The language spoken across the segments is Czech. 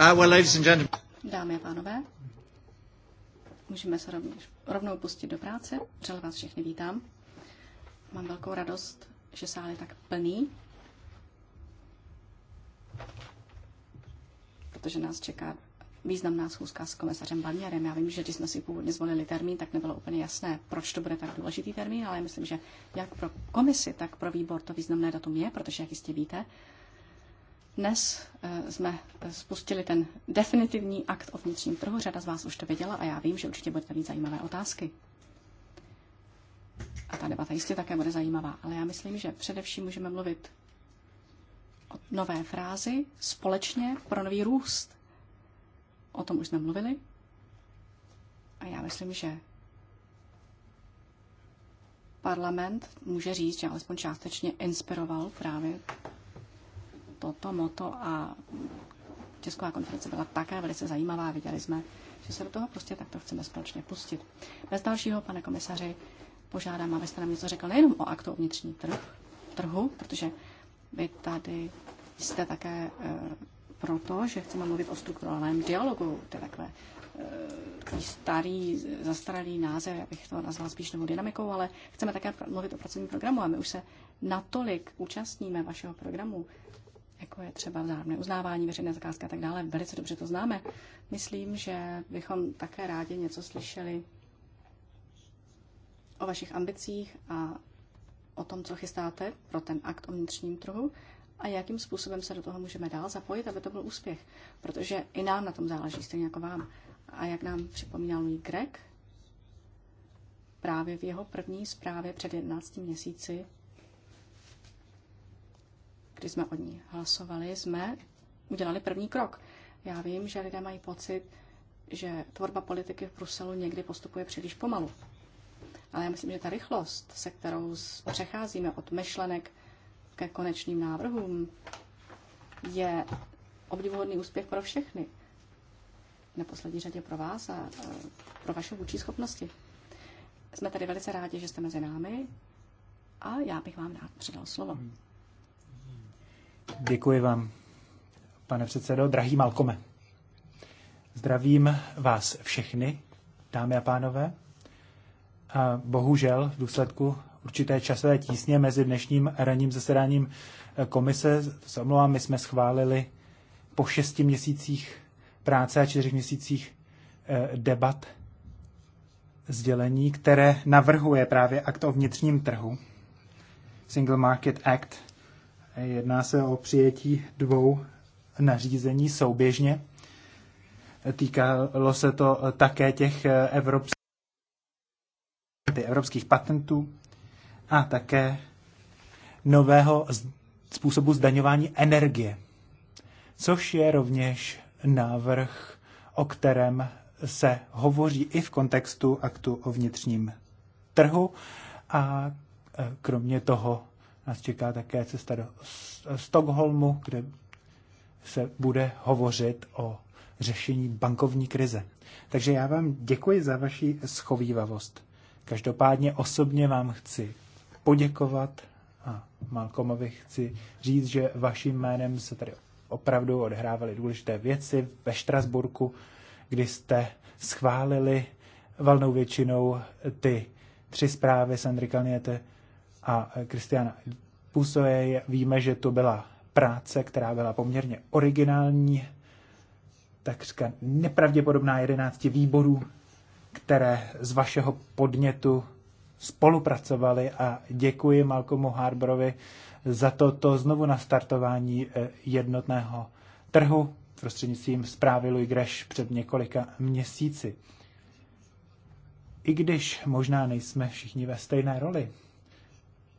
Ah, Dámy a pánové, můžeme se rovněž, rovnou pustit do práce. Přele vás všechny vítám. Mám velkou radost, že sál je tak plný, protože nás čeká významná schůzka s komisařem Barnierem. Já vím, že když jsme si původně zvolili termín, tak nebylo úplně jasné, proč to bude tak důležitý termín, ale myslím, že jak pro komisi, tak pro výbor to významné datum je, protože, jak jistě víte, dnes eh, jsme eh, spustili ten definitivní akt o vnitřním trhu. Řada z vás už to věděla a já vím, že určitě budete mít zajímavé otázky. A ta debata jistě také bude zajímavá, ale já myslím, že především můžeme mluvit o nové frázi společně pro nový růst. O tom už jsme mluvili. A já myslím, že parlament může říct, že alespoň částečně inspiroval právě toto moto a tisková konference byla také velice zajímavá. Viděli jsme, že se do toho prostě takto chceme společně pustit. Bez dalšího, pane komisaři, požádám, abyste nám něco řekl nejenom o aktu o vnitřní trh, trhu, protože vy tady jste také e, proto, že chceme mluvit o strukturovaném dialogu, to je takové e, starý, zastaralý název, já bych to nazval spíš novou dynamikou, ale chceme také mluvit o pracovním programu a my už se natolik účastníme vašeho programu, jako je třeba vzájemné uznávání, veřejné zakázky a tak dále. Velice dobře to známe. Myslím, že bychom také rádi něco slyšeli o vašich ambicích a o tom, co chystáte pro ten akt o vnitřním trhu a jakým způsobem se do toho můžeme dál zapojit, aby to byl úspěch. Protože i nám na tom záleží, stejně jako vám. A jak nám připomínal můj Greg, právě v jeho první zprávě před 11 měsíci když jsme o ní hlasovali, jsme udělali první krok. Já vím, že lidé mají pocit, že tvorba politiky v Bruselu někdy postupuje příliš pomalu. Ale já myslím, že ta rychlost, se kterou přecházíme od myšlenek ke konečným návrhům, je obdivuhodný úspěch pro všechny. Na neposlední řadě pro vás a pro vaše vůči schopnosti. Jsme tady velice rádi, že jste mezi námi a já bych vám rád předal slovo. Mm. Děkuji vám, pane předsedo. Drahý Malkome, zdravím vás všechny, dámy a pánové. A bohužel v důsledku určité časové tísně mezi dnešním ranním zasedáním komise, se omlouvám, my jsme schválili po šesti měsících práce a čtyřech měsících eh, debat sdělení, které navrhuje právě akt o vnitřním trhu, Single Market Act, Jedná se o přijetí dvou nařízení souběžně. Týkalo se to také těch evropských, evropských patentů a také nového způsobu zdaňování energie, což je rovněž návrh, o kterém se hovoří i v kontextu aktu o vnitřním trhu a e, kromě toho Nás čeká také cesta do Stockholmu, kde se bude hovořit o řešení bankovní krize. Takže já vám děkuji za vaši schovývavost. Každopádně osobně vám chci poděkovat a Malcolmovi chci říct, že vaším jménem se tady opravdu odhrávaly důležité věci ve Štrasburku, kdy jste schválili valnou většinou ty tři zprávy s Andrikaniete, a Kristiana eh, Pusoje. Víme, že to byla práce, která byla poměrně originální, takřka nepravděpodobná 11 výborů, které z vašeho podnětu spolupracovali a děkuji Malcolmu Harborovi za toto znovu nastartování eh, jednotného trhu prostřednictvím zprávy Louis Greš před několika měsíci. I když možná nejsme všichni ve stejné roli,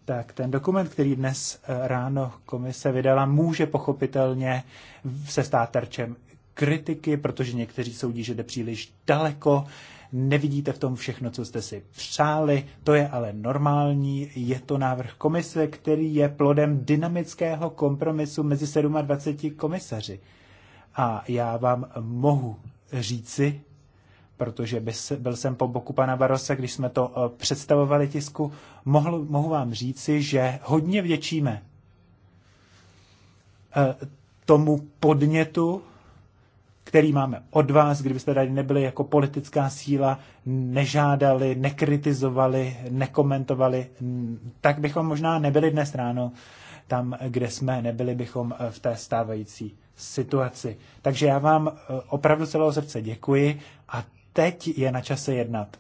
tak ten dokument, který dnes eh, ráno komise vydala, může pochopitelně se stát terčem kritiky, protože někteří soudí, že jde příliš daleko, nevidíte v tom všechno, co jste si přáli, to je ale normální, je to návrh komise, který je plodem dynamického kompromisu mezi 27 komisaři. A já vám mohu říci, protože byl jsem po boku pana Barosa, když jsme to eh, představovali tisku, mohl, mohu vám říci, že hodně vděčíme eh, tomu podnětu, který máme od vás, kdybyste tady nebyli jako politická síla, nežádali, nekritizovali, nekomentovali, tak bychom možná nebyli dnes ráno tam, kde jsme, nebyli bychom eh, v té stávající situaci. Takže já vám opravdu celého srdce děkuji a teď je na čase jednat.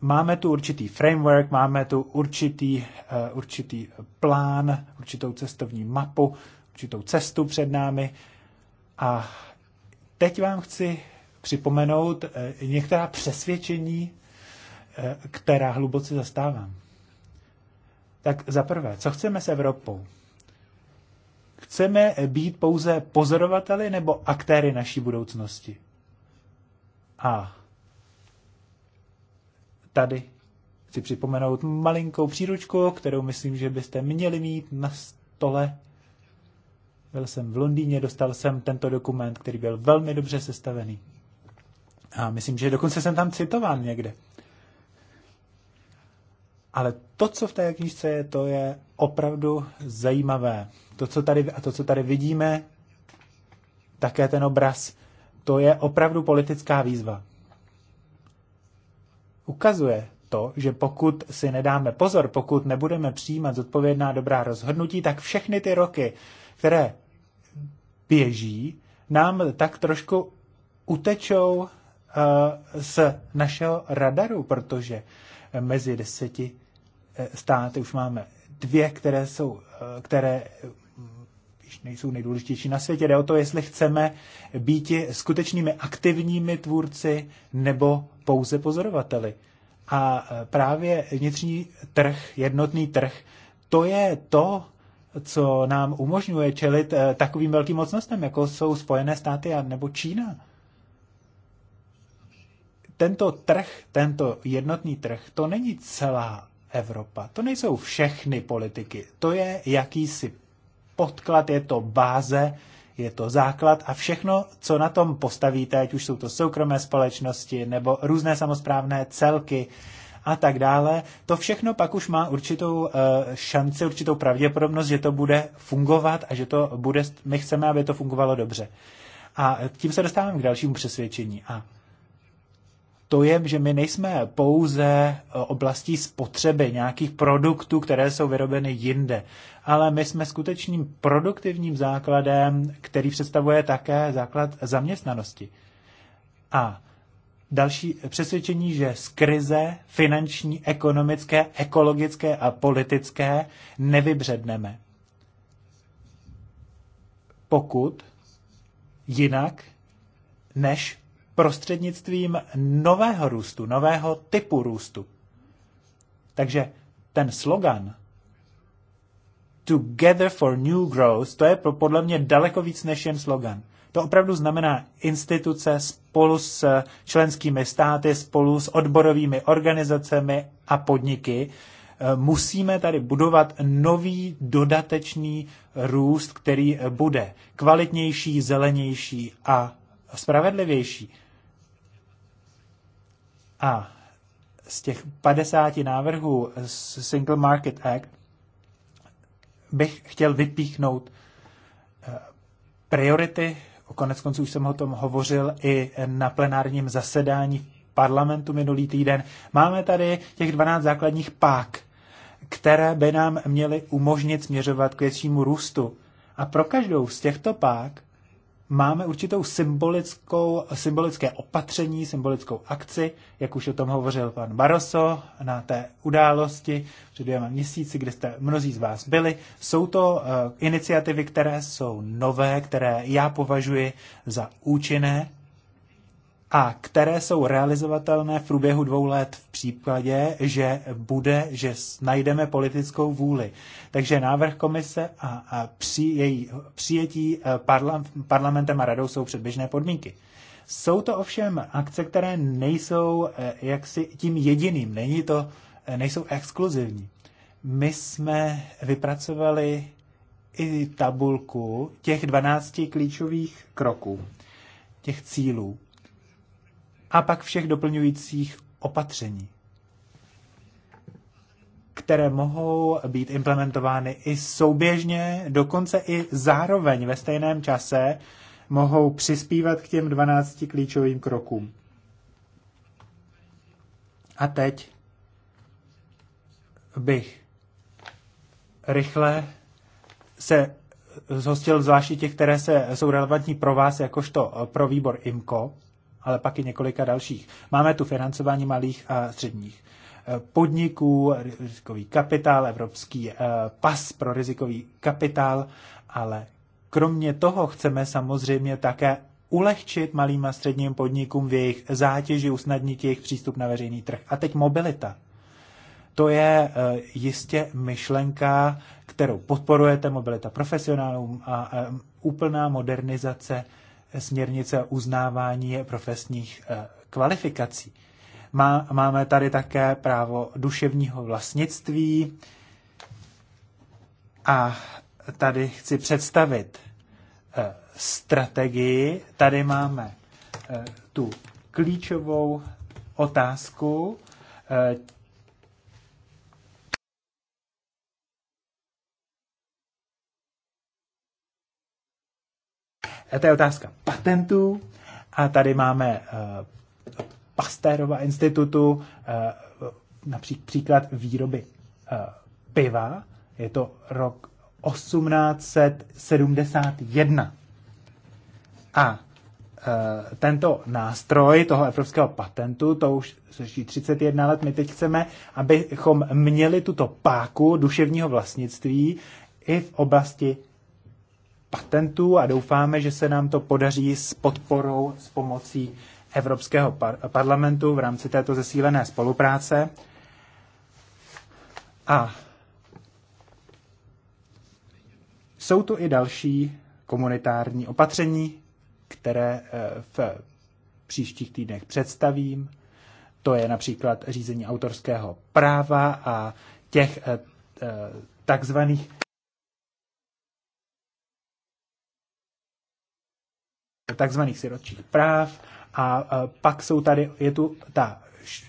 Máme tu určitý framework, máme tu určitý, eh, určitý plán, určitou cestovní mapu, určitou cestu před námi. A teď vám chci připomenout eh, některá přesvědčení, eh, která hluboce zastávám. Tak za prvé, co chceme s Evropou? Chceme být pouze pozorovateli nebo aktéry naší budoucnosti? A tady chci připomenout malinkou příručku, kterou myslím, že byste měli mít na stole. Byl jsem v Londýně, dostal jsem tento dokument, který byl velmi dobře sestavený. A myslím, že dokonce jsem tam citován někde. Ale to, co v té knižce je, to je opravdu zajímavé. To, co tady, a to, co tady vidíme, také ten obraz, to je opravdu politická výzva ukazuje to, že pokud si nedáme pozor, pokud nebudeme přijímat zodpovědná dobrá rozhodnutí, tak všechny ty roky, které běží, nám tak trošku utečou uh, z našeho radaru, protože mezi deseti eh, státy už máme dvě, které, jsou, eh, které nejsou nejdůležitější na světě. Jde o to, jestli chceme být skutečnými aktivními tvůrci nebo pouze pozorovateli. A e, právě vnitřní trh, jednotný trh, to je to, co nám umožňuje čelit e, takovým velkým mocnostem, jako jsou Spojené státy a nebo Čína. Tento trh, tento jednotný trh, to není celá Evropa. To nejsou všechny politiky. To je jakýsi podklad, je to báze, je to základ a všechno, co na tom postavíte, ať už jsou to soukromé společnosti nebo různé samozprávné celky a tak dále, to všechno pak už má určitou eh, šanci, určitou pravděpodobnost, že to bude fungovat a že to bude, my chceme, aby to fungovalo dobře. A tím se dostávám k dalšímu přesvědčení. A to je, že my nejsme pouze eh, oblastí spotřeby nějakých produktů, které jsou vyrobeny jinde ale my jsme skutečným produktivním základem, který představuje také základ zaměstnanosti. A další přesvědčení, že z krize finanční, ekonomické, ekologické a politické nevybředneme. Pokud jinak než prostřednictvím nového růstu, nového typu růstu. Takže ten slogan Together for New Growth, to je podle mě daleko víc než jen slogan. To opravdu znamená instituce spolu s členskými státy, spolu s odborovými organizacemi a podniky. E, musíme tady budovat nový dodatečný růst, který bude kvalitnější, zelenější a spravedlivější. A z těch 50 návrhů z Single Market Act bych chtěl vypíchnout eh, priority. O konec konců už jsem o tom hovořil i na plenárním zasedání v parlamentu minulý týden. Máme tady těch 12 základních pák, které by nám měly umožnit směřovat k většímu růstu. A pro každou z těchto pák máme určitou symbolickou, symbolické opatření, symbolickou akci, jak už o tom hovořil pan Baroso na té události před dvěma měsíci, kde jste mnozí z vás byli. Jsou to eh, iniciativy, které jsou nové, které já považuji za účinné a které jsou realizovatelné v průběhu dvou let v případě, že bude, že najdeme politickou vůli. Takže návrh komise a, a při její přijetí eh, parla, parlamentem a radou jsou předběžné podmínky. Jsou to ovšem akce, které nejsou eh, jaksi tím jediným, není to, eh, nejsou exkluzivní. My jsme vypracovali i tabulku těch 12 klíčových kroků, těch cílů, a pak všech doplňujících opatření, které mohou být implementovány i souběžně, dokonce i zároveň ve stejném čase mohou přispívat k těm 12 klíčovým krokům. A teď bych rychle se zhostil zvláště těch, které se, jsou relevantní pro vás, jakožto pro výbor IMCO ale pak i několika dalších. Máme tu financování malých a středních eh, podniků, rizikový kapitál, evropský eh, pas pro rizikový kapitál, ale kromě toho chceme samozřejmě také ulehčit malým a středním podnikům v jejich zátěži, usnadnit jejich přístup na veřejný trh. A teď mobilita. To je eh, jistě myšlenka, kterou podporujete, mobilita profesionálům a úplná modernizace směrnice o uznávání profesních eh, kvalifikací. Má, máme tady také právo duševního vlastnictví a tady chci představit eh, strategii. Tady máme eh, tu klíčovou otázku A to je otázka patentů. A tady máme eh, Pasteurova institutu eh, například výroby eh, piva. Je to rok 1871. A tento nástroj toho evropského patentu, to už seští 31 let, my teď chceme, abychom měli tuto páku duševního vlastnictví i v oblasti patentů a doufáme, že se nám to podaří s podporou, s pomocí Evropského par- parlamentu v rámci této zesílené spolupráce. A jsou tu i další komunitární opatření, které eh, v příštích týdnech představím. To je například řízení autorského práva a těch eh, eh, takzvaných takzvaných sirotčích práv a pak jsou tady, je tu ta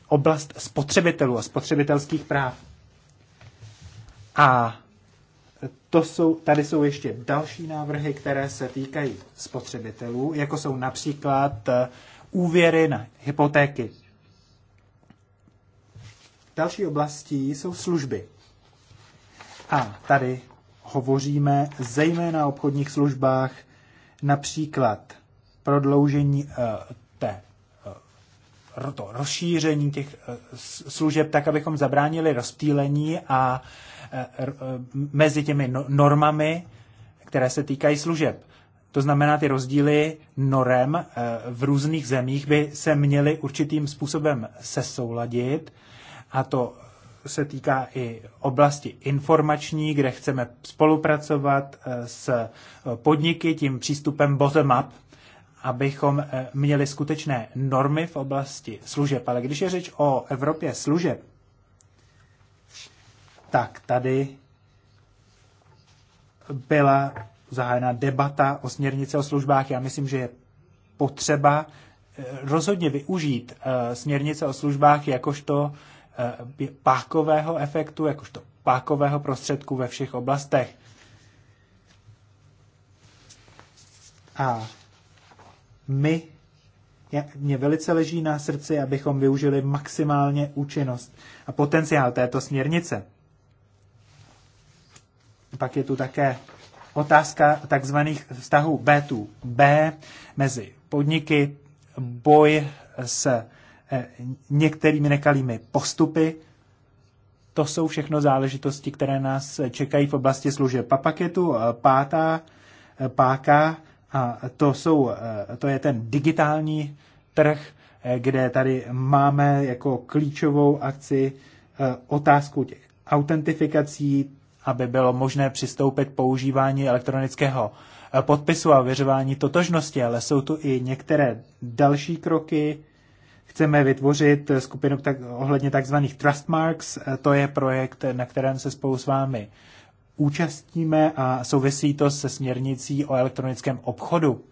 oblast spotřebitelů a spotřebitelských práv. A to jsou, tady jsou ještě další návrhy, které se týkají spotřebitelů, jako jsou například e, úvěry na hypotéky. Další oblastí jsou služby. A tady hovoříme zejména o obchodních službách, například prodloužení eh, té eh, to rozšíření těch eh, služeb tak, abychom zabránili rozptýlení a mezi těmi no-, normami, které se týkají služeb. To znamená, ty rozdíly norem v různých zemích by se měly určitým způsobem sesouladit a to se týká i oblasti informační, kde chceme spolupracovat s podniky tím přístupem bottom-up, abychom eh, měli skutečné normy v oblasti služeb. Ale když je řeč o Evropě služeb, tak tady byla zahájena debata o směrnici o službách. Já myslím, že je potřeba eh, rozhodně využít eh, směrnice o službách jakožto pákového efektu, jakožto pákového prostředku ve všech oblastech. A my, mě velice leží na srdci, abychom využili maximálně účinnost a potenciál této směrnice. Pak je tu také otázka takzvaných vztahů B2B mezi podniky, boj s eh, některými nekalými postupy. To jsou všechno záležitosti, které nás čekají v oblasti služeb. A pak je tu eh, pátá eh, páka a to, jsou, eh, to je ten digitální trh, eh, kde tady máme jako klíčovou akci eh, otázku těch autentifikací, aby bylo možné přistoupit k používání elektronického podpisu a ověřování totožnosti, ale jsou tu i některé další kroky. Chceme vytvořit skupinu tak, ohledně takzvaných trustmarks, to je projekt, na kterém se spolu s vámi účastníme a souvisí to se směrnicí o elektronickém obchodu.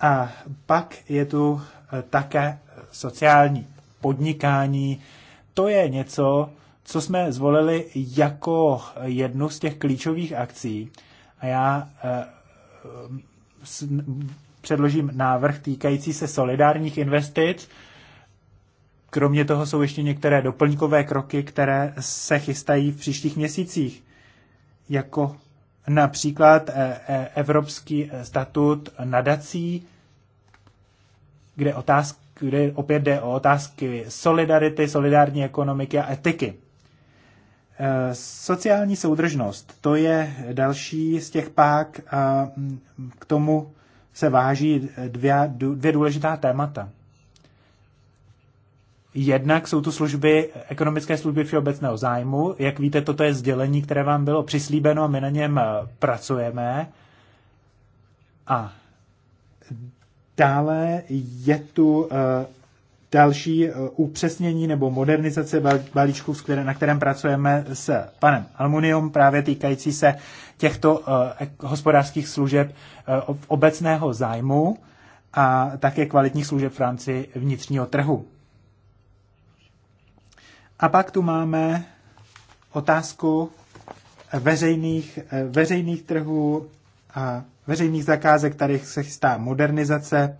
A pak je tu e, také sociální podnikání. To je něco, co jsme zvolili jako jednu z těch klíčových akcí. A já e, předložím návrh týkající se solidárních investic Kromě toho jsou ještě některé doplňkové kroky, které se chystají v příštích měsících, jako například e, e, Evropský e, statut nadací, kde, otázky, kde opět jde o otázky solidarity, solidární ekonomiky a etiky. Sociální soudržnost, to je další z těch pák a k tomu se váží dvě, dvě důležitá témata. Jednak jsou to služby, ekonomické služby všeobecného zájmu. Jak víte, toto je sdělení, které vám bylo přislíbeno a my na něm eh, pracujeme. A dále je tu eh, další eh, upřesnění nebo modernizace balíčků, na kterém pracujeme s panem Almunium, právě týkající se těchto hospodářských služeb obecného zájmu a také kvalitních služeb v rámci vnitřního trhu. A pak tu máme otázku veřejných, eh, veřejných trhů a veřejných zakázek, tady se chystá modernizace.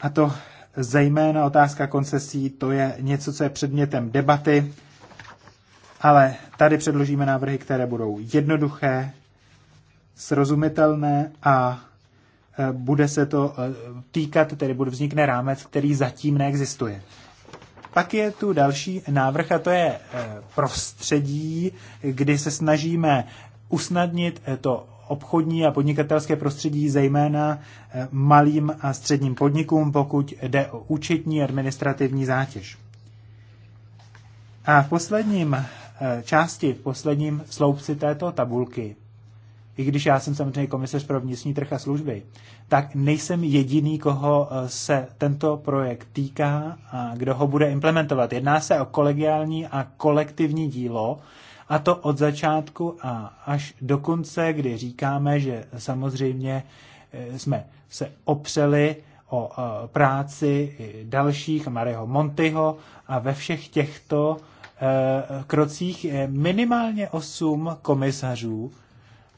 A to zejména otázka koncesí, to je něco, co je předmětem debaty, ale tady předložíme návrhy, které budou jednoduché, srozumitelné a eh, bude se to eh, týkat, tedy bude vznikne rámec, který zatím neexistuje. Pak je tu další návrh a to je eh, prostředí, kdy se snažíme usnadnit eh, to obchodní a podnikatelské prostředí, zejména eh, malým a středním podnikům, pokud jde o účetní administrativní zátěž. A v posledním části, v posledním sloupci této tabulky i když já jsem samozřejmě komisař pro vnitřní trh a služby, tak nejsem jediný, koho eh, se tento projekt týká a kdo ho bude implementovat. Jedná se o kolegiální a kolektivní dílo, a to od začátku a až do konce, kdy říkáme, že samozřejmě eh, jsme se opřeli o eh, práci dalších, Mareho Montyho a ve všech těchto krocích je minimálně osm komisařů,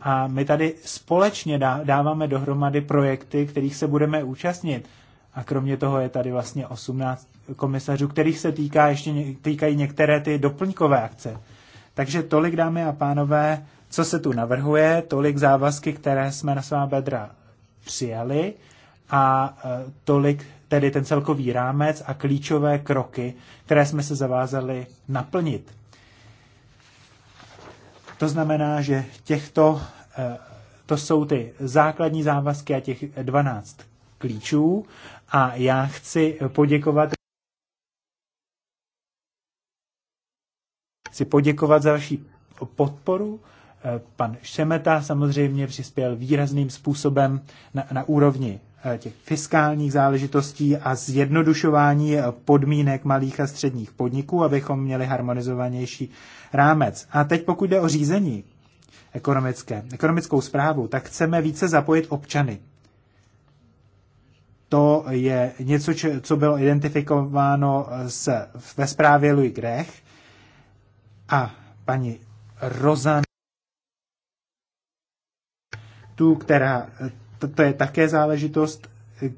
a my tady společně dáváme dohromady projekty, kterých se budeme účastnit. A kromě toho je tady vlastně 18 komisařů, kterých se týká ještě, týkají některé ty doplňkové akce. Takže tolik, dámy a pánové, co se tu navrhuje, tolik závazky, které jsme na svá bedra přijali a e, tolik tedy ten celkový rámec a klíčové kroky, které jsme se zavázali naplnit. To znamená, že těchto, eh, to jsou ty základní závazky a těch 12 klíčů a já chci poděkovat chci poděkovat za vaši podporu. Eh, pan Šemeta samozřejmě přispěl výrazným způsobem na, na úrovni Eh, těch fiskálních záležitostí a zjednodušování eh, podmínek malých a středních podniků, abychom měli harmonizovanější rámec. A teď pokud jde o řízení ekonomické, ekonomickou zprávu, tak chceme více zapojit občany. To je něco, co bylo identifikováno eh, s, ve zprávě Louis Grech a paní Rozan, tu, která to, to je také záležitost,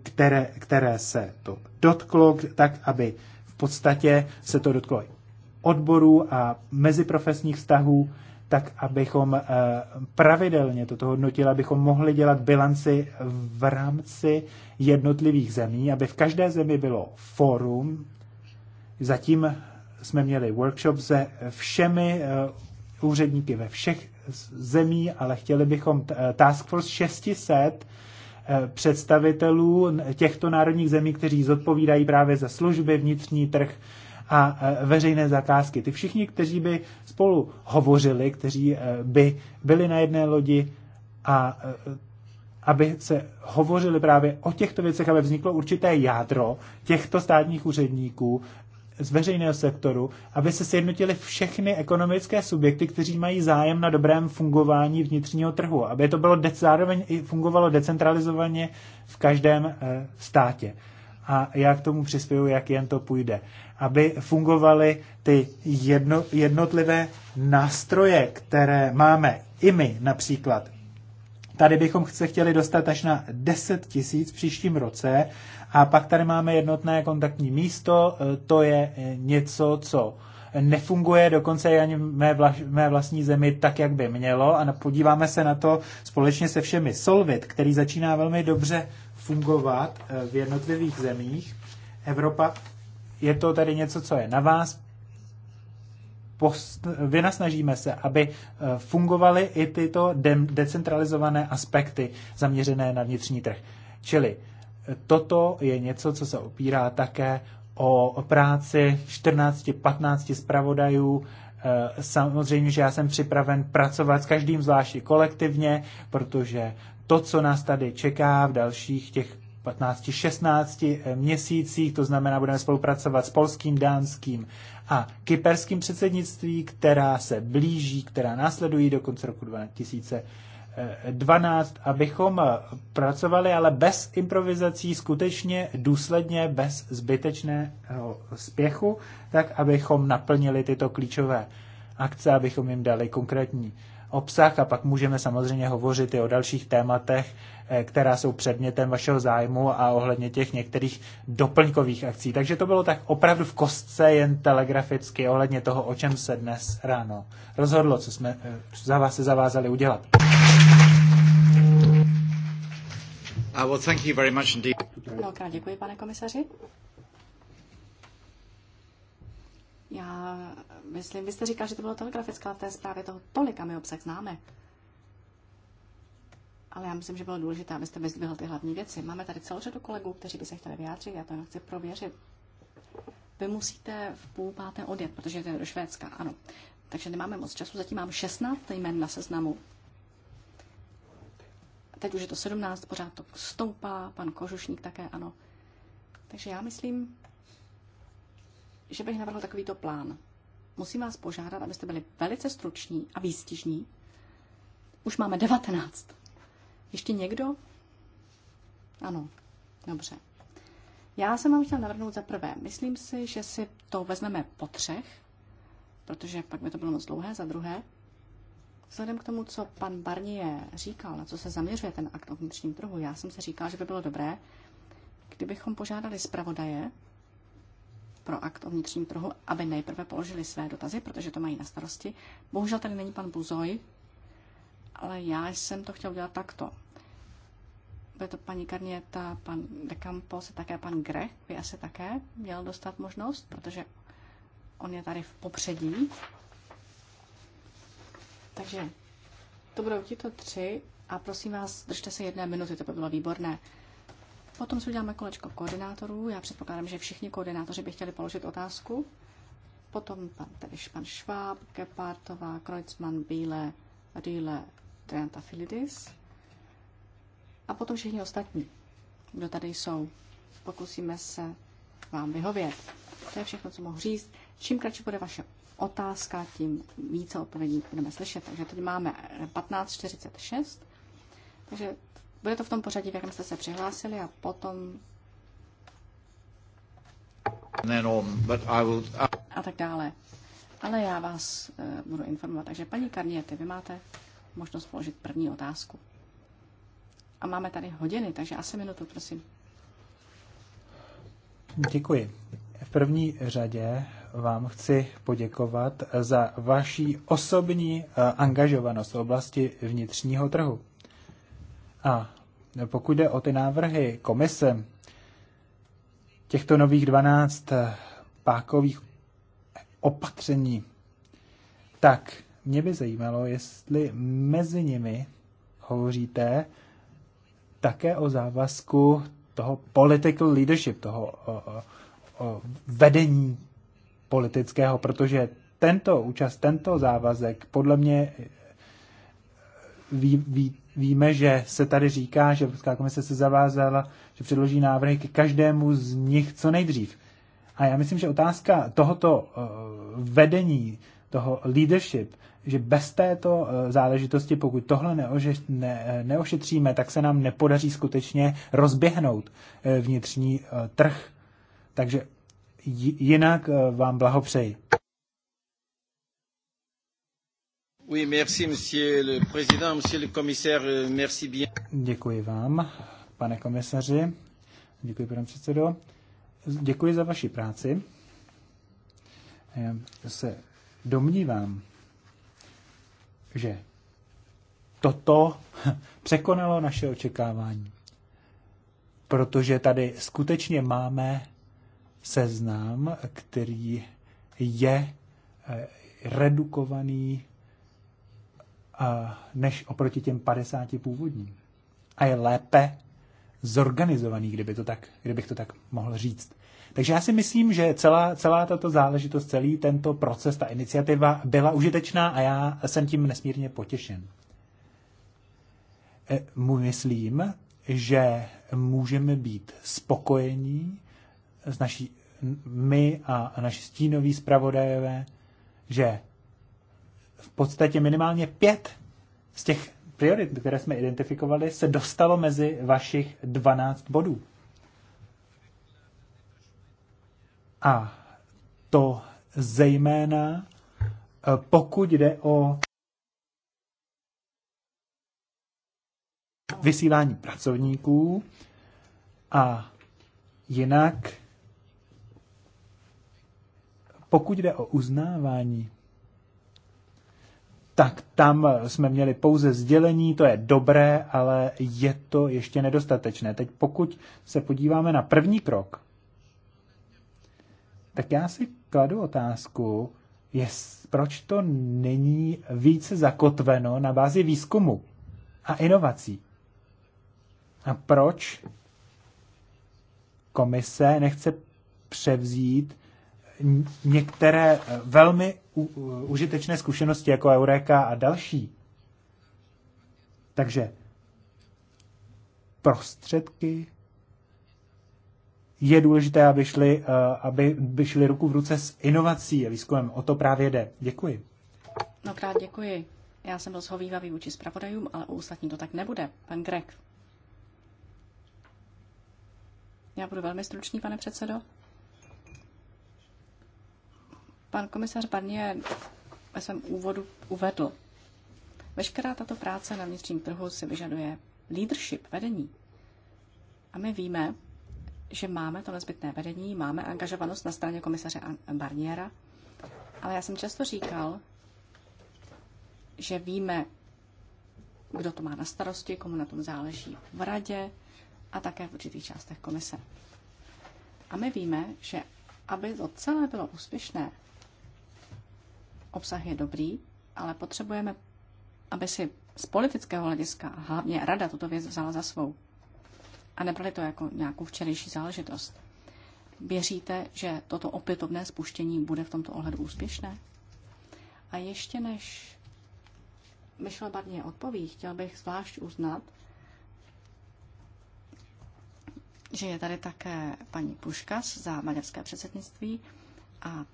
které, které se to dotklo, tak aby v podstatě se to dotklo odborů a meziprofesních vztahů, tak abychom eh, pravidelně toto hodnotili, abychom mohli dělat bilanci v rámci jednotlivých zemí, aby v každé zemi bylo fórum. Zatím jsme měli workshop se všemi eh, úředníky ve všech zemí, ale chtěli bychom eh, Task Force 600 eh, představitelů těchto národních zemí, kteří zodpovídají právě za služby, vnitřní trh a eh, veřejné zakázky. Ty všichni, kteří by spolu hovořili, kteří by byli na jedné lodi a aby se hovořili právě o těchto věcech, aby vzniklo určité jádro těchto státních úředníků, z veřejného sektoru, aby se sjednotili všechny ekonomické subjekty, kteří mají zájem na dobrém fungování vnitřního trhu, aby to bylo de- zároveň i fungovalo decentralizovaně v každém e, státě. A já k tomu přispěju, jak jen to půjde. Aby fungovaly ty jedno, jednotlivé nástroje, které máme, i my například, Tady bychom se chtěli dostat až na 10 tisíc v příštím roce a pak tady máme jednotné kontaktní místo, e, to je e, něco, co nefunguje dokonce ani v mé, vla, mé vlastní zemi tak, jak by mělo. A podíváme se na to společně se všemi. Solvit, který začíná velmi dobře fungovat e, v jednotlivých zemích. Evropa, je to tady něco, co je na vás. Post, vynasnažíme se, aby fungovaly i tyto de, decentralizované aspekty zaměřené na vnitřní trh. Čili toto je něco, co se opírá také o práci 14-15 zpravodajů. E, samozřejmě, že já jsem připraven pracovat s každým zvláště kolektivně, protože to, co nás tady čeká v dalších těch 15-16 e, měsících, to znamená, budeme spolupracovat s polským, dánským a kyperským předsednictví, která se blíží, která následují do konce roku 2000, 12, abychom pracovali ale bez improvizací, skutečně důsledně, bez zbytečného spěchu, tak abychom naplnili tyto klíčové akce, abychom jim dali konkrétní obsah a pak můžeme samozřejmě hovořit i o dalších tématech, eh, která jsou předmětem vašeho zájmu a ohledně těch některých doplňkových akcí. Takže to bylo tak opravdu v kostce, jen telegraficky, ohledně toho, o čem se dnes ráno rozhodlo, co jsme eh, za vás se zavázali udělat. Uh, well, thank you very much indeed. Mnohokrát děkuji, pane komisaři. Já myslím, vy jste říkal, že to bylo telegrafické, ale v té zprávě toho tolik a my obsah známe. Ale já myslím, že bylo důležité, abyste vyzdvihl ty hlavní věci. Máme tady celou řadu kolegů, kteří by se chtěli vyjádřit, já to jenom chci prověřit. Vy musíte v půl páté odjet, protože jde do Švédska, ano. Takže nemáme moc času, zatím mám 16 jmen na seznamu teď už je to 17, pořád to stoupá, pan Kožušník také ano. Takže já myslím, že bych navrhl takovýto plán. Musím vás požádat, abyste byli velice struční a výstižní. Už máme 19. Ještě někdo? Ano, dobře. Já jsem vám chtěla navrhnout za prvé. Myslím si, že si to vezmeme po třech, protože pak by to bylo moc dlouhé. Za druhé, Vzhledem k tomu, co pan Barnier říkal, na co se zaměřuje ten akt o vnitřním trhu, já jsem se říkal, že by bylo dobré, kdybychom požádali zpravodaje pro akt o vnitřním trhu, aby nejprve položili své dotazy, protože to mají na starosti. Bohužel tady není pan Buzoj, ale já jsem to chtěl udělat takto. Bude to paní Karnieta, pan De Campo se také pan Grech by asi také měl dostat možnost, protože on je tady v popředí takže to budou tito tři a prosím vás, držte se jedné minuty, to by bylo výborné. Potom si uděláme kolečko koordinátorů. Já předpokládám, že všichni koordinátoři by chtěli položit otázku. Potom pan, tedy pan Šváb, Kepartová, Kreuzmann, Bíle, Rýle, Trianta Filidis. A potom všichni ostatní, kdo tady jsou. Pokusíme se vám vyhovět. To je všechno, co mohu říct. Čím kratší bude vaše otázka, tím více odpovědí budeme slyšet. Takže teď máme 15.46, takže bude to v tom pořadí, v jakém jste se přihlásili a potom a tak dále. Ale já vás eh, budu informovat. Takže paní Karniety, vy máte možnost položit první otázku. A máme tady hodiny, takže asi minutu, prosím. Děkuji. V první řadě vám chci poděkovat za vaší osobní eh, angažovanost v oblasti vnitřního trhu. A pokud jde o ty návrhy komise, těchto nových 12 eh, pákových opatření, tak mě by zajímalo, jestli mezi nimi hovoříte také o závazku toho political leadership, toho o, o, vedení politického, protože tento účast, tento závazek, podle mě ví, ví, víme, že se tady říká, že Evropská komise se zavázala, že předloží návrhy k každému z nich co nejdřív. A já myslím, že otázka tohoto eh, vedení, toho leadership, že bez této eh, záležitosti, pokud tohle neože, ne, eh, neošetříme, tak se nám nepodaří skutečně rozběhnout vnitřní trh. Takže jinak eh, vám blahopřeji. Oui, merci, monsieur le président, monsieur le commissaire, euh, merci bien. Děkuji vám, pane komisaři. Děkuji, pane předsedo. Děkuji za vaši práci. Já se domnívám, že toto překonalo naše očekávání, protože tady skutečně máme seznam, který je eh, redukovaný než oproti těm 50 původním. A je lépe zorganizovaný, kdyby to tak, kdybych to tak mohl říct. Takže já si myslím, že celá, celá tato záležitost, celý tento proces, ta iniciativa byla užitečná a já jsem tím nesmírně potěšen. Eh, myslím, že můžeme být spokojení z naší, my a naši stínoví zpravodajové, že v podstatě minimálně pět z těch priorit, které jsme identifikovali, se dostalo mezi vašich 12 bodů. A to zejména eh, pokud jde o vysílání pracovníků a jinak pokud jde o uznávání, tak tam jsme měli pouze sdělení, to je dobré, ale je to ještě nedostatečné. Teď pokud se podíváme na první krok, tak já si kladu otázku, jest, proč to není více zakotveno na bázi výzkumu a inovací. A proč komise nechce převzít některé eh, velmi užitečné zkušenosti jako Eureka a další. Takže prostředky je důležité, aby šly, eh, aby šly ruku v ruce s inovací a výzkumem. O to právě jde. Děkuji. No krát děkuji. Já jsem dost hovývavý vůči zpravodajům, ale u ostatní to tak nebude. Pan Greg. Já budu velmi stručný, pane předsedo pan komisař Barnier ve svém úvodu uvedl. Veškerá tato práce na vnitřním trhu si vyžaduje leadership, vedení. A my víme, že máme to nezbytné vedení, máme angažovanost na straně komisaře Barniera, ale já jsem často říkal, že víme, kdo to má na starosti, komu na tom záleží v radě a také v určitých částech komise. A my víme, že aby to celé bylo úspěšné, Obsah je dobrý, ale potřebujeme, aby si z politického hlediska, hlavně rada, tuto věc vzala za svou. A nebrali to jako nějakou včerejší záležitost. Věříte, že toto opětovné spuštění bude v tomto ohledu úspěšné? A ještě než Michel Barně odpoví, chtěl bych zvlášť uznat, že je tady také paní Puškas za maďarské předsednictví a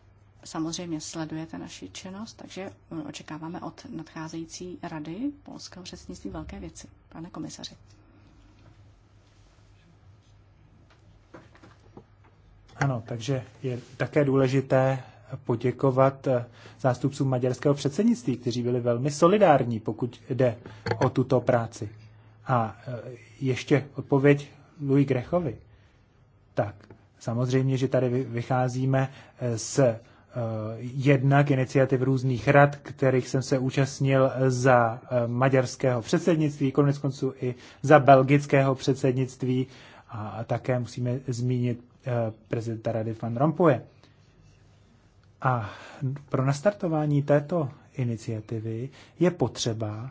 samozřejmě sledujete naši činnost, takže eh, očekáváme od nadcházející rady polského předsednictví velké věci, pane komisaři. Ano, takže je také důležité poděkovat eh, zástupcům maďarského předsednictví, kteří byli velmi solidární, pokud jde o tuto práci. A eh, ještě odpověď Louis Grechovi. Tak, samozřejmě, že tady vycházíme z Eh, jednak iniciativ různých rad, kterých jsem se účastnil za eh, maďarského předsednictví, konec konců i za belgického předsednictví a také musíme zmínit eh, prezidenta rady Van Rompuye. A pro nastartování této iniciativy je potřeba,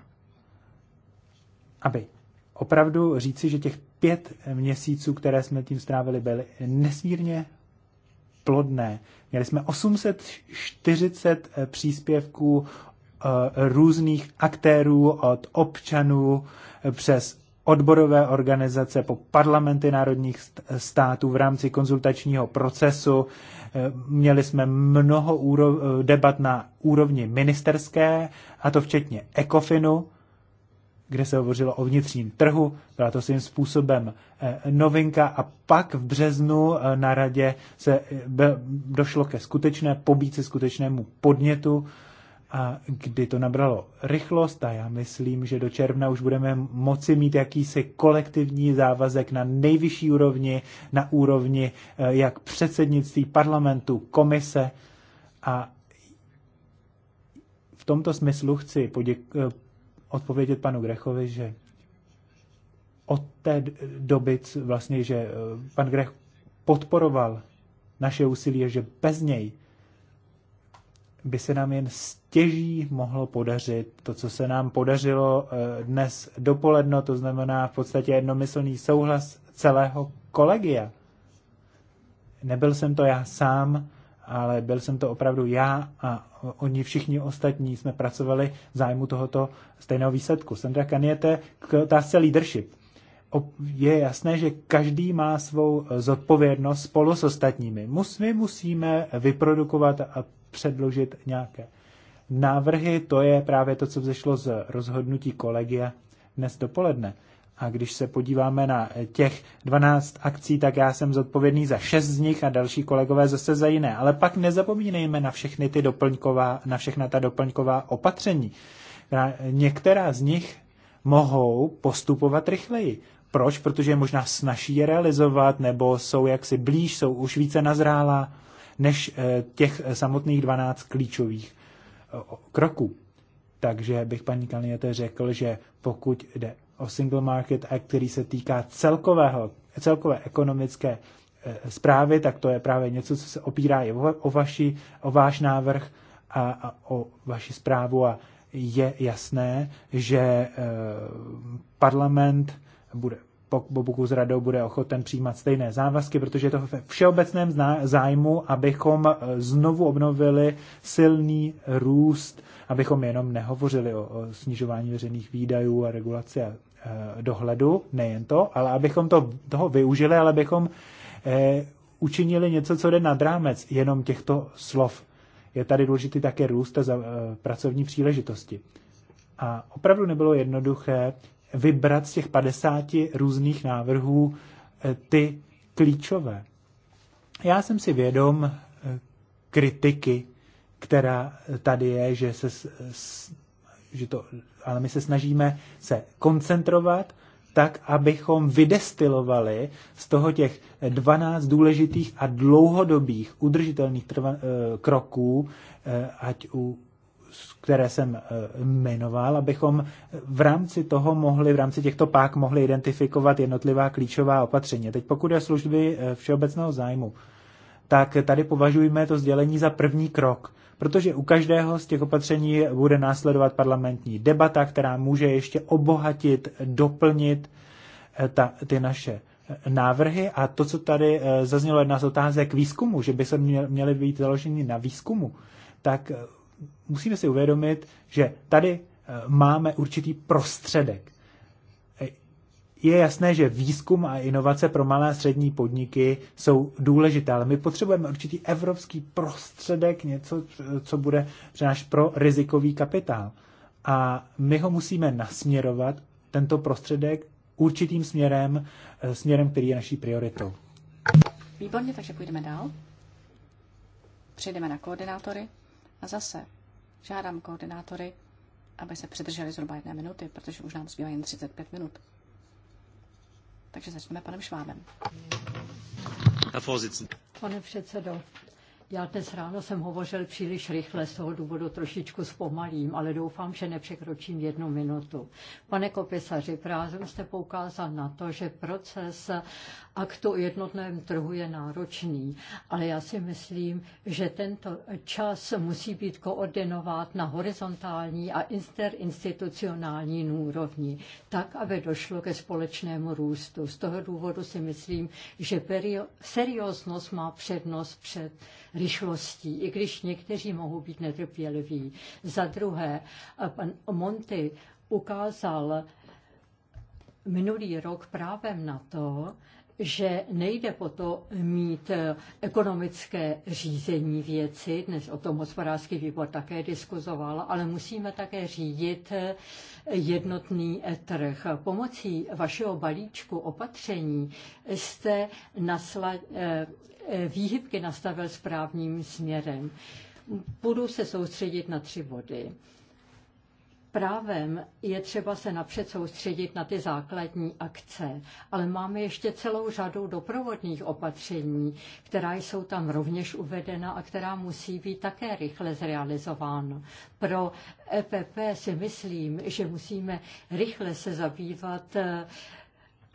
aby opravdu říci, že těch pět měsíců, které jsme tím strávili, byly nesmírně plodné. Měli jsme 840 eh, příspěvků eh, různých aktérů od občanů eh, přes odborové organizace po parlamenty národních států v rámci konzultačního procesu. Měli jsme mnoho debat na úrovni ministerské, a to včetně ECOFINu, kde se hovořilo o vnitřním trhu, byla to svým způsobem eh, novinka a pak v březnu eh, na radě se eh, došlo ke skutečné pobíce, skutečnému podnětu, a kdy to nabralo rychlost a já myslím, že do června už budeme moci mít jakýsi kolektivní závazek na nejvyšší úrovni, na úrovni jak předsednictví parlamentu, komise a v tomto smyslu chci poděk- odpovědět panu Grechovi, že od té doby, vlastně, že eh, pan Grech podporoval naše úsilí že bez něj by se nám jen stěží mohlo podařit to, co se nám podařilo eh, dnes dopoledno, to znamená v podstatě jednomyslný souhlas celého kolegia. Nebyl jsem to já sám, ale byl jsem to opravdu já a oni všichni ostatní jsme pracovali v zájmu tohoto stejného výsledku. Sandra Kaniete k otázce leadership. Je jasné, že každý má svou zodpovědnost spolu s ostatními. My musíme vyprodukovat a předložit nějaké návrhy. To je právě to, co vzešlo z rozhodnutí kolegia dnes dopoledne. A když se podíváme na eh, těch 12 akcí, tak já jsem zodpovědný za 6 z nich a další kolegové zase za jiné. Ale pak nezapomínejme na všechny ty doplňková, na všechna ta doplňková opatření. Některá z nich mohou postupovat rychleji. Proč? Protože je možná snaží je realizovat, nebo jsou jaksi blíž, jsou už více nazrála než eh, těch samotných 12 klíčových eh, kroků. Takže bych paní Kalniete řekl, že pokud jde o Single Market Act, který se týká celkového, celkové ekonomické eh, zprávy, tak to je právě něco, co se opírá i o, vaši, o váš návrh a, a o vaši zprávu a je jasné, že eh, parlament bude Bobuku s radou bude ochoten přijímat stejné závazky, protože je to ve všeobecném zájmu, abychom e, znovu obnovili silný růst, abychom jenom nehovořili o snižování veřejných výdajů a regulaci a e, dohledu, nejen to, ale abychom to, toho využili, ale abychom e, učinili něco, co jde nad rámec jenom těchto slov. Je tady důležitý také růst a za, pracovní příležitosti. A opravdu nebylo jednoduché vybrat z těch 50 různých návrhů eh, ty klíčové. Já jsem si vědom eh, kritiky, která tady je, že, se, že to, ale my se snažíme se koncentrovat tak, abychom vydestilovali z toho těch 12 důležitých a dlouhodobých udržitelných trva, eh, kroků, ať u které jsem eh, jmenoval, abychom v rámci toho mohli, v rámci těchto pák mohli identifikovat jednotlivá klíčová opatření. Teď pokud je služby eh, všeobecného zájmu, tak tady považujeme to sdělení za první krok, protože u každého z těch opatření bude následovat parlamentní debata, která může ještě obohatit, doplnit eh, ta, ty naše návrhy a to, co tady zaznělo jedna z otázek výzkumu, že by se měly být založeny na výzkumu, tak musíme si uvědomit, že tady eh, máme určitý prostředek. Eh, je jasné, že výzkum a inovace pro malé a střední podniky jsou důležité, ale my potřebujeme určitý evropský prostředek, něco, co bude náš pro rizikový kapitál. A my ho musíme nasměrovat, tento prostředek, určitým směrem, eh, směrem, který je naší prioritou. Výborně, takže půjdeme dál. Přejdeme na koordinátory. A zase žádám koordinátory, aby se přidrželi zhruba jedné minuty, protože už nám zbývá jen 35 minut. Takže začneme panem Švábem. Pane předsedo, já dnes ráno jsem hovořil příliš rychle, z toho důvodu trošičku zpomalím, ale doufám, že nepřekročím jednu minutu. Pane Kopisaři, právě jste poukázal na to, že proces aktu o jednotném trhu je náročný, ale já si myslím, že tento čas musí být koordinovat na horizontální a interinstitucionální úrovni, tak, aby došlo ke společnému růstu. Z toho důvodu si myslím, že period, serióznost má přednost před rychlostí, i když někteří mohou být netrpěliví. Za druhé, pan Monty ukázal minulý rok právem na to, že nejde po to mít eh, ekonomické řízení věci, dnes o tom hospodářský výbor také diskuzoval, ale musíme také řídit eh, jednotný eh, trh. Pomocí vašeho balíčku opatření jste nasla, výhybky nastavil správným směrem. Budu se soustředit na tři body právem je třeba se napřed soustředit na ty základní akce, ale máme ještě celou řadu doprovodných opatření, která jsou tam rovněž uvedena a která musí být také rychle zrealizována. Pro EPP si myslím, že musíme rychle se zabývat eh,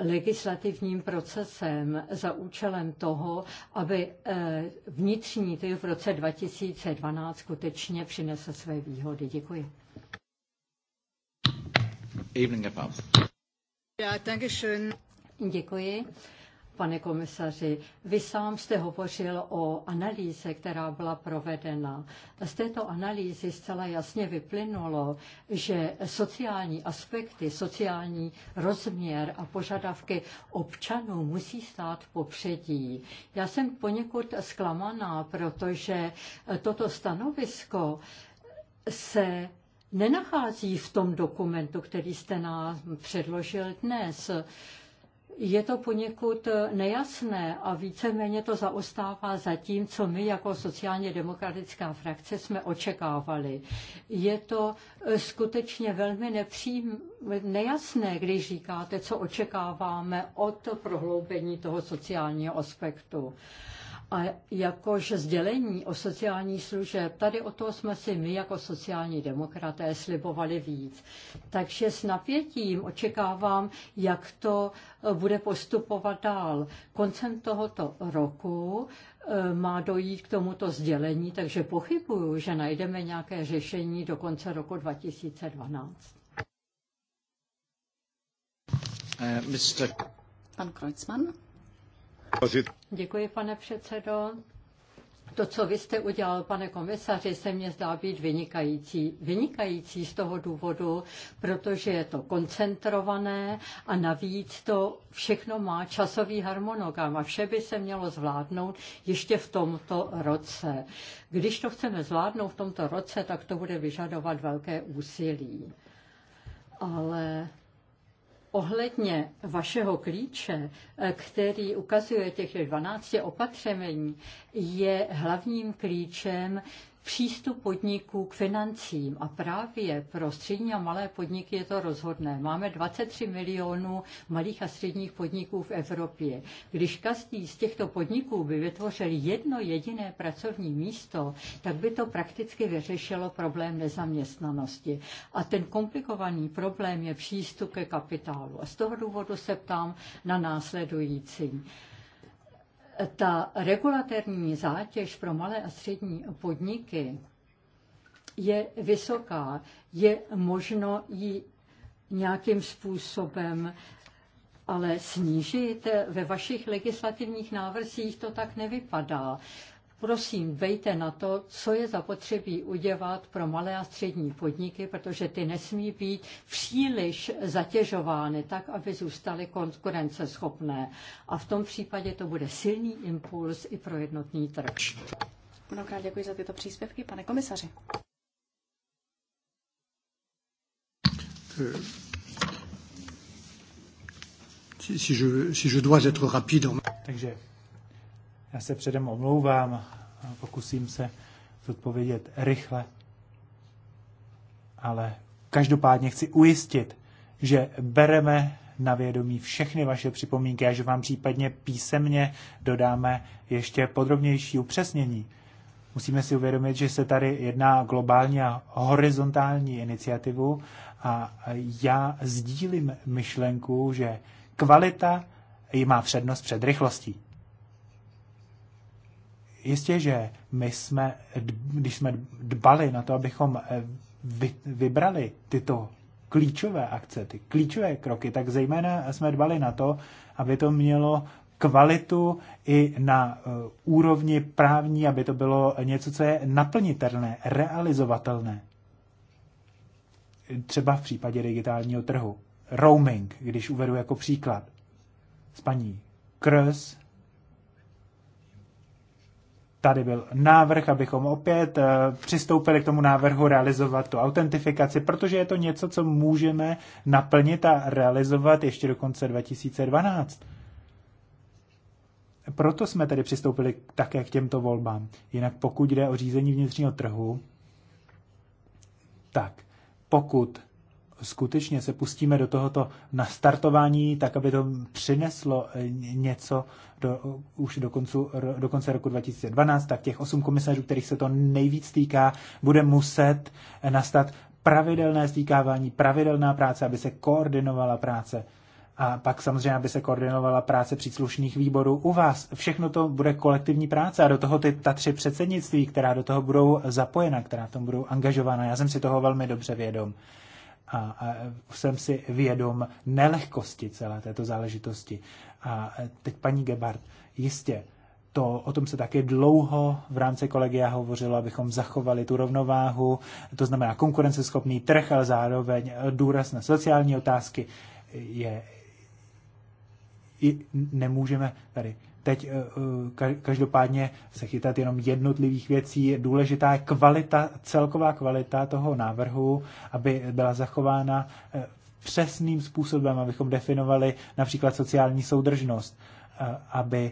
legislativním procesem za účelem toho, aby eh, vnitřní ty v roce 2012 skutečně přinesl své výhody. Děkuji. Děkuji. Pane komisaři, vy sám jste hovořil o analýze, která byla provedena. Z této analýzy zcela jasně vyplynulo, že sociální aspekty, sociální rozměr a požadavky občanů musí stát popředí. Já jsem poněkud zklamaná, protože toto stanovisko se nenachází v tom dokumentu, který jste nám předložil dnes. Je to poněkud nejasné a víceméně to zaostává za tím, co my jako sociálně demokratická frakce jsme očekávali. Je to eh, skutečně velmi nepřím, nejasné, když říkáte, co očekáváme od prohloubení toho sociálního aspektu a jakož sdělení o sociální služeb, tady o to jsme si my jako sociální demokraté slibovali víc. Takže s napětím očekávám, jak to eh, bude postupovat dál. Koncem tohoto roku eh, má dojít k tomuto sdělení, takže pochybuju, že najdeme nějaké řešení do konce roku 2012. Uh, Mr. Pan Kreuzmann. Děkuji, pane předsedo. To, co vy jste udělal, pane komisaři, se mně zdá být vynikající. Vynikající z toho důvodu, protože je to koncentrované a navíc to všechno má časový harmonogram a vše by se mělo zvládnout ještě v tomto roce. Když to chceme zvládnout v tomto roce, tak to bude vyžadovat velké úsilí. Ale ohledně vašeho klíče, eh, který ukazuje těch 12 opatření, je hlavním klíčem přístup podniků k financím a právě pro střední a malé podniky je to rozhodné. Máme 23 milionů malých a středních podniků v Evropě. Když každý z těchto podniků by vytvořil jedno jediné pracovní místo, tak by to prakticky vyřešilo problém nezaměstnanosti. A ten komplikovaný problém je přístup ke kapitálu. A z toho důvodu se ptám na následující ta regulatorní zátěž pro malé a střední podniky je vysoká. Je možno ji nějakým způsobem ale snížit. Ve vašich legislativních návrzích to tak nevypadá prosím, dvejte na to, co je zapotřebí udělat pro malé a střední podniky, protože ty nesmí být příliš zatěžovány tak, aby zůstaly konkurenceschopné. A v tom případě to bude silný impuls i pro jednotný trh. Mnohokrát děkuji za tyto příspěvky, pane komisaři. Si, si, je, si je dois être rapide. Takže já se předem omlouvám a pokusím se zodpovědět rychle, ale každopádně chci ujistit, že bereme na vědomí všechny vaše připomínky a že vám případně písemně dodáme ještě podrobnější upřesnění. Musíme si uvědomit, že se tady jedná globální a horizontální iniciativu a já sdílím myšlenku, že kvalita má přednost před rychlostí jistě, že my jsme, když jsme dbali na to, abychom eh, vybrali tyto klíčové akce, ty klíčové kroky, tak zejména jsme dbali na to, aby to mělo kvalitu i na eh, úrovni právní, aby to bylo něco, co je naplnitelné, realizovatelné. Třeba v případě digitálního trhu. Roaming, když uvedu jako příklad. S paní Krs tady byl návrh, abychom opět eh, přistoupili k tomu návrhu realizovat tu autentifikaci, protože je to něco, co můžeme naplnit a realizovat ještě do konce 2012. Proto jsme tedy přistoupili také k těmto volbám. Jinak pokud jde o řízení vnitřního trhu, tak pokud skutečně se pustíme do tohoto nastartování, tak aby to přineslo eh, něco do, eh, už do, koncu, do konce roku 2012, tak těch osm komisařů, kterých se to nejvíc týká, bude muset eh, nastat pravidelné stýkávání, pravidelná práce, aby se koordinovala práce. A pak samozřejmě, aby se koordinovala práce příslušných výborů u vás. Všechno to bude kolektivní práce a do toho ty, ta tři předsednictví, která do toho budou zapojena, která v tom budou angažována. Já jsem si toho velmi dobře vědom a, jsem si vědom nelehkosti celé této záležitosti. A teď paní Gebhardt, jistě, to, o tom se také dlouho v rámci kolegia hovořilo, abychom zachovali tu rovnováhu, to znamená konkurenceschopný trh, ale zároveň důraz na sociální otázky je, je nemůžeme tady teď eh, eh, každopádně se chytat jenom jednotlivých věcí. Důležitá je kvalita, celková kvalita toho návrhu, aby byla zachována eh, přesným způsobem, abychom definovali například sociální soudržnost, aby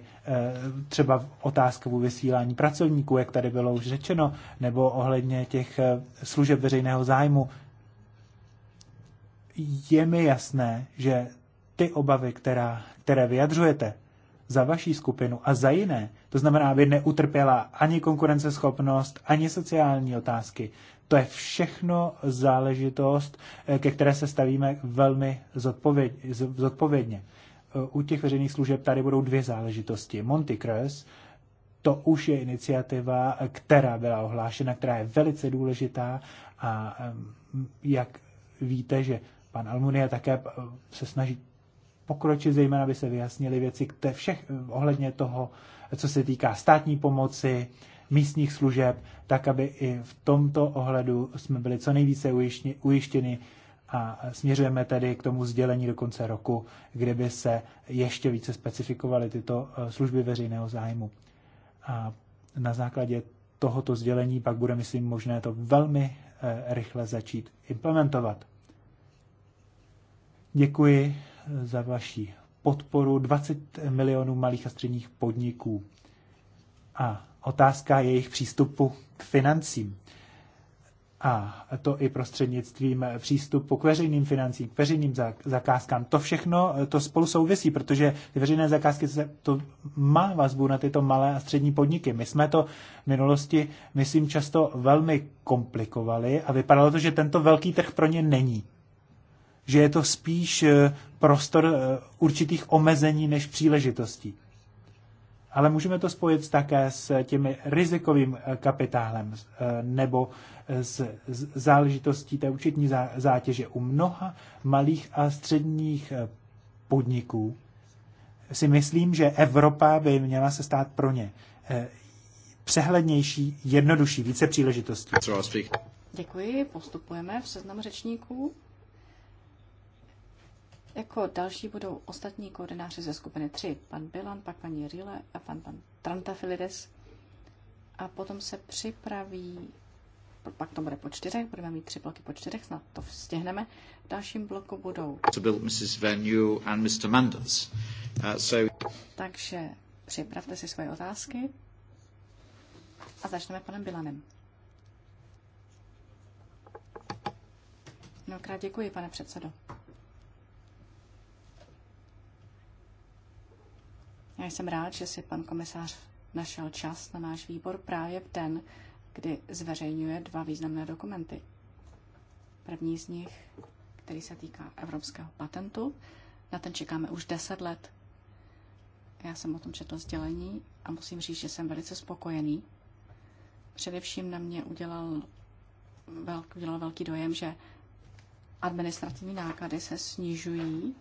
třeba otázkovou vysílání pracovníků, jak tady bylo už řečeno, nebo ohledně těch služeb veřejného zájmu. Je mi jasné, že ty obavy, která, které vyjadřujete, za vaší skupinu a za jiné. To znamená, aby neutrpěla ani konkurenceschopnost, ani sociální otázky. To je všechno záležitost, eh, ke které se stavíme velmi zodpovědně. Eh, u těch veřejných služeb tady budou dvě záležitosti. Monty Cruz, to už je iniciativa, eh, která byla ohlášena, která je velice důležitá a jak víte, že pan Almunia také se snaží pokročit, zejména by se vyjasnily věci kte všech, ohledně toho, co se týká státní pomoci, místních služeb, tak aby i v tomto ohledu jsme byli co nejvíce ujištěni a směřujeme tedy k tomu sdělení do konce roku, kde by se ještě více specifikovaly tyto eh, služby veřejného zájmu. A na základě tohoto sdělení pak bude, myslím, možné to velmi eh, rychle začít implementovat. Děkuji za vaši podporu 20 milionů malých a středních podniků. A otázka jejich přístupu k financím. A to i prostřednictvím přístupu k veřejným financím, k veřejným zakázkám. To všechno to spolu souvisí, protože ty veřejné zakázky se, to má vazbu na tyto malé a střední podniky. My jsme to v minulosti, myslím, často velmi komplikovali a vypadalo to, že tento velký trh pro ně není že je to spíš eh, prostor eh, určitých omezení než příležitostí. Ale můžeme to spojit také s těmi rizikovým eh, kapitálem nebo s záležitostí té účetní zátěže. U mnoha malých a středních podniků si myslím, že Evropa by měla se stát pro ně přehlednější, jednodušší, více příležitostí. Děkuji, postupujeme v seznamu řečníků. Jako další budou ostatní koordináři ze skupiny 3, pan Bilan, pak paní Rile a pan, pan Trantafilides. A potom se připraví, pak to bude po čtyřech, budeme mít tři bloky po čtyřech, snad to stihneme. V dalším bloku budou... Mrs. Venue and Mr. Manders. Uh, so... Takže připravte si svoje otázky a začneme panem Bilanem. Mnohokrát děkuji, pane předsedo. Já jsem rád, že si pan komisář našel čas na náš výbor právě v den, kdy zveřejňuje dva významné dokumenty. První z nich, který se týká evropského patentu, na ten čekáme už 10 let. Já jsem o tom četl sdělení a musím říct, že jsem velice spokojený. Především na mě udělal, velk, udělal velký dojem, že administrativní náklady se snižují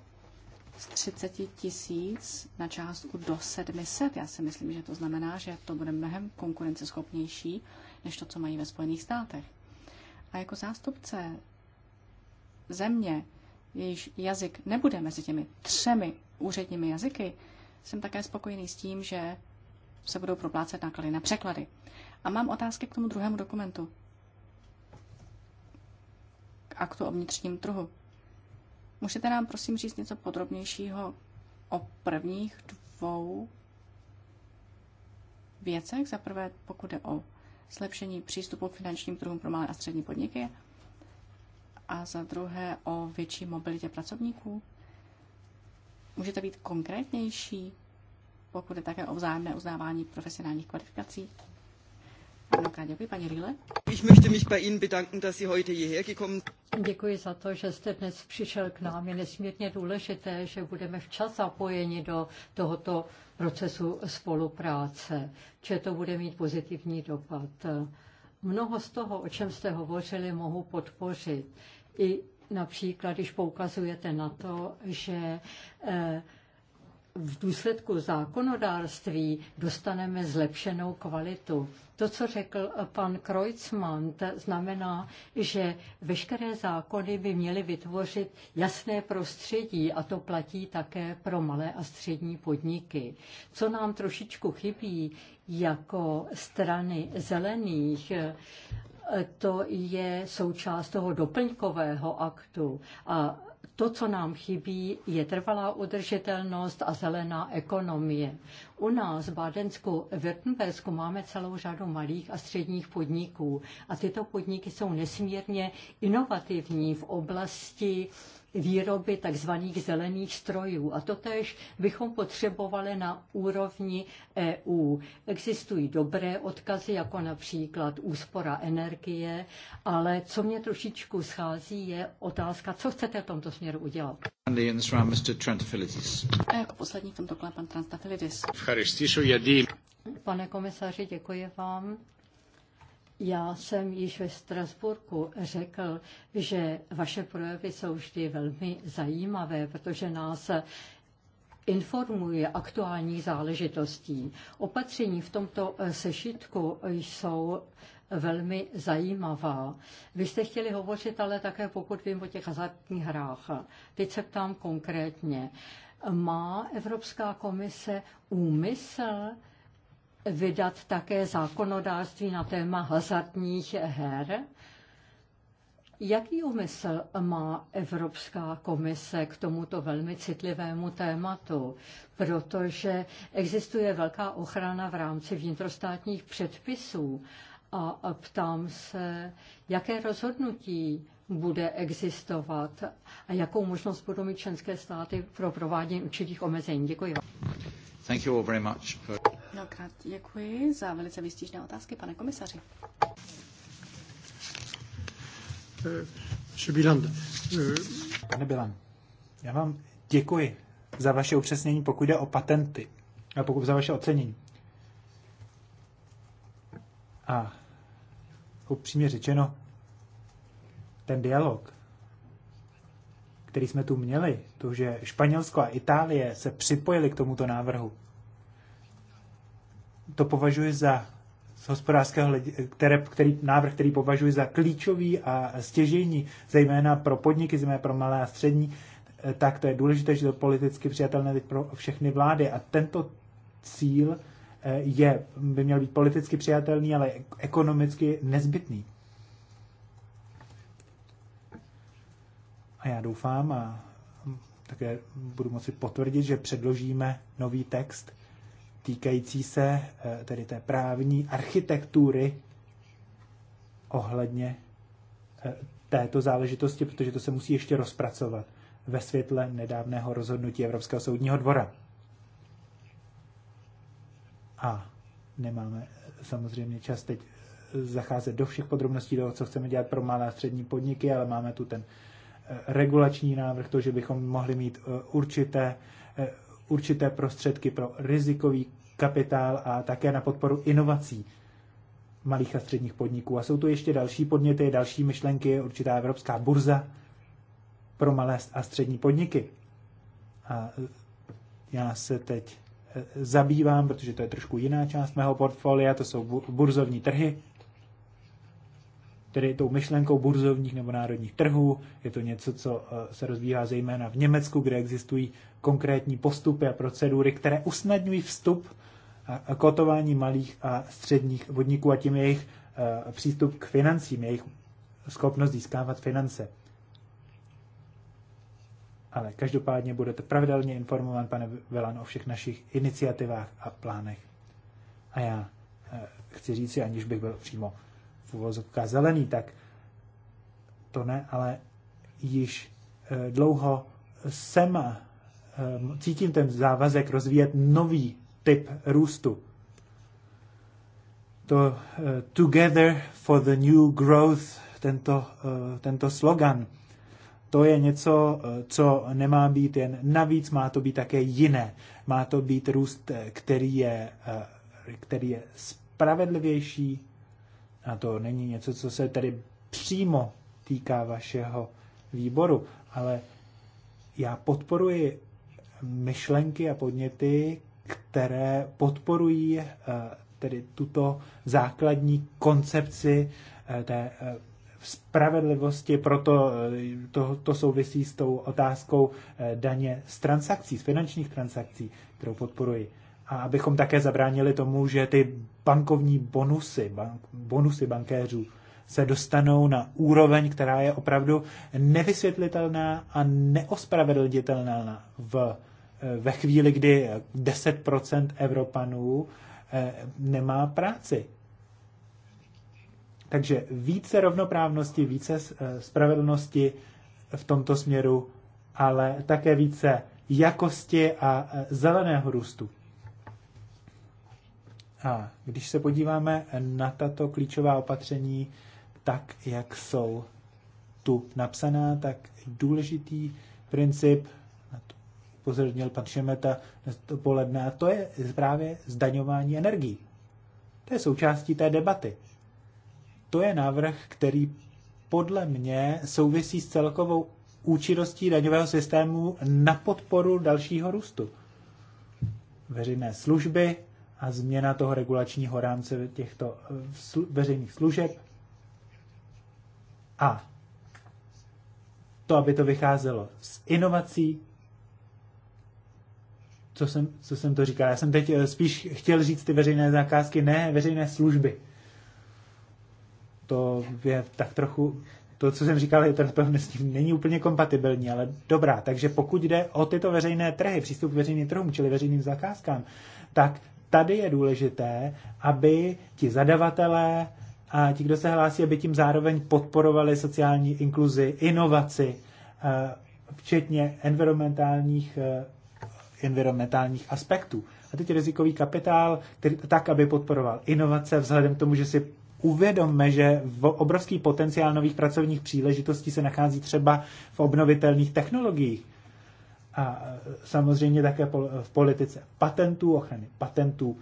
z 30 tisíc na částku do 700. Já si myslím, že to znamená, že to bude mnohem konkurenceschopnější než to, co mají ve Spojených státech. A jako zástupce země, jejíž jazyk nebude mezi těmi třemi úředními jazyky, jsem také spokojený s tím, že se budou proplácet náklady na překlady. A mám otázky k tomu druhému dokumentu. K aktu o vnitřním trhu. Můžete nám prosím říct něco podrobnějšího o prvních dvou věcech? Za prvé, pokud je o zlepšení přístupu k finančním trhům pro malé a střední podniky a za druhé o větší mobilitě pracovníků. Můžete být konkrétnější, pokud je také o vzájemné uznávání profesionálních kvalifikací? děkuji, Děkuji za to, že jste dnes přišel k nám. Je nesmírně důležité, že budeme včas zapojeni do tohoto procesu spolupráce, že to bude mít pozitivní dopad. Mnoho z toho, o čem jste hovořili, mohu podpořit. I například, když poukazujete na to, že eh, v důsledku zákonodárství dostaneme zlepšenou kvalitu. To, co řekl pan Kreutzmann, znamená, že veškeré zákony by měly vytvořit jasné prostředí a to platí také pro malé a střední podniky. Co nám trošičku chybí jako strany zelených, to je součást toho doplňkového aktu. A to, co nám chybí, je trvalá udržitelnost a zelená ekonomie. U nás v Bádensku, v Württembersku máme celou řadu malých a středních podniků a tyto podniky jsou nesmírně inovativní v oblasti výroby takzvaných zelených strojů. A to tež bychom potřebovali na úrovni EU. Existují dobré odkazy, jako například úspora energie, ale co mě trošičku schází, je otázka, co chcete v tomto směru udělat. A jako poslední v tomto kole pan Trantafilidis. Pane komisaři, děkuji vám já jsem již ve Strasburku řekl, že vaše projevy jsou vždy velmi zajímavé, protože nás informuje aktuální záležitostí. Opatření v tomto eh, sešitku jsou velmi zajímavá. Vy jste chtěli hovořit ale také, pokud vím, o těch hazardních hrách. Teď se ptám konkrétně. Má Evropská komise úmysl vydat také zákonodárství na téma hazardních her. Jaký úmysl má Evropská komise k tomuto velmi citlivému tématu? Protože existuje velká ochrana v rámci vnitrostátních předpisů a ptám se, jaké rozhodnutí bude existovat a jakou možnost budou mít členské státy pro provádění určitých omezení. Děkuji vám. Thank you all very much for Mnohokrát děkuji za velice výstižné otázky, pane komisaři. Eh, eh, pane Bilan, já vám děkuji za vaše upřesnění, pokud jde o patenty a pokud za vaše ocenění. A upřímně řečeno, ten dialog, který jsme tu měli, to, že Španělsko a Itálie se připojili k tomuto návrhu, to považuji za z hospodářského které, který, návrh, který považuji za klíčový a stěžení, zejména pro podniky, zejména pro malé a střední, eh, tak to je důležité, že to politicky přijatelné teď pro všechny vlády. A tento cíl eh, je, by měl být politicky přijatelný, ale ekonomicky nezbytný. A já doufám a také budu moci potvrdit, že předložíme nový text týkající se eh, tedy té právní architektury ohledně eh, této záležitosti, protože to se musí ještě rozpracovat ve světle nedávného rozhodnutí Evropského soudního dvora. A nemáme eh, samozřejmě čas teď zacházet do všech podrobností toho, co chceme dělat pro malé a střední podniky, ale máme tu ten regulační návrh, to, že bychom mohli mít určité, určité prostředky pro rizikový kapitál a také na podporu inovací malých a středních podniků. A jsou tu ještě další podněty, další myšlenky, určitá evropská burza pro malé a střední podniky. A já se teď e, zabývám, protože to je trošku jiná část mého portfolia, to jsou burzovní trhy tedy tou myšlenkou burzovních nebo národních trhů. Je to něco, co eh, se rozvíhá zejména v Německu, kde existují konkrétní postupy a procedury, které usnadňují vstup a eh, eh, kotování malých a středních vodníků a tím jejich přístup k financím, jejich schopnost získávat finance. Ale každopádně budete pravidelně informován, pane Velan, o všech našich iniciativách a plánech. A já chci říct si, aniž bych byl přímo v uvozovkách zelený, tak to ne, ale již eh, dlouho jsem, eh, cítím ten závazek rozvíjet nový typ růstu. To eh, Together for the New Growth, tento, tento slogan, to je něco, co nemá být jen navíc, má to být také jiné. Má to být růst, který je, který je spravedlivější, a to není něco, co se tedy přímo týká vašeho výboru, ale já podporuji myšlenky a podněty, které podporují eh, tedy tuto základní koncepci eh, té eh, spravedlivosti, proto to, to souvisí s tou otázkou daně z transakcí, z finančních transakcí, kterou podporuji a abychom také zabránili tomu, že ty bankovní bonusy, bank, bonusy bankéřů se dostanou na úroveň, která je opravdu nevysvětlitelná a neospravedlnitelná v, eh, ve chvíli, kdy 10% Evropanů eh, nemá práci. Takže více rovnoprávnosti, více eh, spravedlnosti v tomto směru, ale také více jakosti a zeleného růstu. A když se podíváme na tato klíčová opatření, tak jak jsou tu napsaná, tak důležitý princip, na to upozornil pan Šemeta dopoledne, a to je právě zdaňování energií. To je součástí té debaty. To je návrh, který podle mě souvisí s celkovou účinností daňového systému na podporu dalšího růstu. Veřejné služby, a změna toho regulačního rámce těchto eh, veřejných služeb a to, aby to vycházelo z inovací, co jsem, co jsem to říkal. Já jsem teď eh, spíš chtěl říct ty veřejné zakázky, ne veřejné služby. To je tak trochu, to, co jsem říkal, je ten s tím není úplně kompatibilní, ale dobrá. Takže pokud jde o tyto veřejné trhy, přístup k veřejným trhům, čili veřejným zakázkám, tak tady je důležité, aby ti zadavatelé a ti, kdo se hlásí, aby tím zároveň podporovali sociální inkluzi, inovaci, eh, včetně environmentálních, eh, environmentálních aspektů. A teď rizikový kapitál, který, tak, aby podporoval inovace, vzhledem k tomu, že si uvědomme, že v obrovský potenciál nových pracovních příležitostí se nachází třeba v obnovitelných technologiích a e, samozřejmě také e, v politice patentů, ochrany patentů.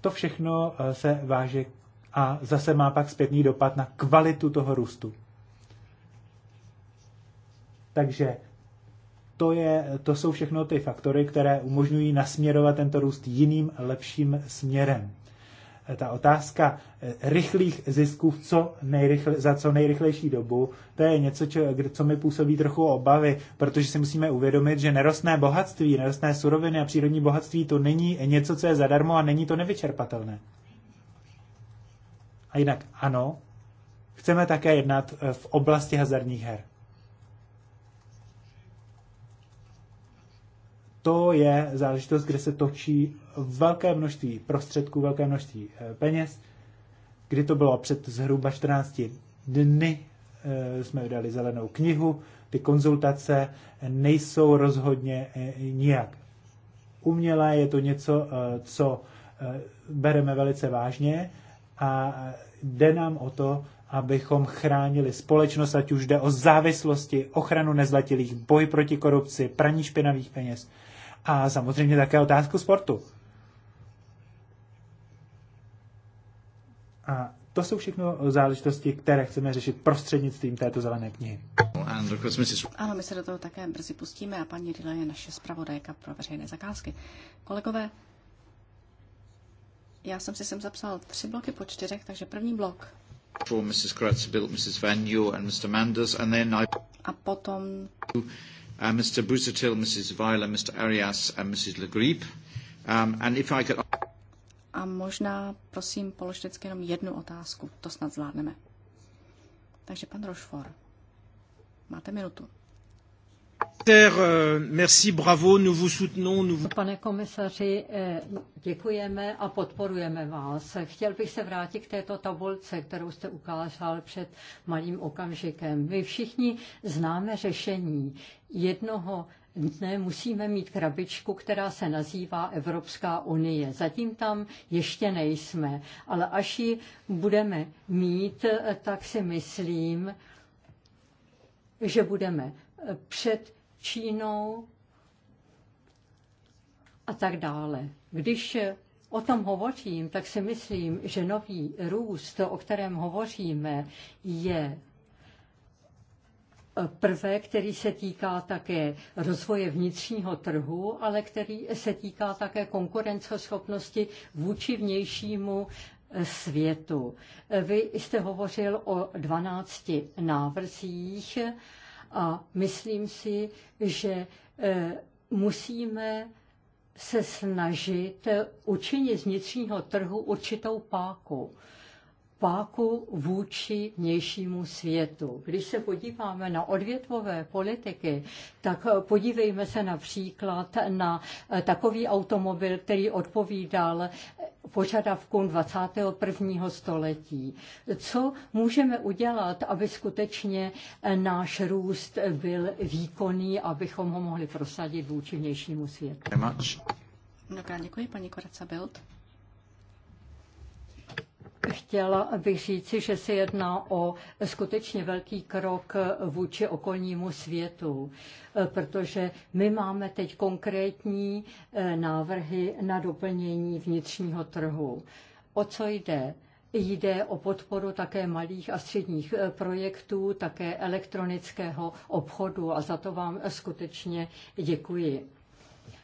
To všechno e, se váže a zase má pak zpětný dopad na kvalitu toho růstu. Takže to, je, to jsou všechno ty faktory, které umožňují nasměrovat tento růst jiným, lepším směrem. Eh, ta otázka eh, rychlých zisků co nejrychle, za co nejrychlejší dobu, to je něco, čo, co mi působí trochu obavy, protože si musíme uvědomit, že nerostné bohatství, nerostné suroviny a přírodní bohatství to není něco, co je zadarmo a není to nevyčerpatelné. A jinak ano, chceme také jednat eh, v oblasti hazardních her. to je záležitost, kde se točí velké množství prostředků, velké množství eh, peněz. Kdy to bylo před zhruba 14 dny, eh, jsme vydali zelenou knihu. Ty konzultace nejsou rozhodně eh, nijak umělé, je to něco, co bereme velice vážně a jde nám o to, abychom chránili společnost, ať už jde o závislosti, ochranu nezletilých, boj proti korupci, praní špinavých peněz a samozřejmě také otázku sportu. A to jsou všechno záležitosti, které chceme řešit prostřednictvím této zelené knihy. Ano, my se do toho také brzy pustíme a paní Dila je naše zpravodajka pro veřejné zakázky. Kolegové, já jsem si sem zapsal tři bloky po čtyřech, takže první blok. A potom uh, Mr. Busatil, Mrs. Weiler, Mr. Arias and Mrs. Le Grip. Um, and if I could... A možná, prosím, položte vždycky jenom jednu otázku. To snad zvládneme. Takže pan Rošfor, máte minutu. Euh, merci, bravo, nous vous soutenons, nous vous... Pane komisaři, eh, děkujeme a podporujeme vás. Chtěl bych se vrátit k této tabulce, kterou jste ukázal před malým okamžikem. My všichni známe řešení jednoho dne musíme mít krabičku, která se nazývá Evropská unie. Zatím tam ještě nejsme, ale až ji budeme mít, eh, tak si myslím, že budeme před Čínou a tak dále. Když o tom hovořím, tak si myslím, že nový růst, o kterém hovoříme, je prvek, který se týká také rozvoje vnitřního trhu, ale který se týká také konkurenceschopnosti vůči vnějšímu světu. Vy jste hovořil o 12 návrzích a myslím si, že e, musíme se snažit učinit z vnitřního trhu určitou páku páku vůči vnějšímu světu. Když se podíváme na odvětvové politiky, tak eh, podívejme se například na eh, takový automobil, který odpovídal eh, požadavkům 21. století. Co můžeme udělat, aby skutečně náš růst byl výkonný, abychom ho mohli prosadit vůči vnějšímu světu? Mnohokrát děkuji, paní Koraca Bild. Chtěla bych říci, že se jedná o skutečně velký krok vůči okolnímu světu, protože my máme teď konkrétní eh, návrhy na doplnění vnitřního trhu. O co jde? Jde o podporu také malých a středních eh, projektů, také elektronického obchodu a za to vám skutečně děkuji.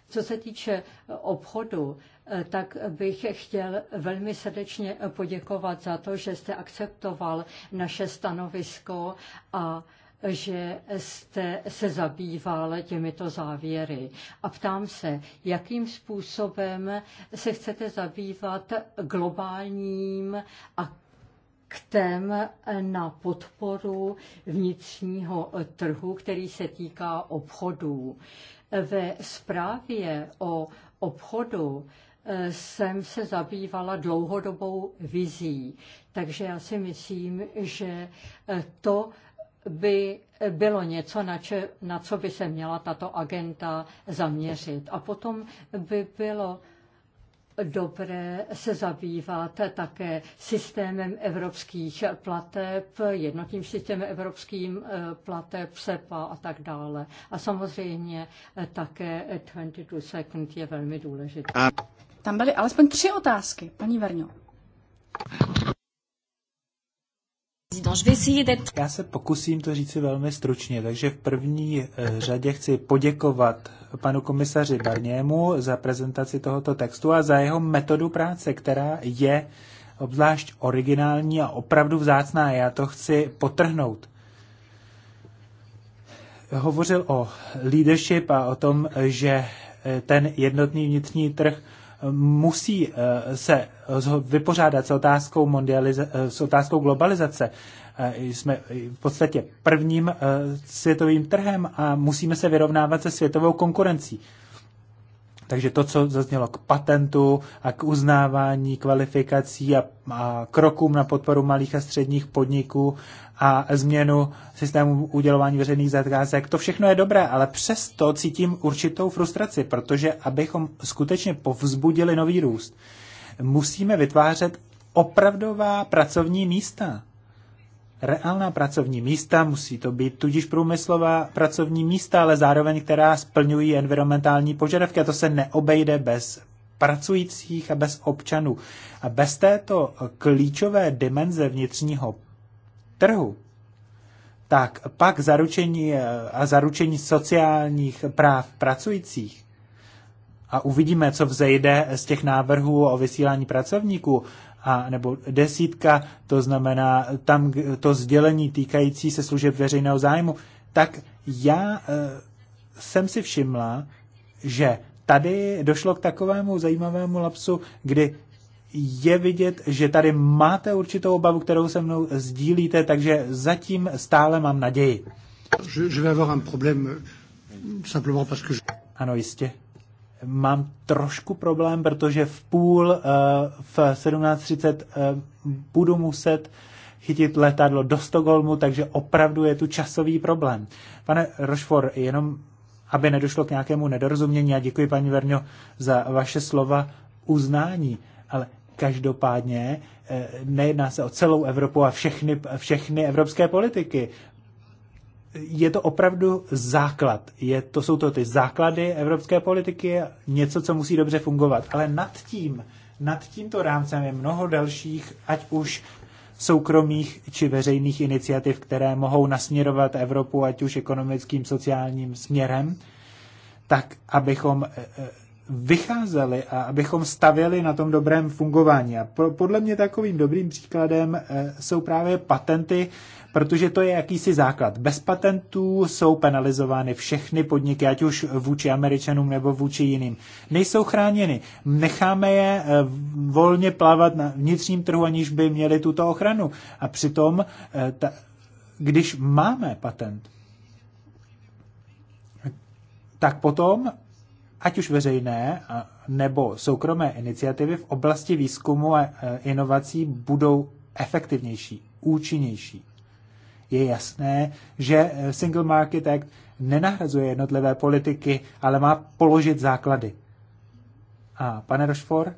Co se týče eh, obchodu, Eh, tak bych chtěl velmi srdečně poděkovat za to, že jste akceptoval naše stanovisko a že jste se zabýval těmito závěry. A ptám se, jakým způsobem se chcete zabývat globálním aktem na podporu vnitřního trhu, který se týká obchodů. Ve zprávě o obchodu jsem se zabývala dlouhodobou vizí. Takže já si myslím, že eh, to by bylo něco, na, če, na co by se měla tato agenta zaměřit. A potom by bylo dobré se zabývat také systémem evropských plateb, jednotným systémem evropským eh, plateb, SEPA a tak dále. A samozřejmě eh, také 22 second je velmi důležitý. A tam byly alespoň tři otázky, paní Verňo. Já se pokusím to říci velmi stručně, takže v první eh, řadě chci poděkovat panu komisaři Barnému za prezentaci tohoto textu a za jeho metodu práce, která je obzvlášť originální a opravdu vzácná. Já to chci potrhnout. Hovořil o leadership a o tom, že eh, ten jednotný vnitřní trh musí eh, se vypořádat s otázkou, eh, s otázkou globalizace. Eh, jsme v podstatě prvním světovým trhem a musíme se vyrovnávat se světovou konkurencí. Takže to, co zaznělo k patentu a k uznávání kvalifikací a, a krokům na podporu malých a středních podniků a změnu systému udělování veřejných zakázek. To všechno je dobré, ale přesto cítím určitou frustraci, protože abychom skutečně povzbudili nový růst, musíme vytvářet opravdová pracovní místa. Reálná pracovní místa, musí to být tudíž průmyslová pracovní místa, ale zároveň, která splňují environmentální požadavky a to se neobejde bez pracujících a bez občanů. A bez této klíčové dimenze vnitřního trhu, tak pak zaručení eh, a zaručení sociálních práv pracujících a uvidíme, co vzejde z těch návrhů o vysílání pracovníků, a nebo desítka, to znamená tam to sdělení týkající se služeb veřejného zájmu, tak já e, jsem si všimla, že tady došlo k takovému zajímavému lapsu, kdy je vidět, že tady máte určitou obavu, kterou se mnou sdílíte, takže zatím stále mám naději. Ano, jistě. Mám trošku problém, protože v půl eh, v 17.30 eh, budu muset chytit letadlo do Stokholmu, takže opravdu je tu časový problém. Pane Rošfor, jenom aby nedošlo k nějakému nedorozumění, a děkuji paní Verňo za vaše slova uznání, ale Každopádně eh, nejedná se o celou Evropu a všechny, všechny evropské politiky. Je to opravdu základ. Je, to jsou to ty základy evropské politiky, něco, co musí dobře fungovat. Ale nad tím, nad tímto rámcem je mnoho dalších, ať už soukromých či veřejných iniciativ, které mohou nasměrovat Evropu ať už ekonomickým, sociálním směrem, tak abychom eh, eh, vycházeli a abychom stavěli na tom dobrém fungování. A podle mě takovým dobrým příkladem eh, jsou právě patenty, protože to je jakýsi základ. Bez patentů jsou penalizovány všechny podniky, ať už vůči Američanům nebo vůči jiným. Nejsou chráněny. Necháme je eh, volně plavat na vnitřním trhu, aniž by měli tuto ochranu. A přitom, eh, ta, když máme patent, tak potom ať už veřejné nebo soukromé iniciativy v oblasti výzkumu a e, inovací budou efektivnější, účinnější. Je jasné, že e, Single Market Act nenahrazuje jednotlivé politiky, ale má položit základy. A pane Rošfor,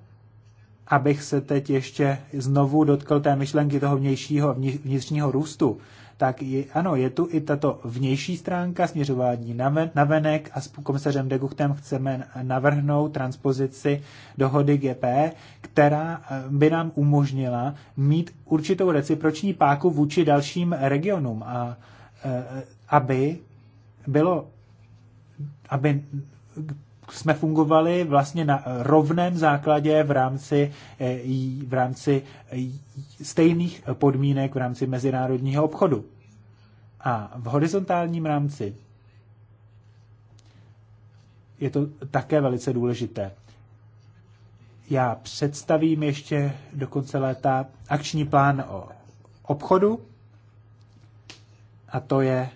abych se teď ještě znovu dotkl té myšlenky toho vnějšího vnitřního růstu, tak je, ano, je tu i tato vnější stránka směřování na, venek a s komisařem Deguchtem chceme navrhnout transpozici dohody GP, e, která eh, by nám umožnila mít určitou reciproční páku vůči dalším regionům a eh, aby bylo, aby jsme fungovali vlastně na rovném základě v rámci, eh, v rámci eh, stejných podmínek v rámci mezinárodního obchodu. A v horizontálním rámci je to také velice důležité. Já představím ještě do konce léta akční plán o obchodu a to je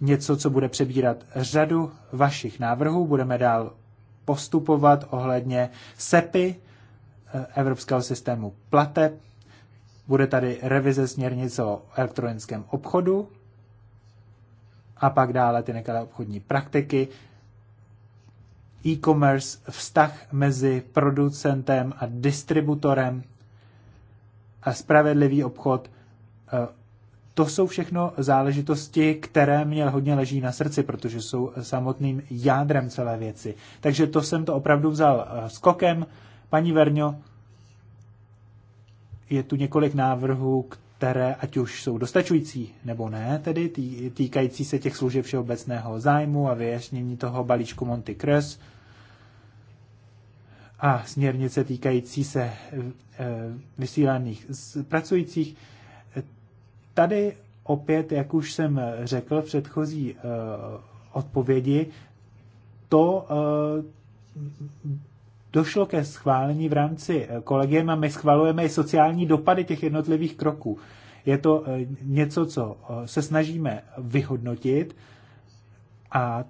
něco, co bude přebírat řadu vašich návrhů. Budeme dál postupovat ohledně SEPy, eh, Evropského systému plateb. Bude tady revize směrnice o elektronickém obchodu a pak dále ty nekalé obchodní praktiky, e-commerce, vztah mezi producentem a distributorem a spravedlivý obchod eh, to jsou všechno záležitosti, které mě hodně leží na srdci, protože jsou samotným jádrem celé věci. Takže to jsem to opravdu vzal eh, skokem. Paní Verňo, je tu několik návrhů, které ať už jsou dostačující nebo ne, tedy tý, týkající se těch služeb všeobecného zájmu a vyjasnění toho balíčku Monty Cres a směrnice týkající se e, vysílaných pracujících, tady opět, jak už jsem řekl v předchozí eh, odpovědi, to eh, došlo ke schválení v rámci eh, kolegiem a my schvalujeme i sociální dopady těch jednotlivých kroků. Je to něco, co se snažíme vyhodnotit a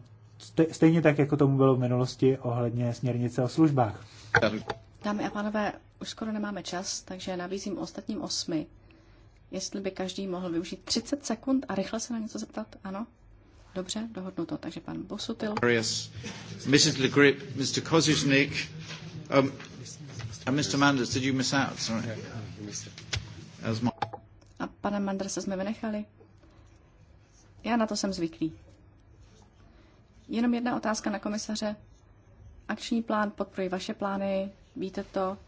stejně tak, jako tomu bylo v minulosti ohledně směrnice o službách. Dámy a pánové, už skoro nemáme čas, takže nabízím ostatním osmi, jestli by každý mohl využít 30 sekund a rychle se na něco zeptat, ano? Dobře, dohodnu to. Takže pan Bosutil. Mrs. Le Grip, Mr. Kozuznik, um, and Mr. Manders, did you miss out? Sorry. A pane Manders jsme vynechali. Já na to jsem zvyklý. Jenom jedna otázka na komisaře. Akční plán podporuje vaše plány, víte to,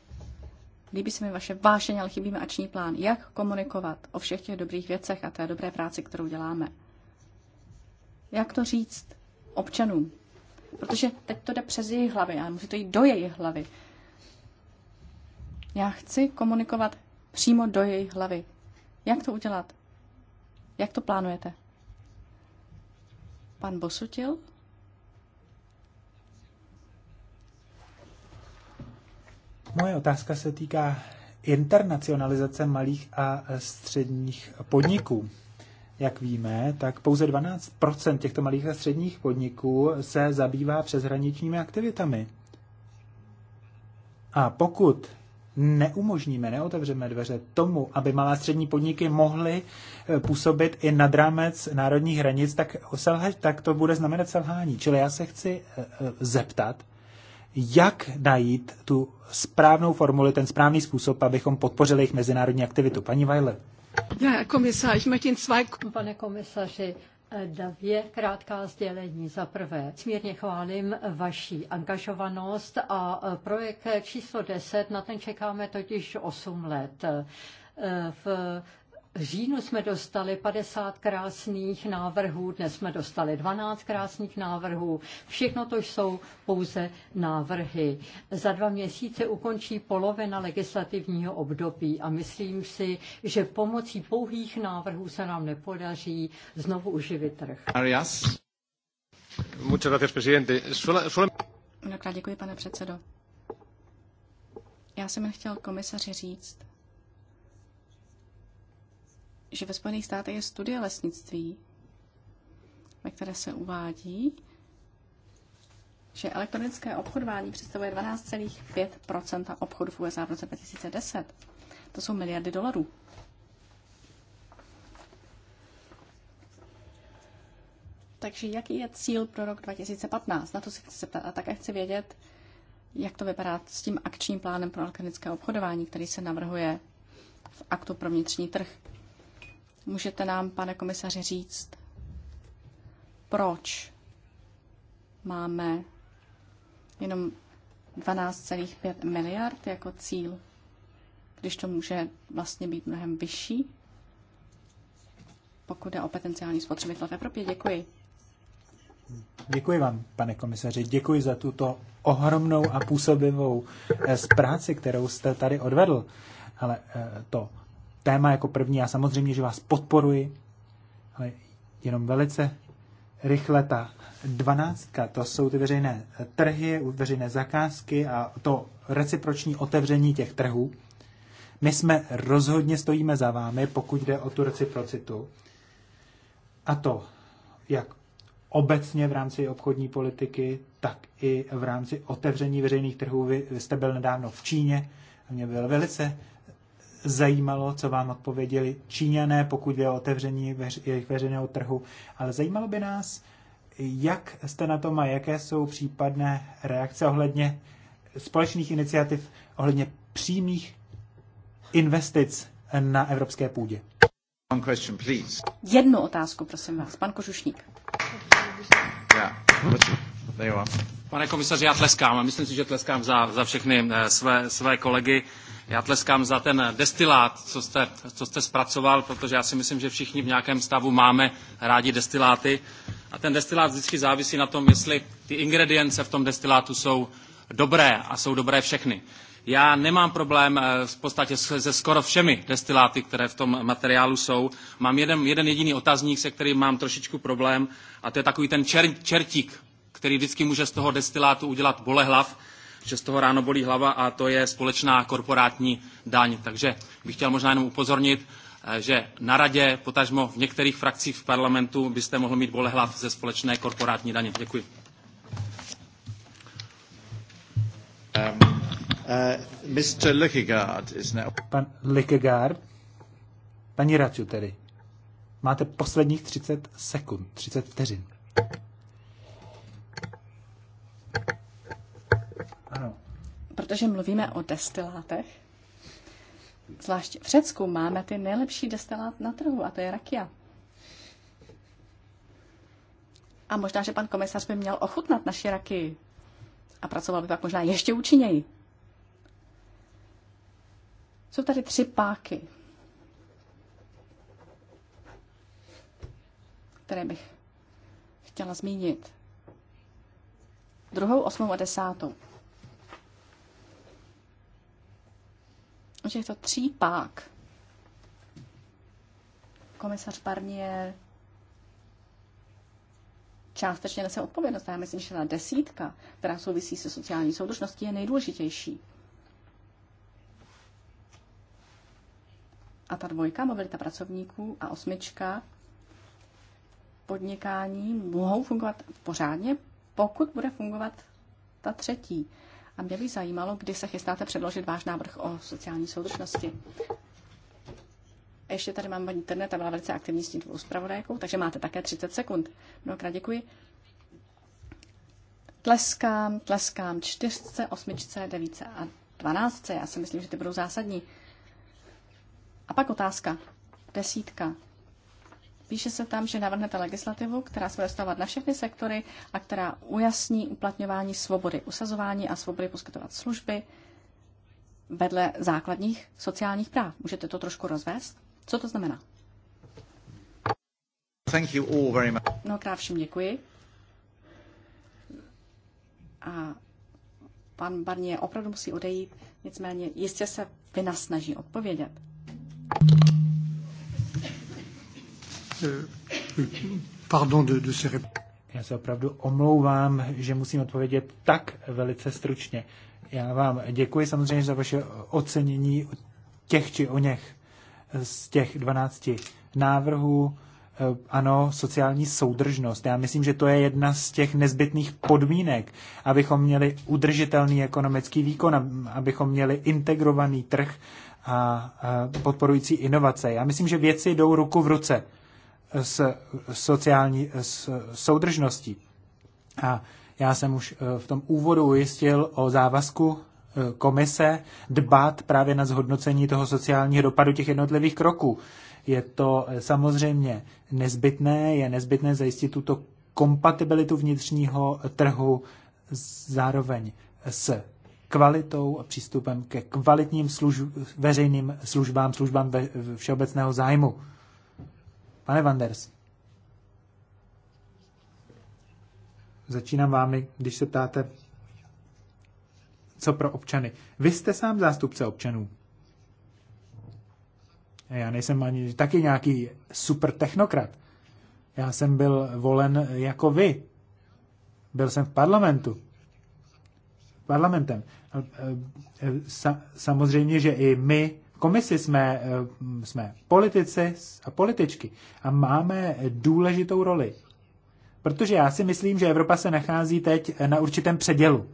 Líbí se mi vaše vášeň, ale chybí mi akční plán. Jak komunikovat o všech těch dobrých věcech a té dobré práci, kterou děláme? Jak to říct občanům? Protože teď to jde přes jejich hlavy, ale musí to jít do jejich hlavy. Já chci komunikovat přímo do jejich hlavy. Jak to udělat? Jak to plánujete? Pan Bosutil? Moje otázka se týká internacionalizace malých a středních podniků. Jak víme, tak pouze 12 těchto malých a středních podniků se zabývá přeshraničními aktivitami. A pokud neumožníme, neotevřeme dveře tomu, aby malé a střední podniky mohly eh, působit i nad rámec národních hranic, tak, selhaž, tak to bude znamenat selhání. Čili já se chci eh, eh, zeptat, jak najít tu správnou formuli, ten správný způsob, abychom podpořili jejich mezinárodní aktivitu. Paní Weile. Ja, jako komisář, ich tím zwei... Pane komisaři, Dvě krátká sdělení. Za prvé, smírně chválím vaší angažovanost a projekt číslo 10, na ten čekáme totiž 8 let v říjnu jsme dostali 50 krásných návrhů, dnes jsme dostali 12 krásných návrhů. Všechno to jsou pouze návrhy. Za dva měsíce ukončí polovina legislativního období a myslím si, že pomocí pouhých návrhů se nám nepodaří znovu uživit trh. Arias. Muchas gracias, presidente. Dobrá, děkuji, pane předsedo. Já jsem jen chtěl komisaři říct, že ve Spojených státech je studie lesnictví, ve které se uvádí, že elektronické obchodování představuje 12,5 obchodu v USA v roce 2010. To jsou miliardy dolarů. Takže jaký je cíl pro rok 2015? Na to se chci zeptat. A také chci vědět, jak to vypadá s tím akčním plánem pro elektronické obchodování, který se navrhuje v aktu pro vnitřní trh. Můžete nám, pane komisaři, říct, proč máme jenom 12,5 miliard jako cíl, když to může vlastně být mnohem vyšší, pokud jde o potenciální spotřebitel v Evropě. Děkuji. Děkuji vám, pane komisaři. Děkuji za tuto ohromnou a působivou eh, zpráci, kterou jste tady odvedl. Ale eh, to téma jako první. Já samozřejmě, že vás podporuji, ale jenom velice rychle ta dvanáctka, to jsou ty veřejné trhy, veřejné zakázky a to reciproční otevření těch trhů. My jsme rozhodně stojíme za vámi, pokud jde o tu reciprocitu. A to jak obecně v rámci obchodní politiky, tak i v rámci otevření veřejných trhů. Vy, jste byl nedávno v Číně a mě byl velice zajímalo, co vám odpověděli Číňané, pokud je o otevření jejich veřejného trhu, ale zajímalo by nás, jak jste na tom a jaké jsou případné reakce ohledně společných iniciativ, ohledně přímých investic na evropské půdě. Jednu otázku, prosím vás. Pan Kožušník. Yeah. There you are. Pane komisaři, já tleskám a myslím si, že tleskám za, za všechny eh, své, své kolegy. Já tleskám za ten eh, destilát, co jste, co jste zpracoval, protože já si myslím, že všichni v nějakém stavu máme rádi destiláty. A ten destilát vždycky závisí na tom, jestli ty ingredience v tom destilátu jsou dobré a jsou dobré všechny. Já nemám problém eh, v podstatě se skoro všemi destiláty, které v tom materiálu jsou. Mám jeden, jeden jediný otazník, se kterým mám trošičku problém, a to je takový ten čer, čertík který vždycky může z toho destilátu udělat bolehlav, že z toho ráno bolí hlava a to je společná korporátní daň. Takže bych chtěl možná jenom upozornit, eh, že na radě, potažmo v některých frakcích v parlamentu, byste mohl mít bolehlav ze společné korporátní daně. Děkuji. Um, uh, Mr. Lickegaard is now... Pan Lickegaard, paní Raču tedy, máte posledních 30 sekund, 30 vteřin. protože mluvíme o destilátech, zvlášť v Řecku máme ty nejlepší destilát na trhu a to je rakia. A možná, že pan komisař by měl ochutnat naši raky a pracoval by pak možná ještě účinněji. Jsou tady tři páky, které bych chtěla zmínit. Druhou, osmou a desátou. že je to třípák, komisař Barnier částečně nese odpovědnost. Já myslím, že ta desítka, která souvisí se sociální soudržností, je nejdůležitější. A ta dvojka, mobilita pracovníků a osmička, podnikání, mohou fungovat pořádně, pokud bude fungovat ta třetí. A mě by zajímalo, kdy se chystáte předložit váš návrh o sociální soudržnosti. Ještě tady mám paní Internet a byla velice aktivní s tím tvou zpravodajkou, takže máte také 30 sekund. Mnohokrát děkuji. Tleskám, tleskám čtyřce, osmičce, devíce a dvanáctce. Já si myslím, že ty budou zásadní. A pak otázka. Desítka. Píše se tam, že navrhnete legislativu, která se bude stavovat na všechny sektory a která ujasní uplatňování svobody usazování a svobody poskytovat služby vedle základních sociálních práv. Můžete to trošku rozvést? Co to znamená? Thank you all very much. krát všem děkuji. A pan Barnier opravdu musí odejít, nicméně jistě se vynasnaží odpovědět pardon de, de ces réponses. Já se opravdu omlouvám, že musím odpovědět tak velice stručně. Já vám děkuji samozřejmě za vaše ocenění těch či o něch z těch 12 návrhů. Eh, ano, sociální soudržnost. Já myslím, že to je jedna z těch nezbytných podmínek, abychom měli udržitelný ekonomický výkon, abychom měli integrovaný trh a eh, podporující inovace. Já myslím, že věci jdou ruku v ruce s sociální s soudržností. A já jsem už eh, v tom úvodu ujistil o závazku eh, komise dbát právě na zhodnocení toho sociálního dopadu těch jednotlivých kroků. Je to eh, samozřejmě nezbytné, je nezbytné zajistit tuto kompatibilitu vnitřního trhu zároveň s kvalitou a přístupem ke kvalitním služb, veřejným službám, službám ve, všeobecného zájmu. Pane Vanders, začínám vámi, když se ptáte, co pro občany. Vy jste sám zástupce občanů. Já nejsem ani taky nějaký super technokrat. Já jsem byl volen jako vy. Byl jsem v parlamentu. Parlamentem. E, samozřejmě, že i my komisi jsme, eh, jsme politici a političky a máme důležitou roli. Protože já si myslím, že Evropa se nachází teď na určitém předělu.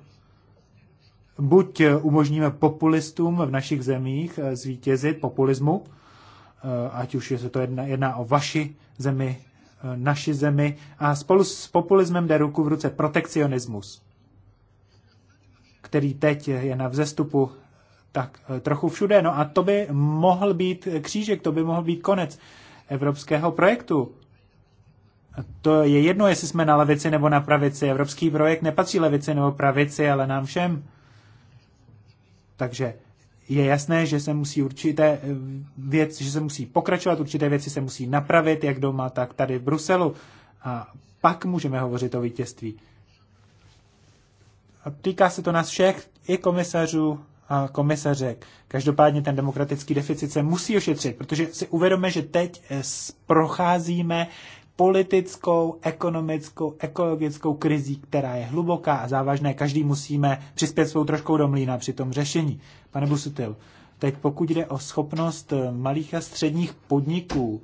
Buď eh, umožníme populistům v našich zemích eh, zvítězit populismu, ať už se to jedná, jedná o vaši zemi, naši zemi, a spolu s populismem jde ruku v ruce protekcionismus, který teď je na vzestupu tak eh, trochu všude. No a to by mohl být křížek, to by mohl být konec evropského projektu. To je jedno, jestli jsme na levici nebo na pravici. Evropský projekt nepatří levici nebo pravici, ale nám všem. Takže je jasné, že se musí určité eh, věc, že se musí pokračovat, určité věci se musí napravit, jak doma, tak tady v Bruselu. A pak můžeme hovořit o vítězství. A týká se to nás všech, i komisařů, komisařek. Každopádně ten demokratický deficit se musí ošetřit, protože si uvědomíme, že teď eh, procházíme politickou, ekonomickou, ekologickou krizí, která je hluboká a závažná. Každý musíme přispět svou troškou do mlína při tom řešení. Pane Busutil, teď pokud jde o schopnost eh, malých a středních podniků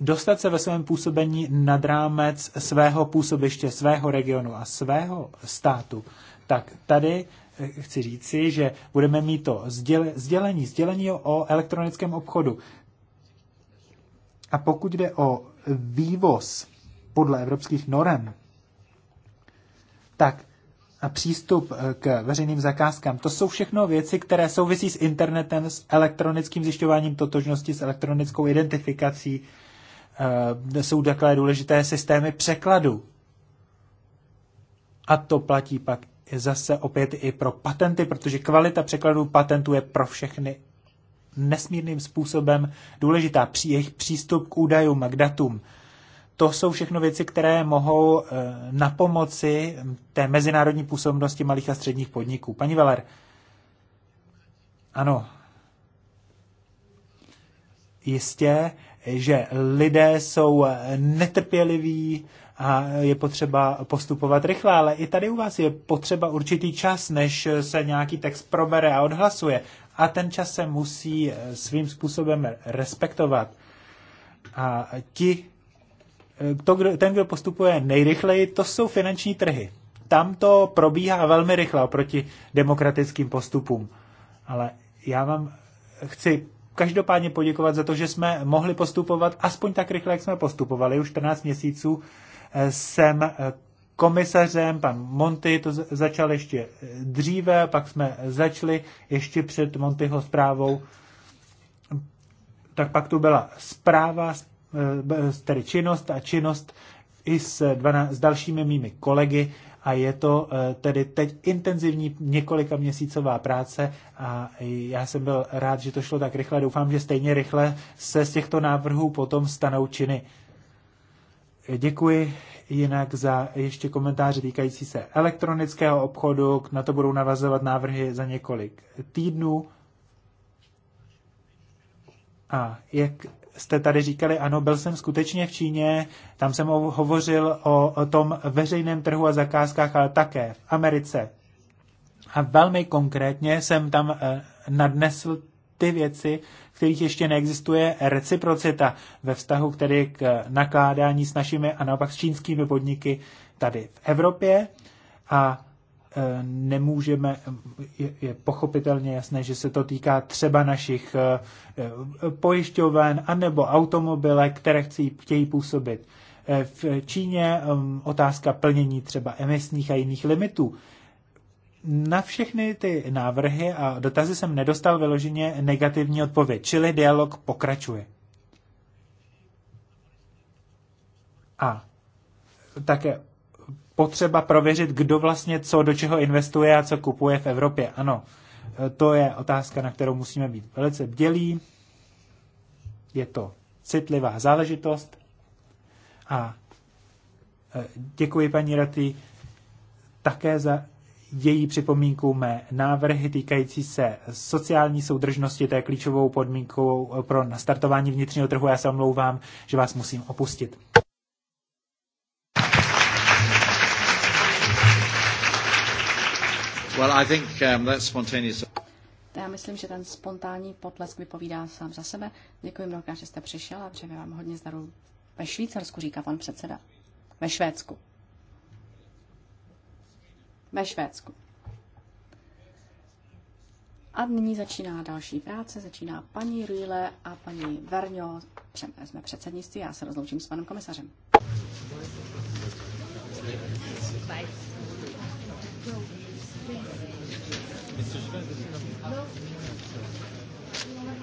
dostat se ve svém působení nad rámec svého působiště, svého regionu a svého státu, tak tady chci říci, že budeme mít to sdělení, sdělení o elektronickém obchodu. A pokud jde o vývoz podle evropských norem, tak a přístup eh, k veřejným zakázkám. To jsou všechno věci, které souvisí s internetem, s elektronickým zjišťováním totožnosti, s elektronickou identifikací. Eh, jsou takové důležité systémy překladu. A to platí pak zase opět i pro patenty, protože kvalita překladů patentů je pro všechny nesmírným způsobem důležitá. Při jejich přístup k údajům, k datům. To jsou všechno věci, které mohou eh, na pomoci hm, té mezinárodní působnosti malých a středních podniků. Paní Veler, ano, jistě, že lidé jsou eh, netrpěliví, a je potřeba postupovat rychle, ale i tady u vás je potřeba určitý čas, než se nějaký text probere a odhlasuje. A ten čas se musí eh, svým způsobem respektovat. A ti, eh, to, kdo, ten, kdo postupuje nejrychleji, to jsou finanční trhy. Tam to probíhá velmi rychle oproti demokratickým postupům. Ale já vám eh, chci každopádně poděkovat za to, že jsme mohli postupovat aspoň tak rychle, jak jsme postupovali už 14 měsíců jsem eh, komisařem, pan Monty to začal ještě eh, dříve, pak jsme začali ještě před Montyho zprávou, tak pak tu byla zpráva, eh, tedy činnost a činnost i s, 12, s dalšími mými kolegy a je to tedy teď intenzivní několika měsícová práce a já jsem byl rád, že to šlo tak rychle. Doufám, že stejně rychle se z těchto návrhů potom stanou činy. Děkuji jinak za ještě komentáře týkající se elektronického obchodu. Na to budou navazovat návrhy za několik týdnů. A jak jste tady říkali, ano, byl jsem skutečně v Číně, tam jsem hovořil o, o tom veřejném trhu a zakázkách, ale také v Americe. A velmi konkrétně jsem tam eh, nadnesl ty věci, v kterých ještě neexistuje reciprocita ve vztahu tedy k nakládání s našimi a naopak s čínskými podniky tady v Evropě a e, nemůžeme, je, pochopitelně jasné, že se to týká třeba našich e, e, pojišťoven anebo automobile, které chcí, chtějí působit v Číně, otázka plnění třeba emisních a jiných limitů na všechny ty návrhy a dotazy jsem nedostal vyloženě negativní odpověď, čili dialog pokračuje. A také potřeba prověřit, kdo vlastně co do čeho investuje a co kupuje v Evropě. Ano, to je otázka, na kterou musíme být velice bdělí. Je to citlivá záležitost. A e, děkuji paní Raty také za její připomínku mé návrhy týkající se sociální soudržnosti, to je klíčovou podmínkou eh, pro nastartování vnitřního trhu. Já se omlouvám, že vás musím opustit. Well, I think, um, that spontaneous... Já myslím, že ten spontánní potlesk vypovídá sám za sebe. Děkuji mnohokrát, že jste přišel a přeji vám hodně zdaru ve Švýcarsku, říká pan předseda. Ve Švédsku ve Švédsku. A nyní začíná další práce, začíná paní Rýle a paní Verňo. Jsme předsednictví, já se rozloučím s panem komisařem.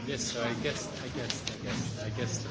Yes, sir, I guess, I guess, I guess, I guess.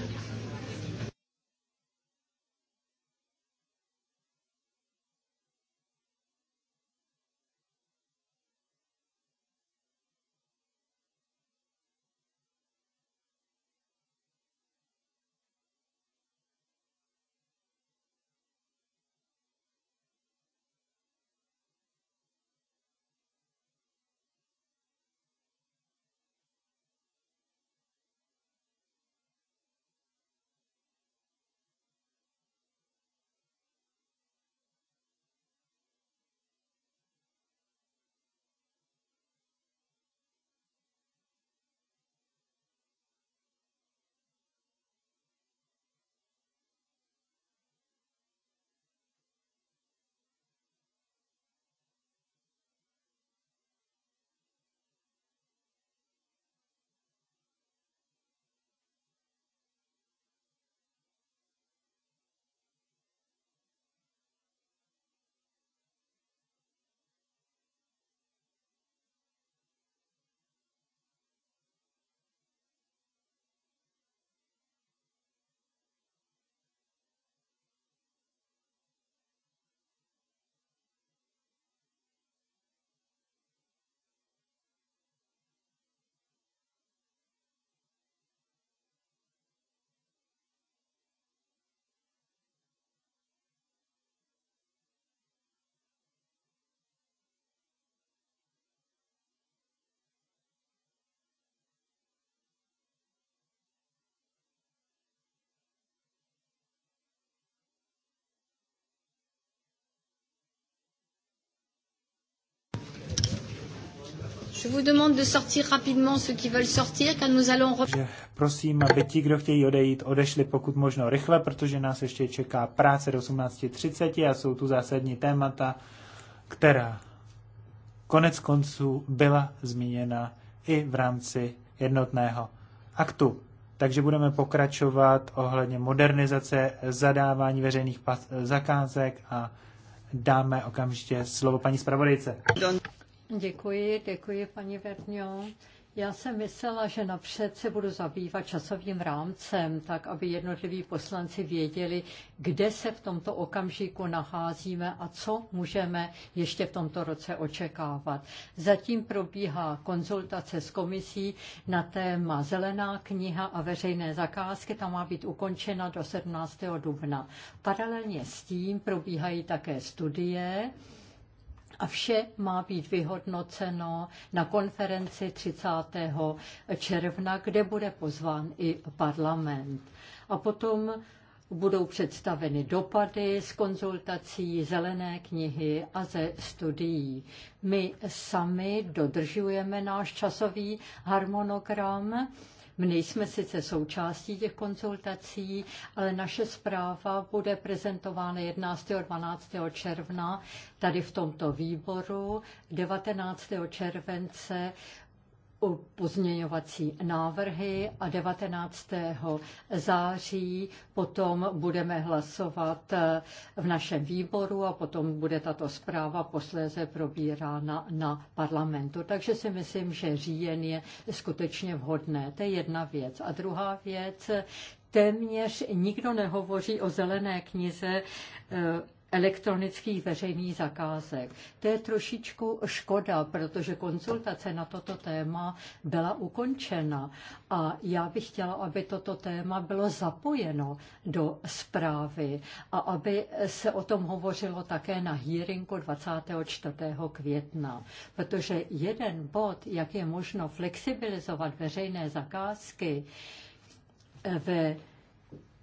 Je vous demande de sortir rapidement ceux qui veulent sortir, car nous allons... Prosím, aby ti, kdo chtějí odejít, odešli pokud možno rychle, protože nás ještě čeká práce do 18.30 a jsou tu zásadní témata, která konec konců byla zmíněna i v rámci jednotného aktu. Takže budeme pokračovat ohledně modernizace zadávání veřejných zakázek a dáme okamžitě slovo paní zpravodajce. Děkuji, děkuji paní Verňo. Já jsem myslela, že napřed se budu zabývat časovým rámcem, tak aby jednotliví poslanci věděli, kde se v tomto okamžiku nacházíme a co můžeme ještě v tomto roce očekávat. Zatím probíhá konzultace s komisí na téma Zelená kniha a veřejné zakázky. Ta má být ukončena do 17. dubna. Paralelně s tím probíhají také studie a vše má být vyhodnoceno na konferenci 30. června, kde bude pozván i parlament. A potom budou představeny dopady z konzultací zelené knihy a ze studií. My sami dodržujeme náš časový harmonogram my nejsme sice součástí těch konzultací, ale naše zpráva bude prezentována 11. a 12. června tady v tomto výboru. 19. července pozměňovací návrhy a 19. září potom budeme hlasovat eh, v našem výboru a potom bude tato zpráva posléze probírána na parlamentu. Takže si myslím, že říjen je skutečně vhodné. To je jedna věc. A druhá věc, téměř nikdo nehovoří o zelené knize eh, elektronických veřejných zakázek. To je trošičku škoda, protože konzultace na toto téma byla ukončena a já bych chtěla, aby toto téma bylo zapojeno do zprávy a aby se o tom hovořilo také na hearingu 24. května, protože jeden bod, jak je možno flexibilizovat veřejné zakázky, eh, ve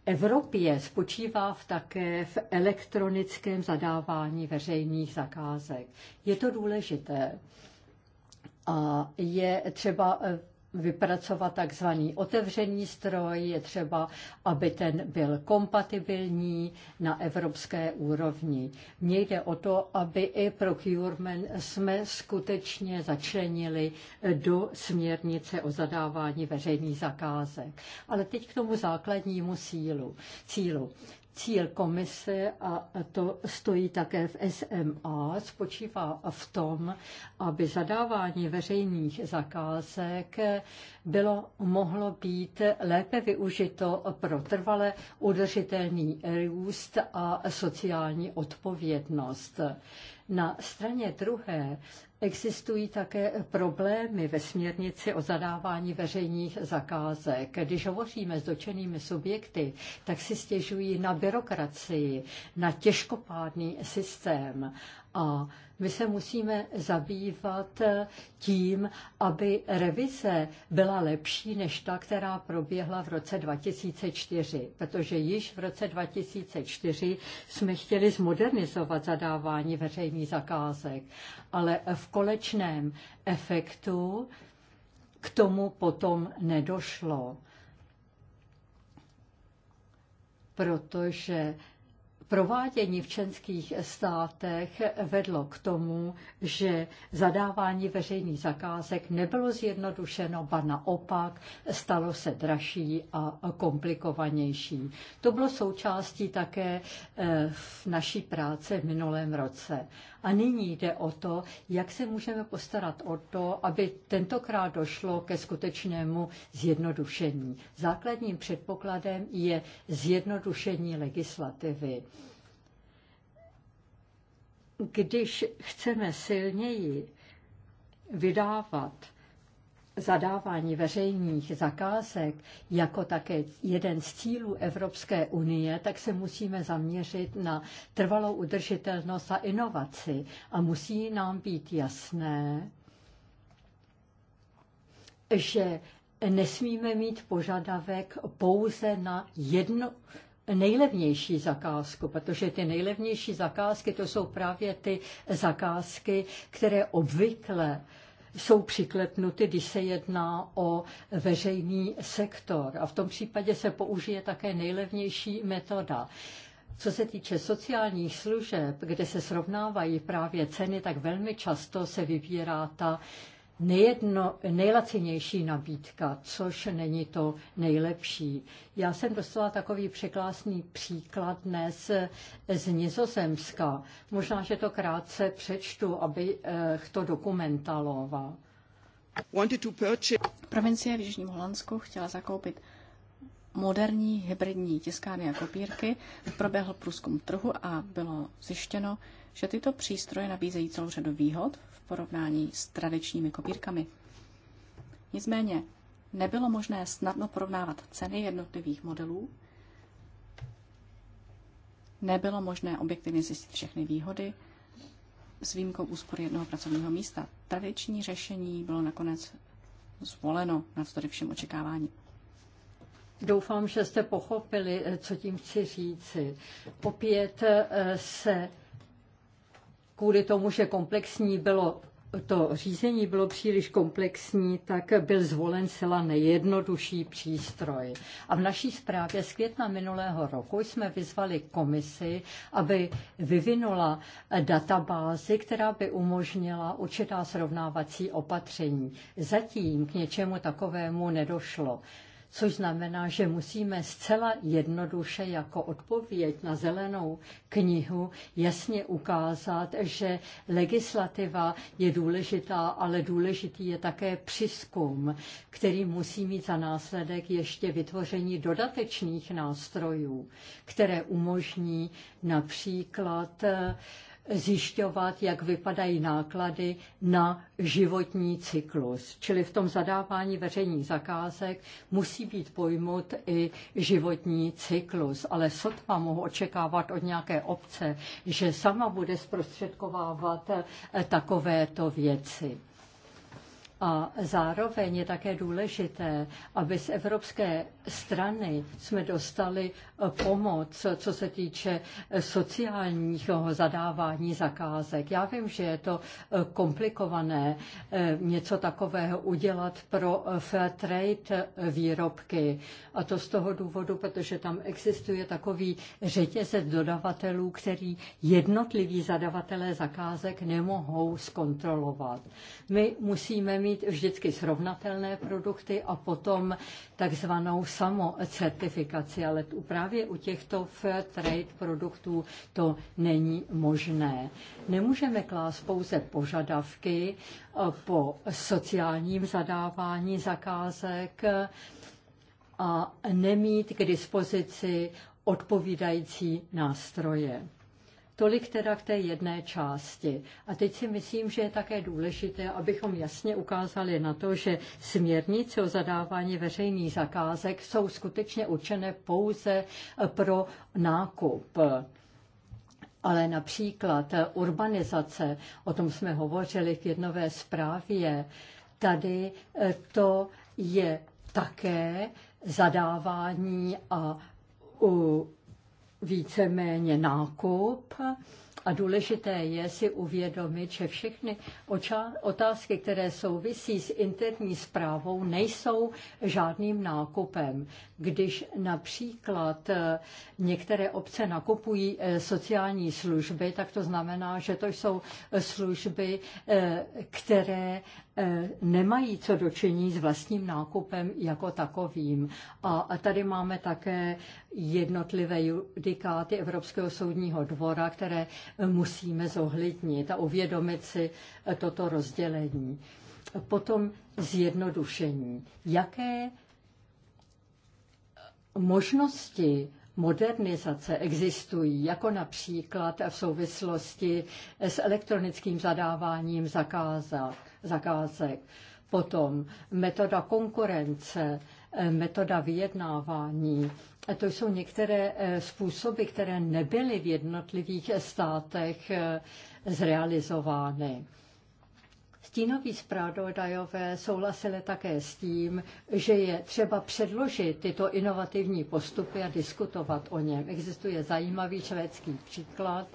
Evropě spočívá v také v elektronickém zadávání veřejných zakázek. Je to důležité a je třeba eh, vypracovat takzvaný otevřený stroj, je třeba, aby ten byl kompatibilní na evropské úrovni. Mně jde o to, aby i procurement jsme skutečně začlenili do směrnice o zadávání veřejných zakázek. Ale teď k tomu základnímu sílu, cílu. Cíl komise, a to stojí také v SMA, spočívá v tom, aby zadávání veřejných zakázek bylo mohlo být lépe využito pro trvale udržitelný růst a sociální odpovědnost. Na straně druhé Existují také problémy ve směrnici o zadávání veřejných zakázek. Když hovoříme s dočenými subjekty, tak si stěžují na byrokracii, na těžkopádný systém. A my se musíme zabývat tím, aby revize byla lepší než ta, která proběhla v roce 2004, protože již v roce 2004 jsme chtěli zmodernizovat zadávání veřejných zakázek, ale v kolečném efektu k tomu potom nedošlo protože provádění v členských státech vedlo k tomu, že zadávání veřejných zakázek nebylo zjednodušeno, ba naopak stalo se dražší a komplikovanější. To bylo součástí také eh, v naší práce v minulém roce. A nyní jde o to, jak se můžeme postarat o to, aby tentokrát došlo ke skutečnému zjednodušení. Základním předpokladem je zjednodušení legislativy když chceme silněji vydávat zadávání veřejných zakázek jako také jeden z cílů Evropské unie, tak se musíme zaměřit na trvalou udržitelnost a inovaci. A musí nám být jasné, že nesmíme mít požadavek pouze na jednu nejlevnější zakázku, protože ty nejlevnější zakázky to jsou právě ty zakázky, které obvykle jsou přiklepnuty, když se jedná o veřejný sektor. A v tom případě se použije také nejlevnější metoda. Co se týče sociálních služeb, kde se srovnávají právě ceny, tak velmi často se vybírá ta nejedno, nejlacinější nabídka, což není to nejlepší. Já jsem dostala takový překlásný příklad dnes eh, z Nizozemska. Možná, že to krátce přečtu, aby eh, to dokumentaloval. Provincie v Jižním Holandsku chtěla zakoupit moderní hybridní tiskárny a kopírky. Proběhl průzkum trhu a bylo zjištěno, že tyto přístroje nabízejí celou řadu výhod, porovnání s tradičními kopírkami. Nicméně nebylo možné snadno porovnávat ceny jednotlivých modelů, nebylo možné objektivně zjistit všechny výhody, s výjimkou úspor jednoho pracovního místa. Tradiční řešení bylo nakonec zvoleno vzdory všem očekávání. Doufám, že jste pochopili, co tím chci říci. Opět eh, se kvůli tomu, že komplexní bylo to řízení bylo příliš komplexní, tak byl zvolen zcela nejjednodušší přístroj. A v naší zprávě z května minulého roku jsme vyzvali komisi, aby vyvinula databázi, která by umožnila určitá srovnávací opatření. Zatím k něčemu takovému nedošlo což znamená, že musíme zcela jednoduše jako odpověď na zelenou knihu jasně ukázat, že legislativa je důležitá, ale důležitý je také přiskum, který musí mít za následek ještě vytvoření dodatečných nástrojů, které umožní například zjišťovat, jak vypadají náklady na životní cyklus. Čili v tom zadávání veřejných zakázek musí být pojmut i životní cyklus. Ale sotva mohu očekávat od nějaké obce, že sama bude zprostředkovávat eh, takovéto věci. A zároveň je také důležité, aby z evropské strany jsme dostali eh, pomoc, co se týče eh, sociálního zadávání zakázek. Já vím, že je to eh, komplikované něco takového udělat pro fair trade výrobky. A to z toho důvodu, protože tam existuje takový řetězec dodavatelů, který jednotliví zadavatelé zakázek nemohou zkontrolovat. My musíme mít mít vždycky srovnatelné produkty a potom takzvanou samocertifikaci, ale právě u těchto fair trade produktů to není možné. Nemůžeme klást pouze požadavky eh, po sociálním zadávání zakázek eh, a nemít k dispozici odpovídající nástroje. Tolik teda k té jedné části. A teď si myslím, že je také důležité, abychom jasně ukázali na to, že směrnice o zadávání veřejných zakázek jsou skutečně určené pouze eh, pro nákup. Ale například eh, urbanizace, o tom jsme hovořili v jednové zprávě, tady eh, to je také zadávání a u víceméně nákup a důležité je si uvědomit, že všechny otázky, které souvisí s interní zprávou, nejsou žádným nákupem. Když například eh, některé obce nakupují eh, sociální služby, tak to znamená, že to jsou eh, služby, které Eh, nemají co dočení s vlastním nákupem jako takovým. A tady máme také jednotlivé judikáty Evropského soudního dvora, které eh, musíme zohlednit a uvědomit si eh, toto rozdělení. Potom zjednodušení. Jaké možnosti modernizace existují, jako například v souvislosti s elektronickým zadáváním zakázek zakázek. Potom metoda konkurence, eh, metoda vyjednávání. Eh, to jsou některé eh, způsoby, které nebyly v jednotlivých státech zrealizovány. Stínoví zpravodajové souhlasili také s tím, že je třeba předložit tyto inovativní postupy a diskutovat o něm. Existuje zajímavý švédský příklad,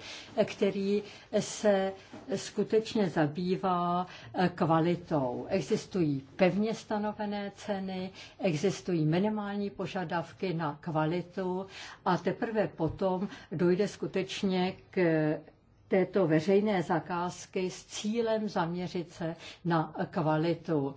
který se skutečně zabývá eh, kvalitou. Existují pevně stanovené ceny, existují minimální požadavky na kvalitu a teprve potom dojde skutečně k této veřejné zakázky s cílem zaměřit se na kvalitu.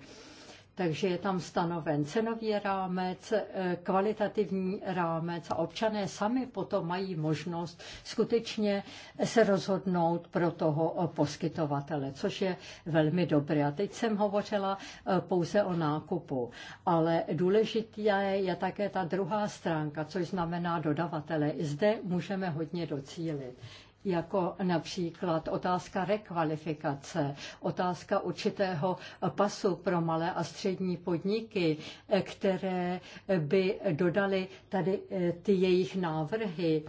Takže je tam stanoven cenový rámec, eh, kvalitativní rámec a občané sami potom mají možnost skutečně se rozhodnout pro toho eh, poskytovatele, což je velmi dobré. A teď jsem hovořila eh, pouze o nákupu, ale důležitá je také ta druhá stránka, což znamená dodavatele. I zde můžeme hodně docílit jako například otázka rekvalifikace, otázka určitého pasu pro malé a střední podniky, eh, které by dodali tady eh, ty jejich návrhy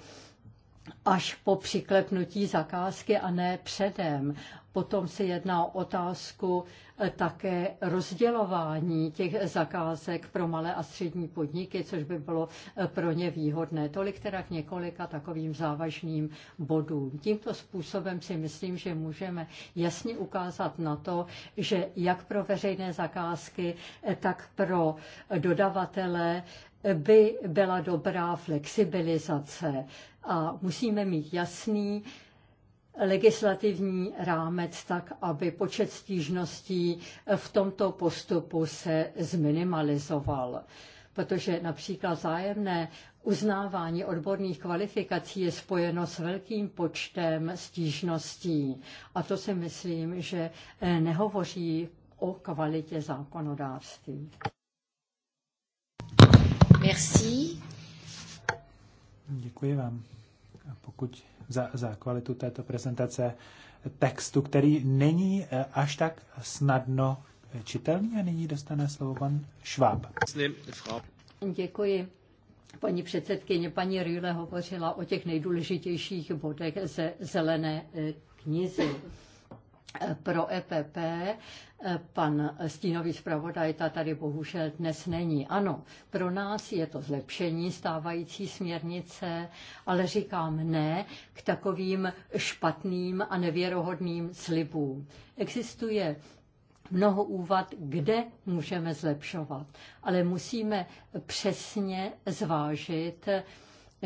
až po přiklepnutí zakázky a ne předem. Potom se jedná o otázku také rozdělování těch zakázek pro malé a střední podniky, což by bylo eh, pro ně výhodné. Tolik teda k několika takovým závažným bodům. Tímto způsobem si myslím, že můžeme jasně ukázat na to, že jak pro veřejné zakázky, eh, tak pro eh, dodavatele by byla dobrá flexibilizace. A musíme mít jasný legislativní rámec tak, aby počet stížností v tomto postupu se zminimalizoval. Protože například zájemné uznávání odborných kvalifikací je spojeno s velkým počtem stížností. A to si myslím, že eh, nehovoří o kvalitě zákonodárství. Merci. Děkuji vám. A pokud za, za kvalitu této prezentace textu, který není eh, až tak snadno eh, čitelný. A nyní dostane slovo pan Šváb. Děkuji. Paní předsedkyně, paní Rýle hovořila o těch nejdůležitějších bodech ze zelené eh, knizy pro EPP eh, pan stínový ta tady bohužel dnes není. Ano, pro nás je to zlepšení stávající směrnice, ale říkám ne k takovým špatným a nevěrohodným slibům. Existuje mnoho úvad, kde můžeme zlepšovat, ale musíme přesně zvážit,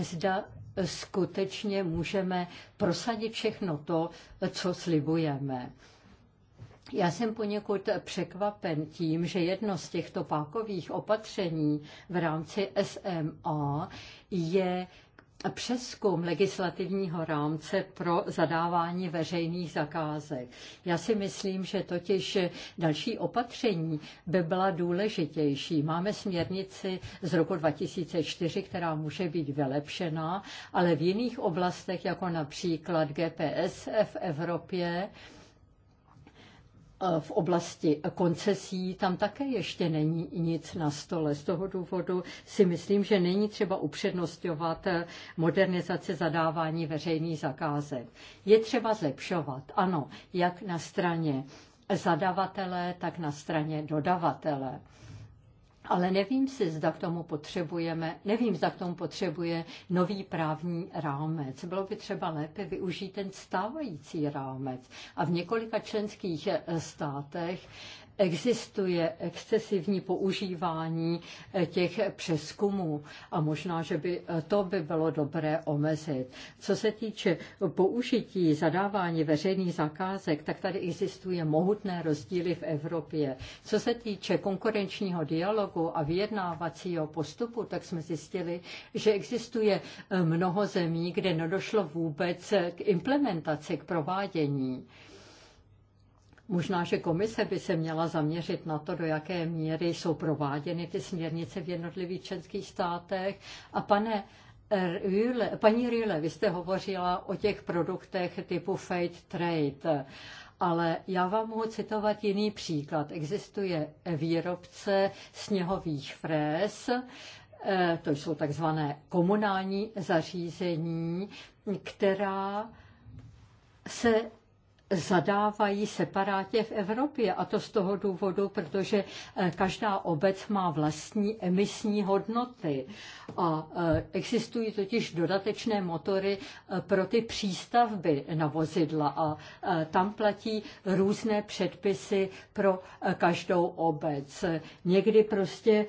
zda skutečně můžeme prosadit všechno to, co slibujeme. Já jsem poněkud překvapen tím, že jedno z těchto pákových opatření v rámci SMA je přeskum legislativního rámce pro zadávání veřejných zakázek. Já si myslím, že totiž další opatření by byla důležitější. Máme směrnici z roku 2004, která může být vylepšená, ale v jiných oblastech, jako například GPS v Evropě, Eh, v oblasti koncesí tam také ještě není nic na stole. Z toho důvodu si myslím, že není třeba upřednostňovat eh, modernizaci zadávání veřejných zakázek. Je třeba zlepšovat, ano, jak na straně zadavatele, tak na straně dodavatele ale nevím si, zda k tomu potřebujeme, nevím, zda k tomu potřebuje nový právní rámec. Bylo by třeba lépe využít ten stávající rámec. A v několika členských eh, státech existuje excesivní používání eh, těch přeskumů a možná, že by eh, to by bylo dobré omezit. Co se týče použití zadávání veřejných zakázek, tak tady existuje mohutné rozdíly v Evropě. Co se týče konkurenčního dialogu a vyjednávacího postupu, tak jsme zjistili, že existuje eh, mnoho zemí, kde nedošlo vůbec k implementaci, k provádění. Možná, že komise by se měla zaměřit na to, do jaké míry jsou prováděny ty směrnice v jednotlivých členských státech. A pane eh, Rühle, paní Rühle, vy jste hovořila o těch produktech typu Fade Trade. Ale já vám mohu citovat jiný příklad. Existuje výrobce sněhových fréz, eh, to jsou takzvané komunální zařízení, která se zadávají separátně v Evropě. A to z toho důvodu, protože eh, každá obec má vlastní emisní hodnoty. A eh, existují totiž dodatečné motory eh, pro ty přístavby na vozidla. A tam platí různé předpisy pro každou obec. Někdy prostě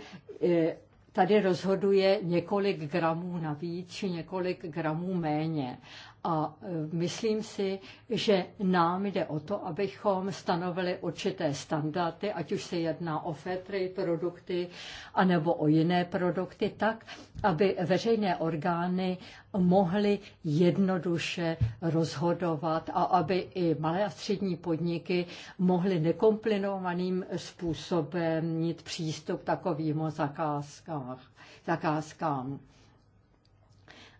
tady rozhoduje několik gramů navíc či několik gramů méně. A e, myslím si, že nám jde o to, abychom stanovili určité standardy, ať už se jedná o fetry produkty, anebo o jiné produkty, tak, aby veřejné orgány mohly jednoduše rozhodovat a aby i malé a střední podniky mohly nekomplinovaným způsobem mít přístup k takovým zakázkách, zakázkám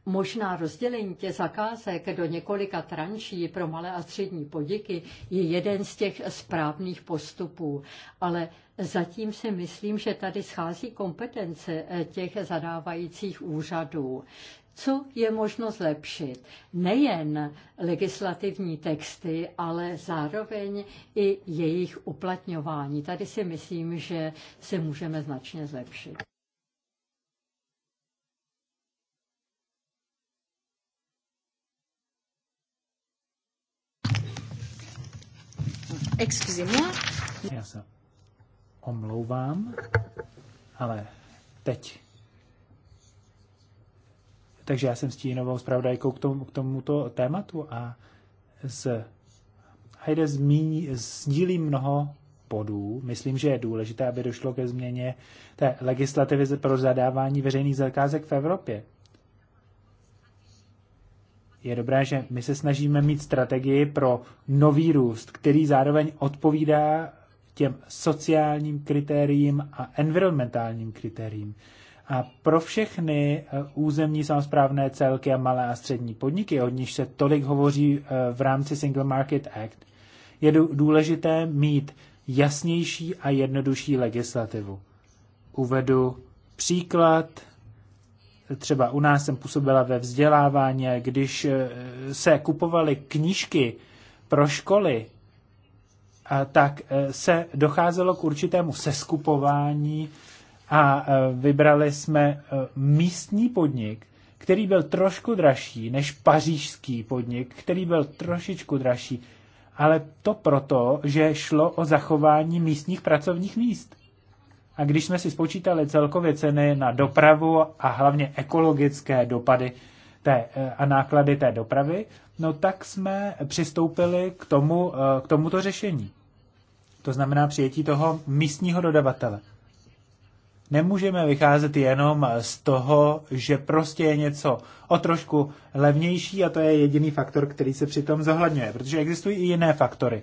možná rozdělení těch zakázek do několika tranší pro malé a střední podniky je jeden z těch správných postupů. Ale zatím si myslím, že tady schází kompetence eh, těch zadávajících úřadů co je možno zlepšit. Nejen legislativní texty, ale zároveň i jejich uplatňování. Tady si myslím, že se můžeme značně zlepšit. Excusez-moi. Já se omlouvám, ale teď. Takže já jsem stínovou zpravodajkou k, tomu, k tomuto tématu a z. Hajde zmíní, sdílí mnoho bodů. Myslím, že je důležité, aby došlo ke změně té legislativy pro zadávání veřejných zakázek v Evropě je dobré, že my se snažíme mít strategii pro nový růst, který zároveň odpovídá těm sociálním kritériím a environmentálním kritériím. A pro všechny eh, územní samozprávné celky a malé a střední podniky, od nich se tolik hovoří eh, v rámci Single Market Act, je důležité mít jasnější a jednodušší legislativu. Uvedu příklad třeba u nás jsem působila ve vzdělávání, když eh, se kupovaly knížky pro školy, tak eh, se docházelo k určitému seskupování a eh, vybrali jsme místní podnik, který byl trošku dražší než pařížský podnik, který byl trošičku dražší, ale to proto, že šlo o zachování místních pracovních míst. A když jsme si spočítali celkově ceny na dopravu a hlavně ekologické dopady té, eh, a náklady té dopravy, no tak jsme přistoupili k, tomu, eh, k tomuto řešení. To znamená přijetí toho místního dodavatele. Nemůžeme vycházet jenom z toho, že prostě je něco o trošku levnější a to je jediný faktor, který se přitom zohledňuje, protože existují i jiné faktory,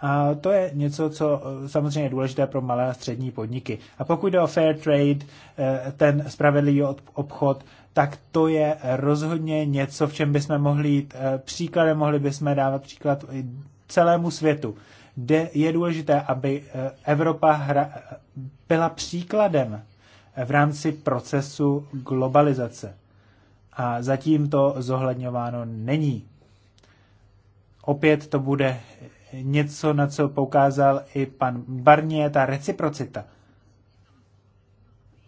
a to je něco, co eh, samozřejmě je důležité pro malé a střední podniky. A pokud jde o fair trade, eh, ten spravedlivý obchod, tak to je rozhodně něco, v čem bychom mohli jít eh, příkladem, mohli bychom dávat příklad celému světu, kde je důležité, aby Evropa hra, byla příkladem v rámci procesu globalizace. A zatím to zohledňováno není. Opět to bude něco, na co poukázal i pan Barnier, ta reciprocita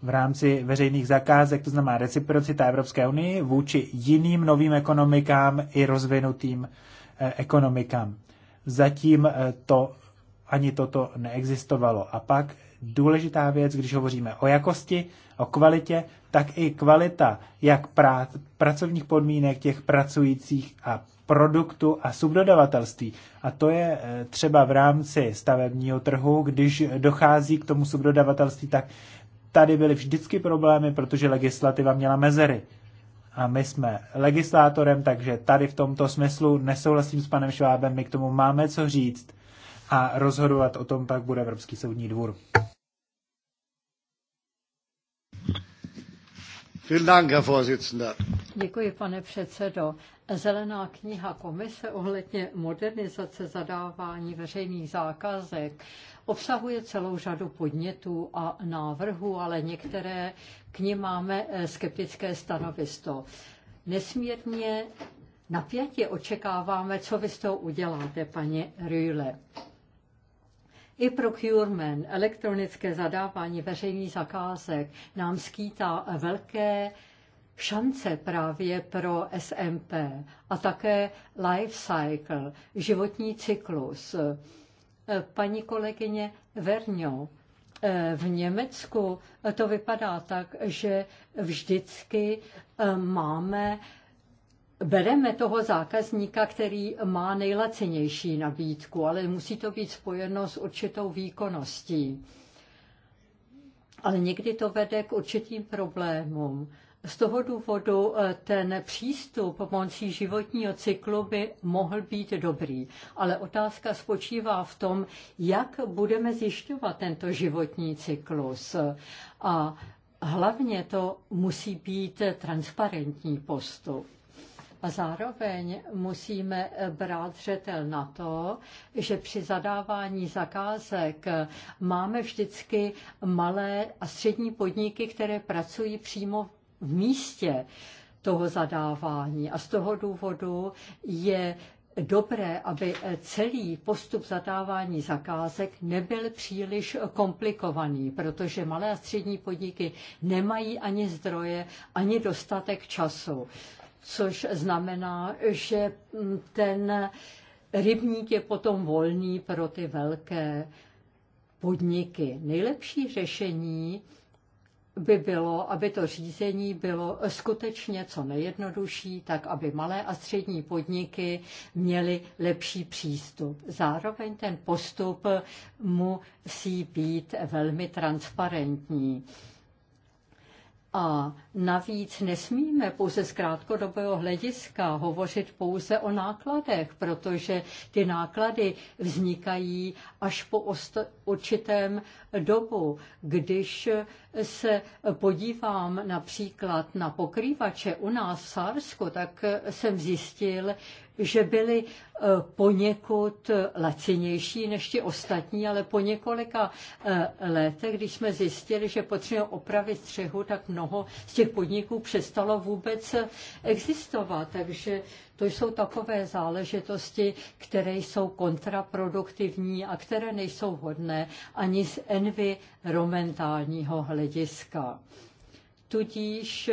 v rámci veřejných zakázek, to znamená reciprocita Evropské unii vůči jiným novým ekonomikám i rozvinutým eh, ekonomikám. Zatím eh, to ani toto neexistovalo. A pak důležitá věc, když hovoříme o jakosti, o kvalitě, tak i kvalita jak pracovních podmínek těch pracujících a produktu a subdodavatelství. A to je eh, třeba v rámci stavebního trhu, když dochází k tomu subdodavatelství, tak tady byly vždycky problémy, protože legislativa měla mezery. A my jsme legislátorem, takže tady v tomto smyslu nesouhlasím s panem Švábem, my k tomu máme co říct a rozhodovat o tom pak bude Evropský soudní dvůr. Děkuji, pane předsedo. Zelená kniha komise ohledně modernizace zadávání veřejných zákazek obsahuje celou řadu podnětů a návrhů, ale některé k ní máme eh, skeptické stanovisko. Nesmírně napětě očekáváme, co vy z toho uděláte, paní Rühle. I procurement, elektronické zadávání veřejných zakázek nám skýtá velké šance právě pro SMP a také life cycle, životní cyklus. Paní kolegyně Verňo, v Německu to vypadá tak, že vždycky eh, máme bereme toho zákazníka, který má nejlacenější nabídku, ale musí to být spojeno s určitou výkonností. Ale někdy to vede k určitým problémům. Z toho důvodu eh, ten přístup pomocí životního cyklu by mohl být dobrý. Ale otázka spočívá v tom, jak budeme zjišťovat tento životní cyklus. A hlavně to musí být transparentní postup. A zároveň musíme brát řetel na to, že při zadávání zakázek máme vždycky malé a střední podniky, které pracují přímo v místě toho zadávání. A z toho důvodu je dobré, aby celý postup zadávání zakázek nebyl příliš komplikovaný, protože malé a střední podniky nemají ani zdroje, ani dostatek času což znamená, že ten rybník je potom volný pro ty velké podniky. Nejlepší řešení by bylo, aby to řízení bylo skutečně co nejjednodušší, tak aby malé a střední podniky měly lepší přístup. Zároveň ten postup musí být velmi transparentní. A navíc nesmíme pouze z krátkodobého hlediska hovořit pouze o nákladech, protože ty náklady vznikají až po určitém dobu. Když se podívám například na pokrývače u nás v Sársku, tak jsem zjistil, že byli eh, poněkud eh, lacinější než ti ostatní, ale po několika eh, letech, když jsme zjistili, že potřebujeme opravit střehu, tak mnoho z těch podniků přestalo vůbec existovat. Takže to jsou takové záležitosti, které jsou kontraproduktivní a které nejsou hodné ani z environmentálního hlediska. Tudíž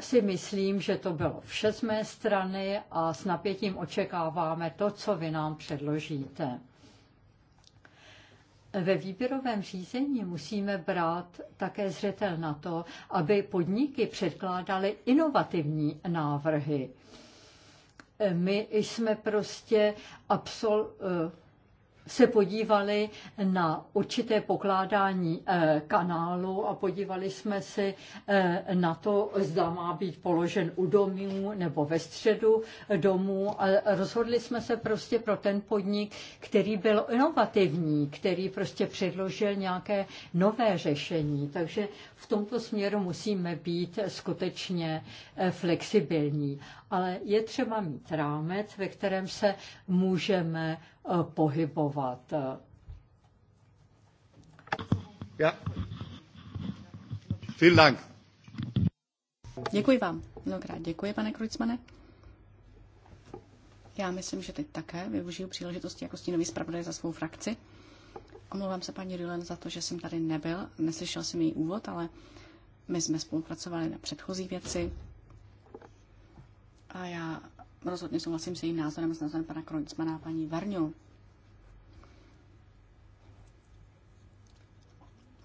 si myslím, že to bylo vše z mé strany a s napětím očekáváme to, co vy nám předložíte. Ve výběrovém řízení musíme brát také zřetel na to, aby podniky předkládaly inovativní návrhy. My jsme prostě absol- se podívali na určité pokládání eh, kanálu a podívali jsme se eh, na to, zda má být položen u domů nebo ve středu domů. A rozhodli jsme se prostě pro ten podnik, který byl inovativní, který prostě předložil nějaké nové řešení. Takže v tomto směru musíme být skutečně eh, flexibilní. Ale je třeba mít rámec, ve kterém se můžeme Eh, pohybovat. Ja. Vielen Dank. Děkuji vám. Mnohokrát děkuji, pane Krujcmane. Já myslím, že teď také využiju příležitosti jako stínový zpravodaj za svou frakci. Omlouvám se paní Rylen za to, že jsem tady nebyl, neslyšel jsem její úvod, ale my jsme spolupracovali na předchozí věci a já rozhodně souhlasím s jejím názorem, s názorem pana Kronicmana a paní Varňu.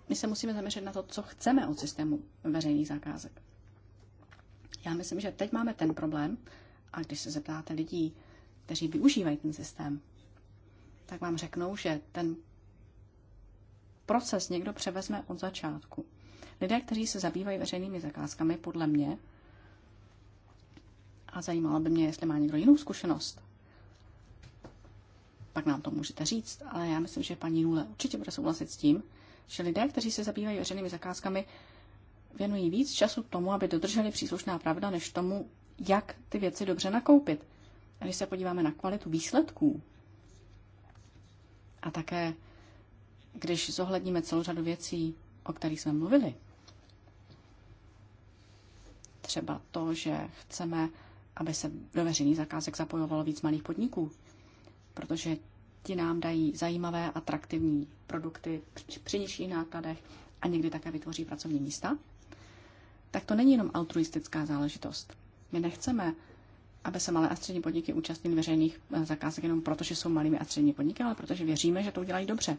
My se musíme zaměřit na to, co chceme od systému veřejných zakázek. Já myslím, že teď máme ten problém, a když se zeptáte lidí, kteří využívají ten systém, tak vám řeknou, že ten proces někdo převezme od začátku. Lidé, kteří se zabývají veřejnými zakázkami, podle mě, a zajímalo by mě, jestli má někdo jinou zkušenost. Pak nám to můžete říct, ale já myslím, že paní Nule určitě bude souhlasit s tím, že lidé, kteří se zabývají veřejnými zakázkami, věnují víc času tomu, aby dodrželi příslušná pravda, než tomu, jak ty věci dobře nakoupit. A když se podíváme na kvalitu výsledků a také, když zohledníme celou řadu věcí, o kterých jsme mluvili, třeba to, že chceme aby se do veřejných zakázek zapojovalo víc malých podniků, protože ti nám dají zajímavé, atraktivní produkty při nižších nákladech a někdy také vytvoří pracovní místa, tak to není jenom altruistická záležitost. My nechceme, aby se malé a střední podniky účastnily veřejných eh, zakázek jenom proto, že jsou malými a střední podniky, ale protože věříme, že to udělají dobře.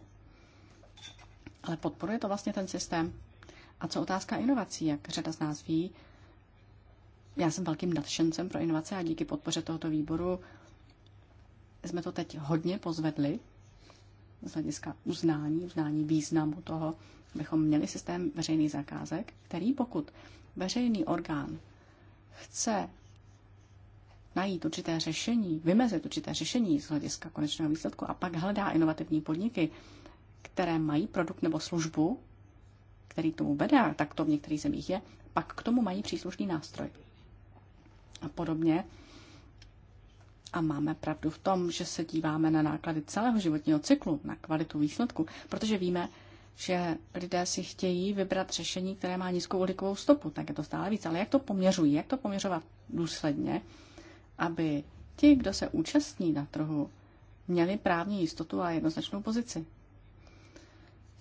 Ale podporuje to vlastně ten systém. A co otázka inovací, jak řada z nás ví, já jsem velkým nadšencem pro inovace a díky podpoře tohoto výboru jsme to teď hodně pozvedli z hlediska uznání, uznání významu toho, abychom měli systém veřejných zakázek, který pokud veřejný orgán chce najít určité řešení, vymezit určité řešení z hlediska konečného výsledku a pak hledá inovativní podniky, které mají produkt nebo službu, který tomu vede, a tak to v některých zemích je, pak k tomu mají příslušný nástroj a podobně. A máme pravdu v tom, že se díváme na náklady celého životního cyklu, na kvalitu výsledku, protože víme, že lidé si chtějí vybrat řešení, které má nízkou uhlíkovou stopu, tak je to stále víc. Ale jak to poměřují? Jak to poměřovat důsledně, aby ti, kdo se účastní na trhu, měli právní jistotu a jednoznačnou pozici?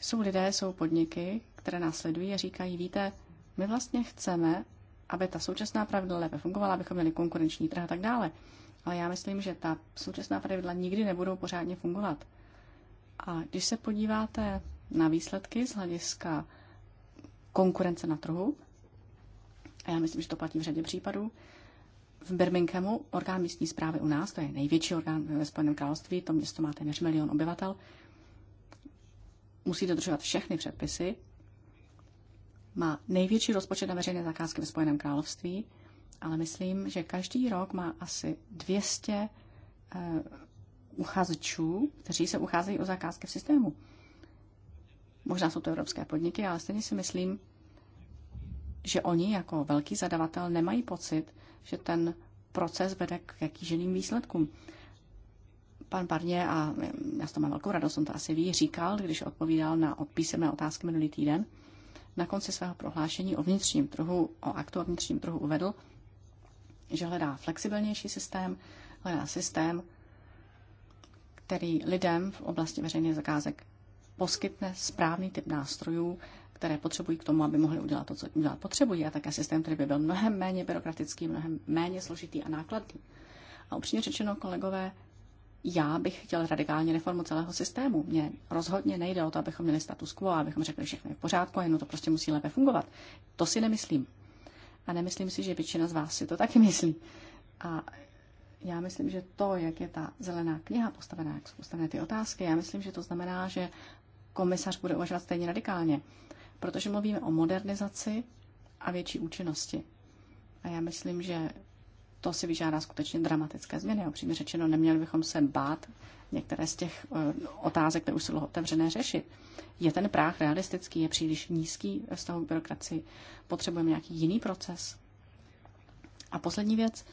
Jsou lidé, jsou podniky, které následují a říkají, víte, my vlastně chceme, aby ta současná pravidla lépe fungovala, abychom měli konkurenční trh a tak dále. Ale já myslím, že ta současná pravidla nikdy nebudou pořádně fungovat. A když se podíváte na výsledky z hlediska konkurence na trhu, a já myslím, že to platí v řadě případů, v Birminghamu orgán místní zprávy u nás, to je největší orgán ve Spojeném království, to město má téměř milion obyvatel, musí dodržovat všechny předpisy má největší rozpočet na veřejné zakázky ve Spojeném království, ale myslím, že každý rok má asi 200 uh, eh, uchazečů, kteří se ucházejí o zakázky v systému. Možná jsou to evropské podniky, ale stejně si myslím, že oni jako velký zadavatel nemají pocit, že ten proces vede k jakýženým výsledkům. Pan Barně, a já s tom mám velkou radost, on to asi ví, říkal, když odpovídal na písemné otázky minulý týden, na konci svého prohlášení o vnitřním trhu, o aktu o vnitřním trhu uvedl, že hledá flexibilnější systém, hledá systém, který lidem v oblasti veřejných zakázek poskytne správný typ nástrojů, které potřebují k tomu, aby mohli udělat to, co udělat potřebují, a také systém, který by byl mnohem méně byrokratický, mnohem méně složitý a nákladný. A upřímně řečeno, kolegové, já bych chtěl radikálně reformu celého systému. Mně rozhodně nejde o to, abychom měli status quo, abychom řekli všechno je v pořádku, jenom to prostě musí lépe fungovat. To si nemyslím. A nemyslím si, že většina z vás si to taky myslí. A já myslím, že to, jak je ta zelená kniha postavená, jak jsou postavené ty otázky, já myslím, že to znamená, že komisař bude uvažovat stejně radikálně, protože mluvíme o modernizaci a větší účinnosti. A já myslím, že to si vyžádá skutečně dramatické změny. Opřímně řečeno, neměli bychom se bát některé z těch eh, otázek, které už jsou otevřené, řešit. Je ten práh realistický, je příliš nízký ve vztahu k byrokracii? Potřebujeme nějaký jiný proces? A poslední věc,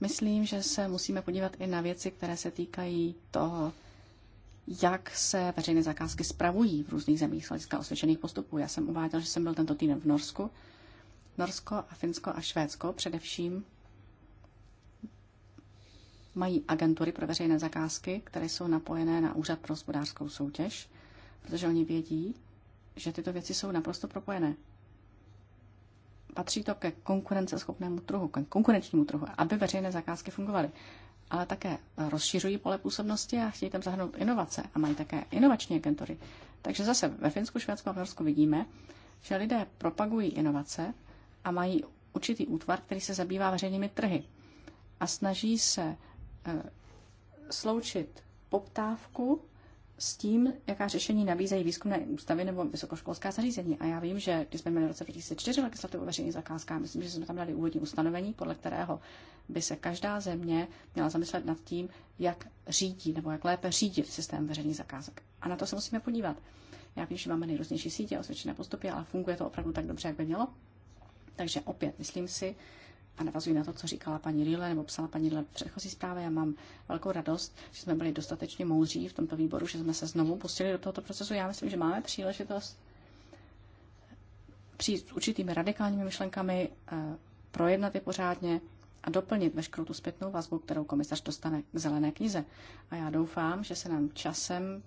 myslím, že se musíme podívat i na věci, které se týkají toho, jak se veřejné zakázky spravují v různých zemích z hlediska osvědčených postupů. Já jsem uváděl, že jsem byl tento týden v Norsku. Norsko a Finsko a Švédsko především mají agentury pro veřejné zakázky, které jsou napojené na Úřad pro hospodářskou soutěž, protože oni vědí, že tyto věci jsou naprosto propojené. Patří to ke konkurenceschopnému trhu, ke konkurenčnímu trhu, aby veřejné zakázky fungovaly. Ale také rozšiřují pole působnosti a chtějí tam zahrnout inovace a mají také inovační agentury. Takže zase ve Finsku, Švédsku a v Norsku vidíme, že lidé propagují inovace a mají určitý útvar, který se zabývá veřejnými trhy a snaží se Eh, sloučit poptávku s tím, jaká řešení nabízejí výzkumné ústavy nebo vysokoškolská zařízení. A já vím, že když jsme měli v roce 2004 legislativu o veřejných zakázkách, myslím, že jsme tam dali úvodní ustanovení, podle kterého by se každá země měla zamyslet nad tím, jak řídí nebo jak lépe řídit systém veřejných zakázek. A na to se musíme podívat. Já vím, že máme nejrůznější sítě, osvědčené postupy, ale funguje to opravdu tak dobře, jak by mělo. Takže opět, myslím si, a navazuji na to, co říkala paní Rille nebo psala paní Rille v předchozí zprávě. Já mám velkou radost, že jsme byli dostatečně moudří v tomto výboru, že jsme se znovu pustili do tohoto procesu. Já myslím, že máme příležitost přijít s určitými radikálními myšlenkami, eh, projednat je pořádně a doplnit veškerou tu zpětnou vazbu, kterou komisař dostane k zelené knize. A já doufám, že se nám časem,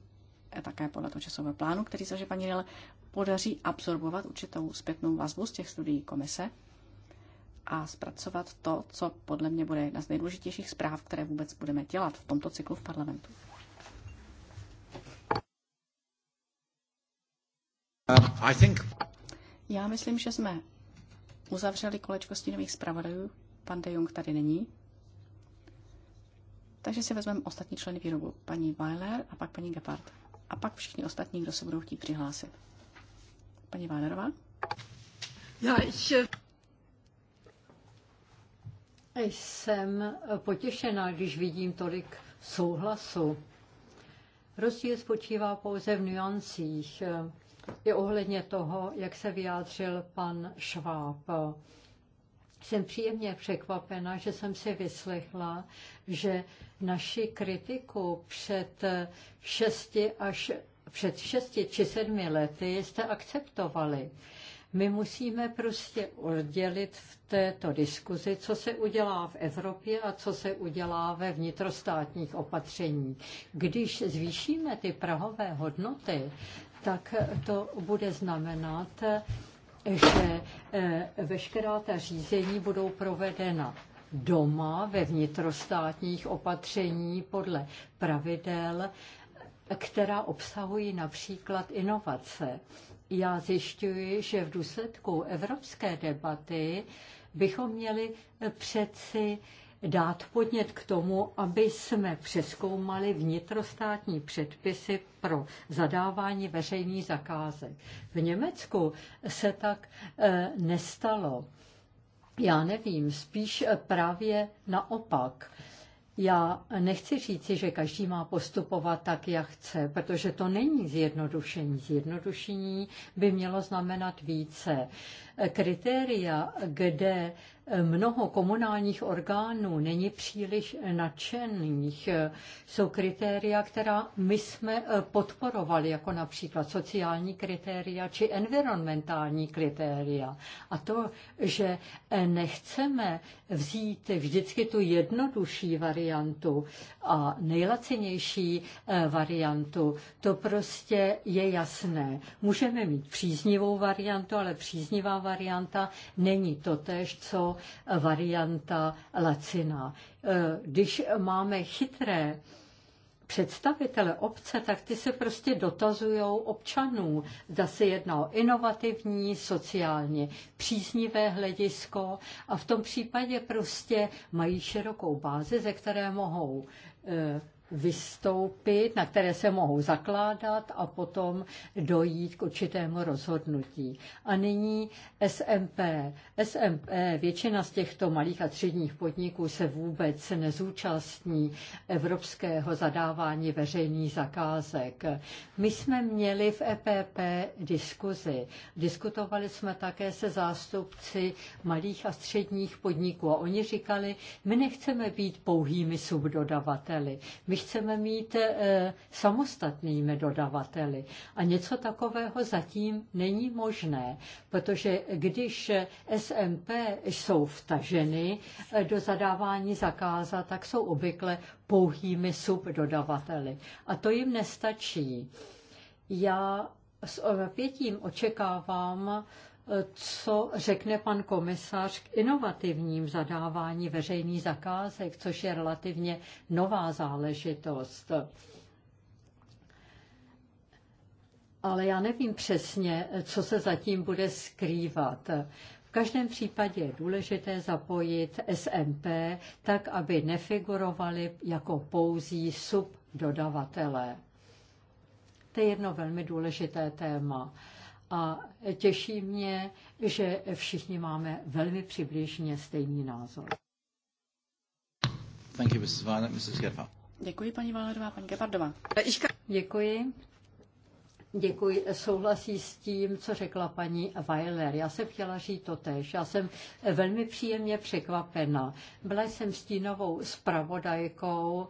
eh, také podle toho časového plánu, který zažije paní Rille, podaří absorbovat určitou zpětnou vazbu z těch studií komise a zpracovat to, co podle mě bude jedna z nejdůležitějších zpráv, které vůbec budeme dělat v tomto cyklu v parlamentu. Um, Já myslím, že jsme uzavřeli kolečko stínových zpravodajů. Pan De Jong tady není. Takže si vezmeme ostatní členy výrobu. Paní Weiler a pak paní Gepard. A pak všichni ostatní, kdo se budou chtít přihlásit. Paní Weilerová? Já, ich... Eh, jsem potěšená, když vidím tolik souhlasu. Rozdíl spočívá pouze v nuancích. Je ohledně toho, jak se vyjádřil pan Šváb. Jsem příjemně překvapena, že jsem si vyslechla, že naši kritiku před šesti až před šesti či sedmi lety jste akceptovali. My musíme prostě oddělit v této diskuzi, co se udělá v Evropě a co se udělá ve vnitrostátních opatření. Když zvýšíme ty prahové hodnoty, tak to bude znamenat, že eh, veškerá ta řízení budou provedena doma ve vnitrostátních opatření podle pravidel, která obsahují například inovace já zjišťuji, že v důsledku evropské debaty bychom měli přeci dát podnět k tomu, aby jsme přeskoumali vnitrostátní předpisy pro zadávání veřejných zakázek. V Německu se tak e, nestalo. Já nevím, spíš právě naopak. Já nechci říci, že každý má postupovat tak, jak chce, protože to není zjednodušení. Zjednodušení by mělo znamenat více. Kritéria, kde mnoho komunálních orgánů není příliš nadšených. Jsou kritéria, která my jsme eh, podporovali, jako například sociální kritéria či environmentální kritéria. A to, že eh, nechceme vzít vždycky tu jednodušší variantu a nejlacinější eh, variantu, to prostě je jasné. Můžeme mít příznivou variantu, ale příznivá varianta není totéž, co varianta laciná. Eh, když máme chytré představitele obce, tak ty se prostě dotazují občanů, zda se jedná o inovativní, sociálně příznivé hledisko a v tom případě prostě mají širokou bázi, ze které mohou eh, vystoupit, na které se mohou zakládat a potom dojít k určitému rozhodnutí. A nyní SMP. SMP, většina z těchto malých a středních podniků se vůbec nezúčastní evropského zadávání veřejných zakázek. My jsme měli v EPP diskuzi. Diskutovali jsme také se zástupci malých a středních podniků a oni říkali, my nechceme být pouhými subdodavateli. My my chceme mít e, samostatnými dodavateli. A něco takového zatím není možné, protože když SMP jsou vtaženy e, do zadávání zakáza, tak jsou obvykle pouhými subdodavateli. A to jim nestačí. Já s e, pětím očekávám, co řekne pan komisař k inovativním zadávání veřejných zakázek, což je relativně nová záležitost. Ale já nevím přesně, co se zatím bude skrývat. V každém případě je důležité zapojit SMP tak, aby nefigurovali jako pouzí subdodavatelé. To je jedno velmi důležité téma a těší mě, že všichni máme velmi přibližně stejný názor. Thank you, Mrs. Mrs. Děkuji, paní Válerová, paní Gepardová. Děkuji. Děkuji. Souhlasí s tím, co řekla paní Weiler. Já jsem chtěla říct to tež. Já jsem velmi příjemně překvapena. Byla jsem stínovou zpravodajkou,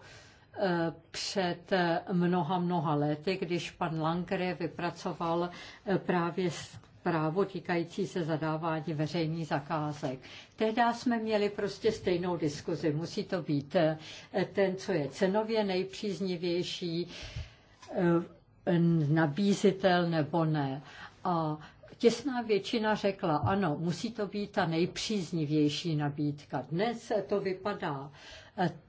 před mnoha, mnoha lety, když pan Lankere vypracoval eh, právě právo týkající se zadávání veřejných zakázek. Tehdy jsme měli prostě stejnou diskuzi. Musí to být eh, ten, co je cenově nejpříznivější, eh, nabízitel nebo ne. A těsná většina řekla, ano, musí to být ta nejpříznivější nabídka. Dnes to vypadá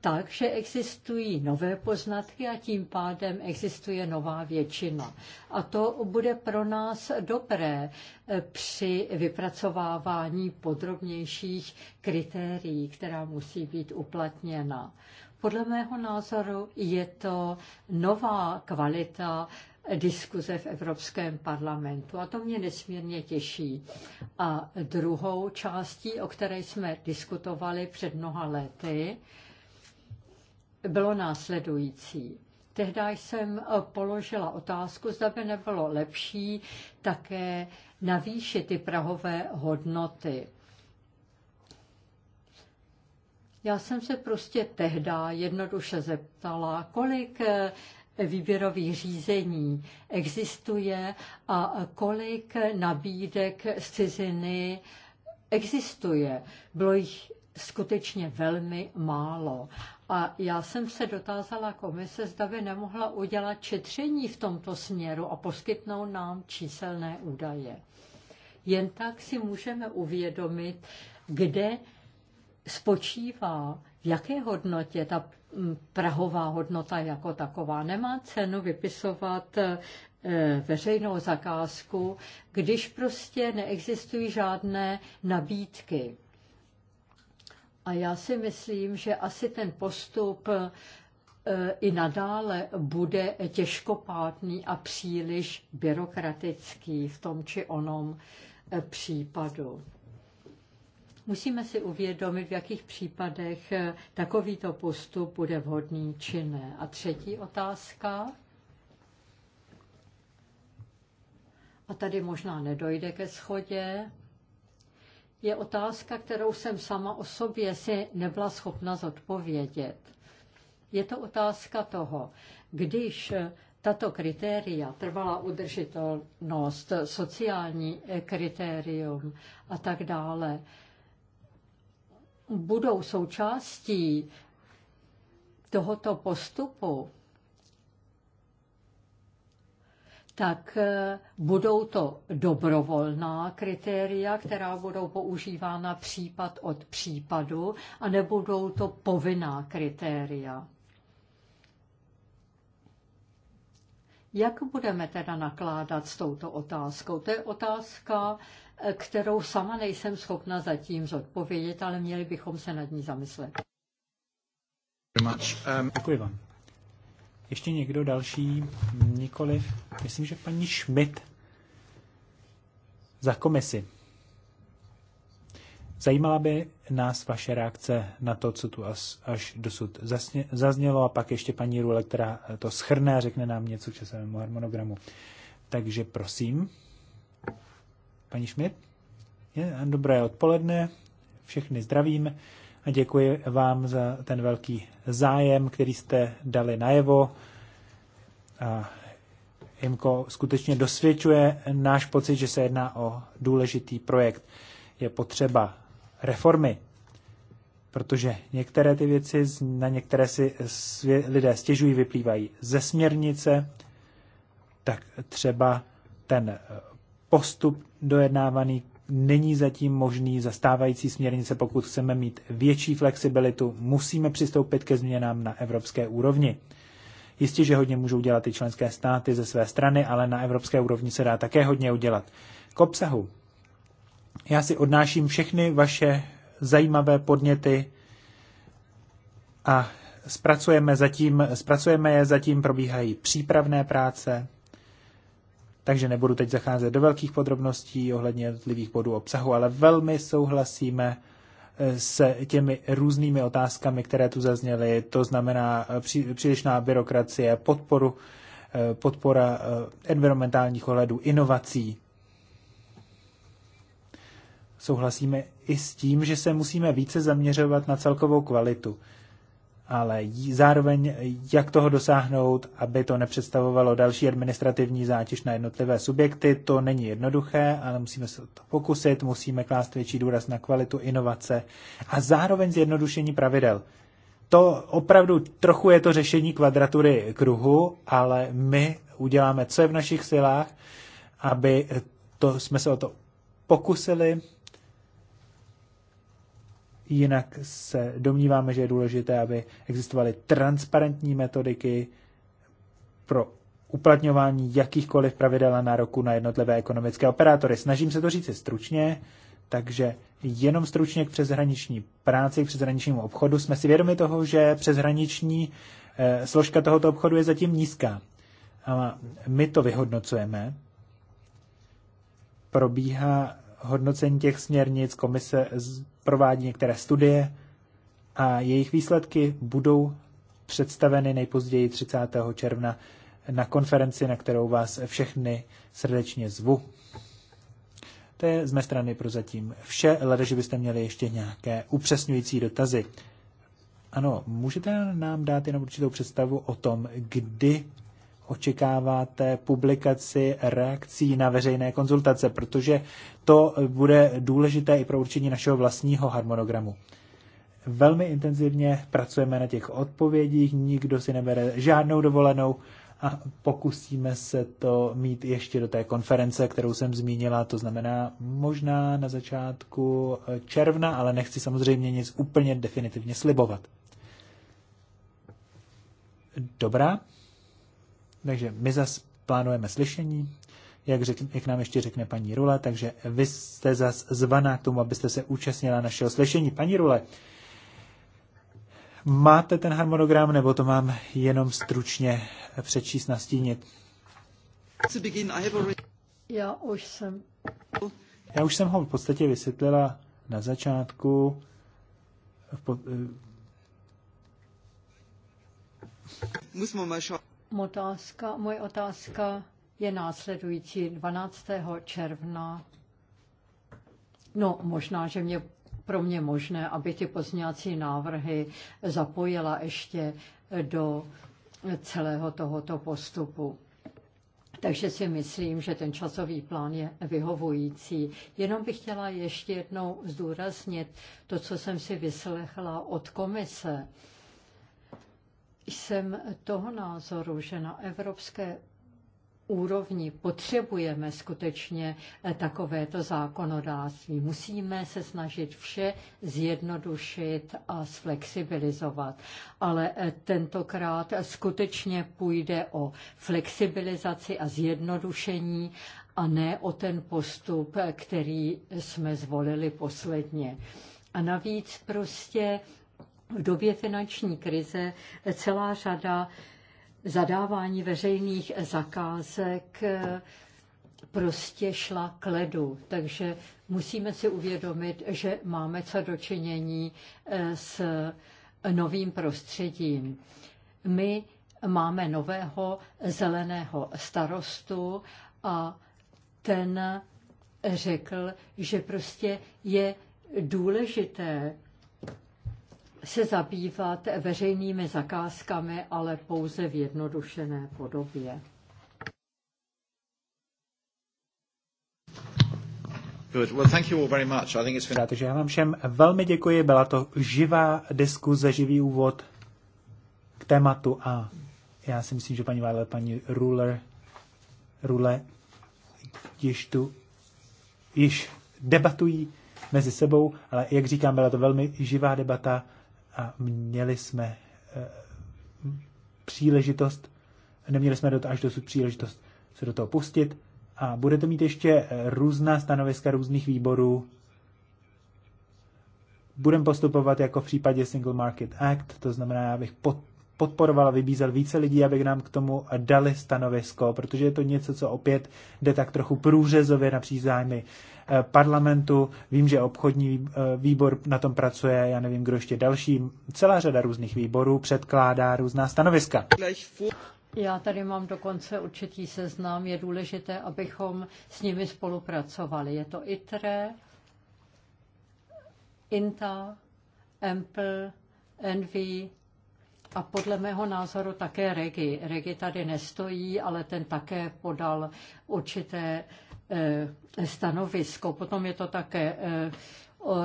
tak, že existují nové poznatky a tím pádem existuje nová většina. A to bude pro nás dobré eh, při vypracovávání podrobnějších kritérií, která musí být uplatněna. Podle mého názoru je to nová kvalita diskuze v Evropském parlamentu a to mě nesmírně těší. A druhou částí, o které jsme diskutovali před mnoha lety, bylo následující. Tehdy jsem eh, položila otázku, zda by nebylo lepší také navýšit ty prahové hodnoty. Já jsem se prostě tehdy jednoduše zeptala, kolik eh, výběrových řízení existuje a kolik nabídek z ciziny existuje. Bylo jich skutečně velmi málo. A já jsem se dotázala komise, zda by nemohla udělat četření v tomto směru a poskytnout nám číselné údaje. Jen tak si můžeme uvědomit, kde spočívá, v jaké hodnotě ta mm, prahová hodnota jako taková. Nemá cenu vypisovat e, veřejnou zakázku, když prostě neexistují žádné nabídky. A já si myslím, že asi ten postup e, i nadále bude těžkopádný a příliš byrokratický v tom či onom e, případu. Musíme si uvědomit, v jakých případech e, takovýto postup bude vhodný či ne. A třetí otázka. A tady možná nedojde ke schodě je otázka, kterou jsem sama o sobě si nebyla schopna zodpovědět. Je to otázka toho, když tato kritéria, trvalá udržitelnost, sociální kritérium a tak dále, budou součástí tohoto postupu, tak eh, budou to dobrovolná kritéria, která budou používána případ od případu a nebudou to povinná kritéria. Jak budeme teda nakládat s touto otázkou? To je otázka, eh, kterou sama nejsem schopna zatím zodpovědět, ale měli bychom se nad ní zamyslet. Děkuji vám. Ještě někdo další? Nikoliv. Myslím, že paní Schmidt za komisi. Zajímala by nás vaše reakce na to, co tu až, až dosud zasně, zaznělo a pak ještě paní Rule, která to schrne a řekne nám něco k časovému harmonogramu. Takže prosím, paní Schmidt, dobré odpoledne, všechny zdravím a děkuji vám za ten velký zájem, který jste dali najevo. A Imko skutečně dosvědčuje náš pocit, že se jedná o důležitý projekt. Je potřeba reformy, protože některé ty věci, na některé si lidé stěžují, vyplývají ze směrnice, tak třeba ten postup dojednávaný není zatím možný zastávající směrnice, pokud chceme mít větší flexibilitu, musíme přistoupit ke změnám na evropské úrovni. Jistě, že hodně můžou dělat i členské státy ze své strany, ale na evropské úrovni se dá také hodně udělat. K obsahu. Já si odnáším všechny vaše zajímavé podněty a zpracujeme, zatím, zpracujeme je, zatím probíhají přípravné práce, takže nebudu teď zacházet do velkých podrobností ohledně jednotlivých bodů obsahu, ale velmi souhlasíme eh, s těmi různými otázkami, které tu zazněly, to znamená eh, přílišná byrokracie, podporu, eh, podpora environmentálních ohledů, inovací. Souhlasíme i s tím, že se musíme více zaměřovat na celkovou kvalitu ale zároveň jak toho dosáhnout, aby to nepředstavovalo další administrativní zátěž na jednotlivé subjekty, to není jednoduché, ale musíme se to pokusit, musíme klást větší důraz na kvalitu inovace a zároveň zjednodušení pravidel. To opravdu trochu je to řešení kvadratury kruhu, ale my uděláme, co je v našich silách, aby to, jsme se o to pokusili Jinak se domníváme, že je důležité, aby existovaly transparentní metodiky pro uplatňování jakýchkoliv pravidel a nároků na jednotlivé ekonomické operátory. Snažím se to říct stručně, takže jenom stručně k přeshraniční práci, k přeshraničnímu obchodu. Jsme si vědomi toho, že přeshraniční eh, složka tohoto obchodu je zatím nízká. A my to vyhodnocujeme. Probíhá hodnocení těch směrnic, komise provádí některé studie a jejich výsledky budou představeny nejpozději 30. června na konferenci, na kterou vás všechny srdečně zvu. To je z mé strany prozatím vše, ale že byste měli ještě nějaké upřesňující dotazy. Ano, můžete nám dát jenom určitou představu o tom, kdy očekáváte publikaci reakcí na veřejné konzultace, protože to bude důležité i pro určení našeho vlastního harmonogramu. Velmi intenzivně pracujeme na těch odpovědích, nikdo si nebere žádnou dovolenou a pokusíme se to mít ještě do té konference, kterou jsem zmínila, to znamená možná na začátku června, ale nechci samozřejmě nic úplně definitivně slibovat. Dobrá. Takže my zas plánujeme slyšení, jak, řek, jak nám ještě řekne paní Rule, takže vy jste zas zvaná k tomu, abyste se účastnila našeho slyšení. Paní Rule, máte ten harmonogram, nebo to mám jenom stručně přečíst, nastínit? Já už jsem... Já už jsem ho v podstatě vysvětlila na začátku. Musíme mal Otázka, moje otázka je následující. 12. června, no možná, že mě pro mě možné, aby ty pozněvací návrhy zapojila ještě do celého tohoto postupu. Takže si myslím, že ten časový plán je vyhovující. Jenom bych chtěla ještě jednou zdůraznit to, co jsem si vyslechla od komise jsem toho názoru, že na evropské úrovni potřebujeme skutečně eh, takovéto zákonodárství. Musíme se snažit vše zjednodušit a zflexibilizovat. Ale eh, tentokrát skutečně půjde o flexibilizaci a zjednodušení a ne o ten postup, eh, který jsme zvolili posledně. A navíc prostě v době finanční krize celá řada zadávání veřejných zakázek eh, prostě šla k ledu. Takže musíme si uvědomit, že máme co dočinění eh, s novým prostředím. My máme nového zeleného starostu a ten řekl, že prostě je důležité se zabývat veřejnými zakázkami, ale pouze v jednodušené podobě. Takže já vám všem velmi děkuji, byla to živá diskuze, živý úvod k tématu a já si myslím, že paní Vále, paní Ruler, Rule již tu již debatují mezi sebou, ale jak říkám, byla to velmi živá debata a měli jsme eh, příležitost, neměli jsme až dosud příležitost se do toho pustit a budete mít ještě eh, různá stanoviska různých výborů. Budeme postupovat jako v případě Single Market Act, to znamená, já bych pod, podporoval, vybízel více lidí, aby k nám k tomu dali stanovisko, protože je to něco, co opět jde tak trochu průřezově na zájmy eh, parlamentu. Vím, že obchodní eh, výbor na tom pracuje, já nevím, kdo ještě další. Celá řada různých výborů předkládá různá stanoviska. Já tady mám dokonce určitý seznam. Je důležité, abychom s nimi spolupracovali. Je to ITRE, INTA, EMPL, ENVY, a podle mého názoru také Regi. Regi tady nestojí, ale ten také podal určité eh, stanovisko. Potom je to také eh,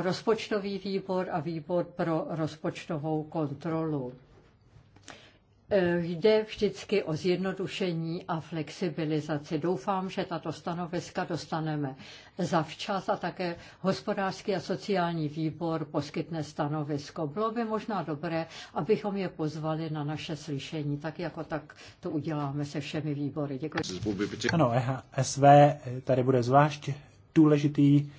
rozpočtový výbor a výbor pro rozpočtovou kontrolu. Jde vždycky o zjednodušení a flexibilizaci. Doufám, že tato stanoviska dostaneme zavčas a také hospodářský a sociální výbor poskytne stanovisko. Bylo by možná dobré, abychom je pozvali na naše slyšení, tak jako tak to uděláme se všemi výbory. Děkuji. Ano, SV tady bude zvlášť důležitý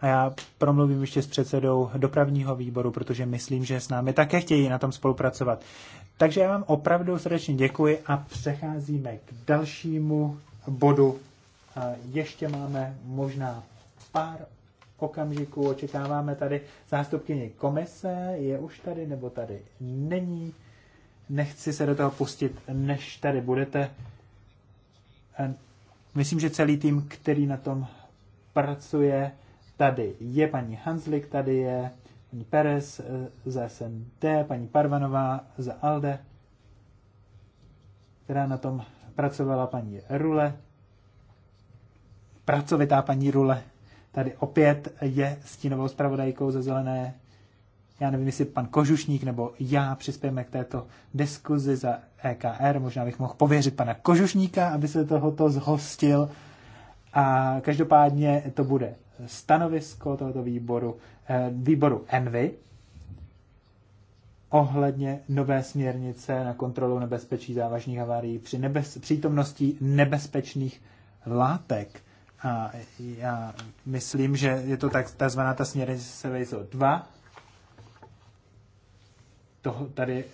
a já promluvím ještě s předsedou dopravního výboru, protože myslím, že s námi také chtějí na tom spolupracovat. Takže já vám opravdu srdečně děkuji a přecházíme k dalšímu bodu. Ještě máme možná pár okamžiků. Očekáváme tady zástupkyni komise. Je už tady nebo tady není? Nechci se do toho pustit, než tady budete. Myslím, že celý tým, který na tom pracuje, tady je paní Hanslik, tady je paní Perez eh, za SND, paní Parvanová za ALDE, která na tom pracovala paní Rule, pracovitá paní Rule, tady opět je stínovou zpravodajkou ze zelené. Já nevím, jestli pan Kožušník nebo já přispějeme k této diskuzi za EKR. Možná bych mohl pověřit pana Kožušníka, aby se tohoto zhostil. A každopádně to bude stanovisko tohoto výboru, eh, výboru Envy ohledně nové směrnice na kontrolu nebezpečí závažných havárií při nebez, přítomnosti nebezpečných látek. A já myslím, že je to tak, takzvaná ta směrnice Seveso 2. Toho tady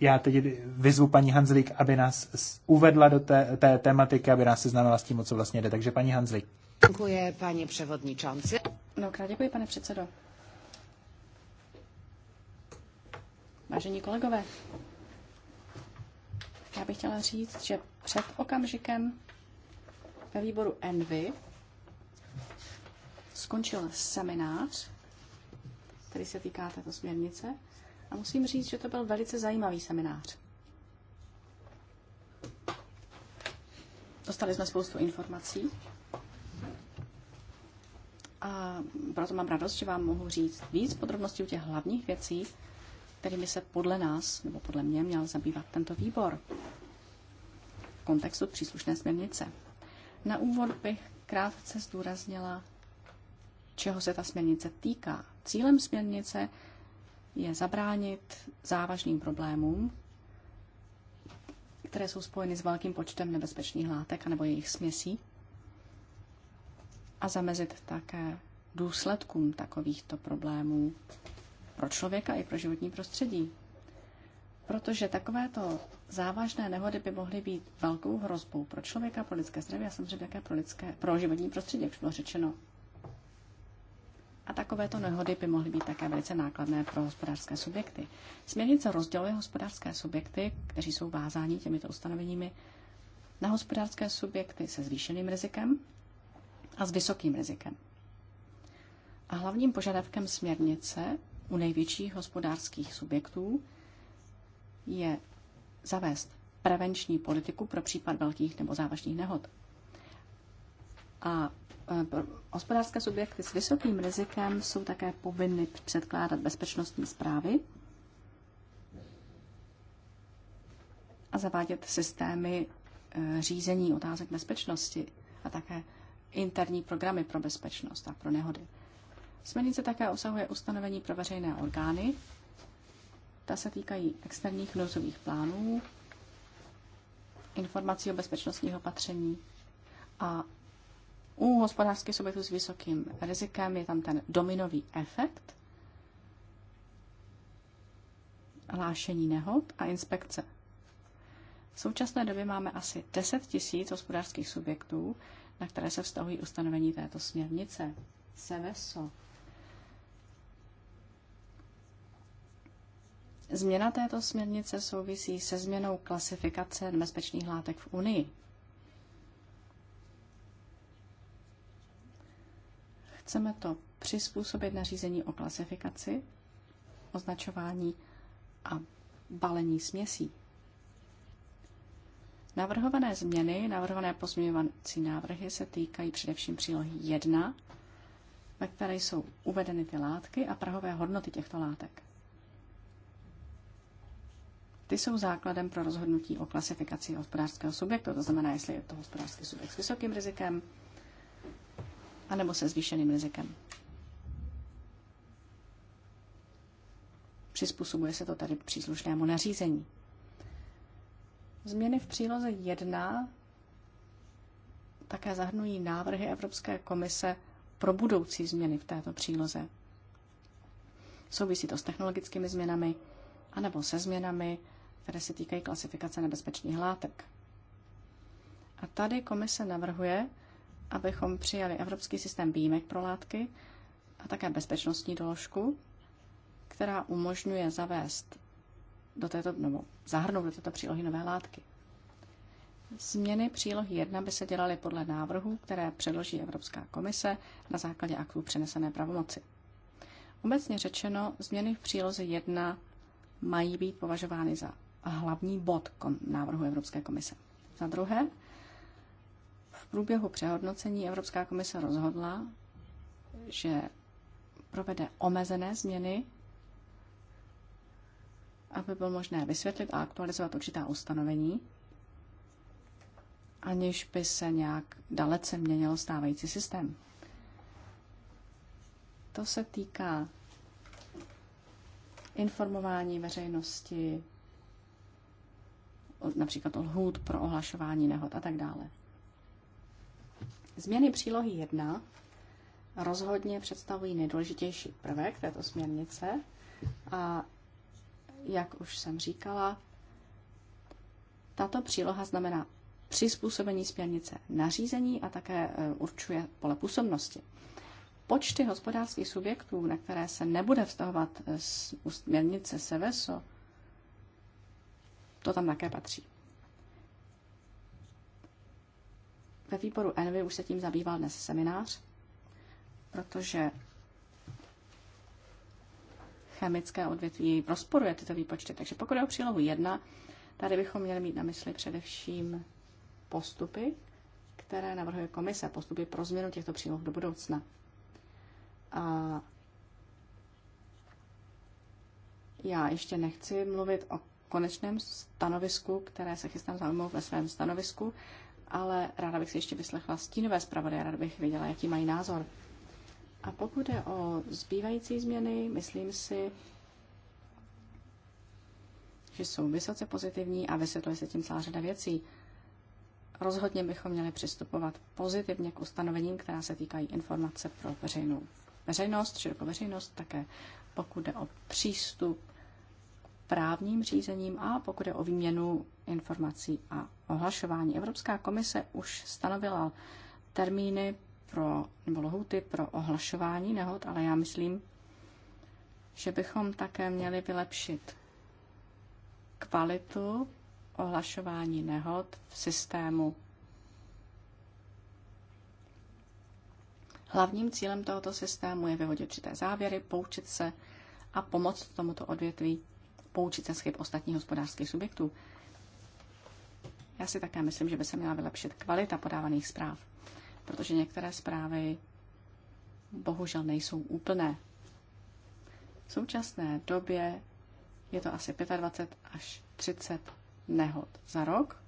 já teď vyzvu paní Hanzlík, aby nás uvedla do té, té tematiky, aby nás seznámila s tím, o co vlastně jde. Takže paní Hanzlík. Děkuji, paní převodničanci. Mnohokrát děkuji, pane předsedo. Vážení kolegové, já bych chtěla říct, že před okamžikem ve výboru Envy skončil seminář, který se týká této směrnice. A musím říct, že to byl velice zajímavý seminář. Dostali jsme spoustu informací a proto mám radost, že vám mohu říct víc podrobností o těch hlavních věcí, kterými se podle nás, nebo podle mě, měl zabývat tento výbor v kontextu příslušné směrnice. Na úvod bych krátce zdůraznila, čeho se ta směrnice týká. Cílem směrnice je zabránit závažným problémům, které jsou spojeny s velkým počtem nebezpečných látek anebo jejich směsí, a zamezit také důsledkům takovýchto problémů pro člověka i pro životní prostředí. Protože takovéto závažné nehody by mohly být velkou hrozbou pro člověka, pro lidské zdraví a samozřejmě také pro, lidské, pro životní prostředí, jak bylo řečeno. A takovéto nehody by mohly být také velice nákladné pro hospodářské subjekty. Směrnice rozděluje hospodářské subjekty, kteří jsou vázáni těmito ustanoveními, na hospodářské subjekty se zvýšeným rizikem a s vysokým rizikem. A hlavním požadavkem směrnice u největších hospodářských subjektů je zavést prevenční politiku pro případ velkých nebo závažných nehod. A e, hospodářské subjekty s vysokým rizikem jsou také povinny předkládat bezpečnostní zprávy a zavádět systémy e, řízení otázek bezpečnosti a také interní programy pro bezpečnost a pro nehody. Směrnice také obsahuje ustanovení pro veřejné orgány. Ta se týkají externích nouzových plánů, informací o bezpečnostních opatření a u hospodářských subjektů s vysokým rizikem je tam ten dominový efekt, hlášení nehod a inspekce. V současné době máme asi 10 000 hospodářských subjektů, na které se vztahují ustanovení této směrnice. Seveso. Změna této směrnice souvisí se změnou klasifikace nebezpečných látek v Unii. Chceme to přizpůsobit nařízení o klasifikaci, označování a balení směsí. Navrhované změny, navrhované pozměňovací návrhy se týkají především přílohy 1, ve které jsou uvedeny ty látky a prahové hodnoty těchto látek. Ty jsou základem pro rozhodnutí o klasifikaci hospodářského subjektu, to znamená, jestli je to hospodářský subjekt s vysokým rizikem anebo se zvýšeným rizikem. Přizpůsobuje se to tady příslušnému nařízení. Změny v příloze 1 také zahrnují návrhy Evropské komise pro budoucí změny v této příloze. Souvisí to s technologickými změnami anebo se změnami, které se týkají klasifikace nebezpečných látek. A tady komise navrhuje, abychom přijali evropský systém výjimek pro látky a také bezpečnostní doložku, která umožňuje zavést do této, nebo zahrnout do této přílohy nové látky. Změny přílohy 1 by se dělaly podle návrhů, které předloží Evropská komise na základě aktů přenesené pravomoci. Obecně řečeno, změny v příloze 1 mají být považovány za hlavní bod návrhu Evropské komise. Za druhé, v průběhu přehodnocení Evropská komise rozhodla, že provede omezené změny aby bylo možné vysvětlit a aktualizovat určitá ustanovení, aniž by se nějak dalece měnil stávající systém. To se týká informování veřejnosti, například lhůt pro ohlašování nehod a tak dále. Změny přílohy 1 rozhodně představují nejdůležitější prvek této směrnice a jak už jsem říkala, tato příloha znamená přizpůsobení směrnice nařízení a také e, určuje pole působnosti. Počty hospodářských subjektů, na které se nebude vztahovat e, směrnice SEVESO, to tam také patří. Ve výboru Envy už se tím zabýval dnes seminář, protože chemické odvětví rozporuje tyto výpočty. Takže pokud je o přílohu 1, tady bychom měli mít na mysli především postupy, které navrhuje komise, postupy pro změnu těchto příloh do budoucna. A já ještě nechci mluvit o konečném stanovisku, které se chystám zaujmout ve svém stanovisku, ale ráda bych si ještě vyslechla stínové a ráda bych viděla, jaký mají názor. A pokud je o zbývající změny, myslím si, že jsou vysoce pozitivní a vysvětluje se tím celá řada věcí. Rozhodně bychom měli přistupovat pozitivně k ustanovením, která se týkají informace pro veřejnou veřejnost, širokou veřejnost, také pokud jde o přístup k právním řízením a pokud jde o výměnu informací a ohlašování. Evropská komise už stanovila termíny pro, nebo lhuty pro ohlašování nehod, ale já myslím, že bychom také měli vylepšit kvalitu ohlašování nehod v systému. Hlavním cílem tohoto systému je vyvodit určité závěry, poučit se a pomoct tomuto odvětví, poučit se z chyb ostatních hospodářských subjektů. Já si také myslím, že by se měla vylepšit kvalita podávaných zpráv protože některé zprávy bohužel nejsou úplné. V současné době je to asi 25 až 30 nehod za rok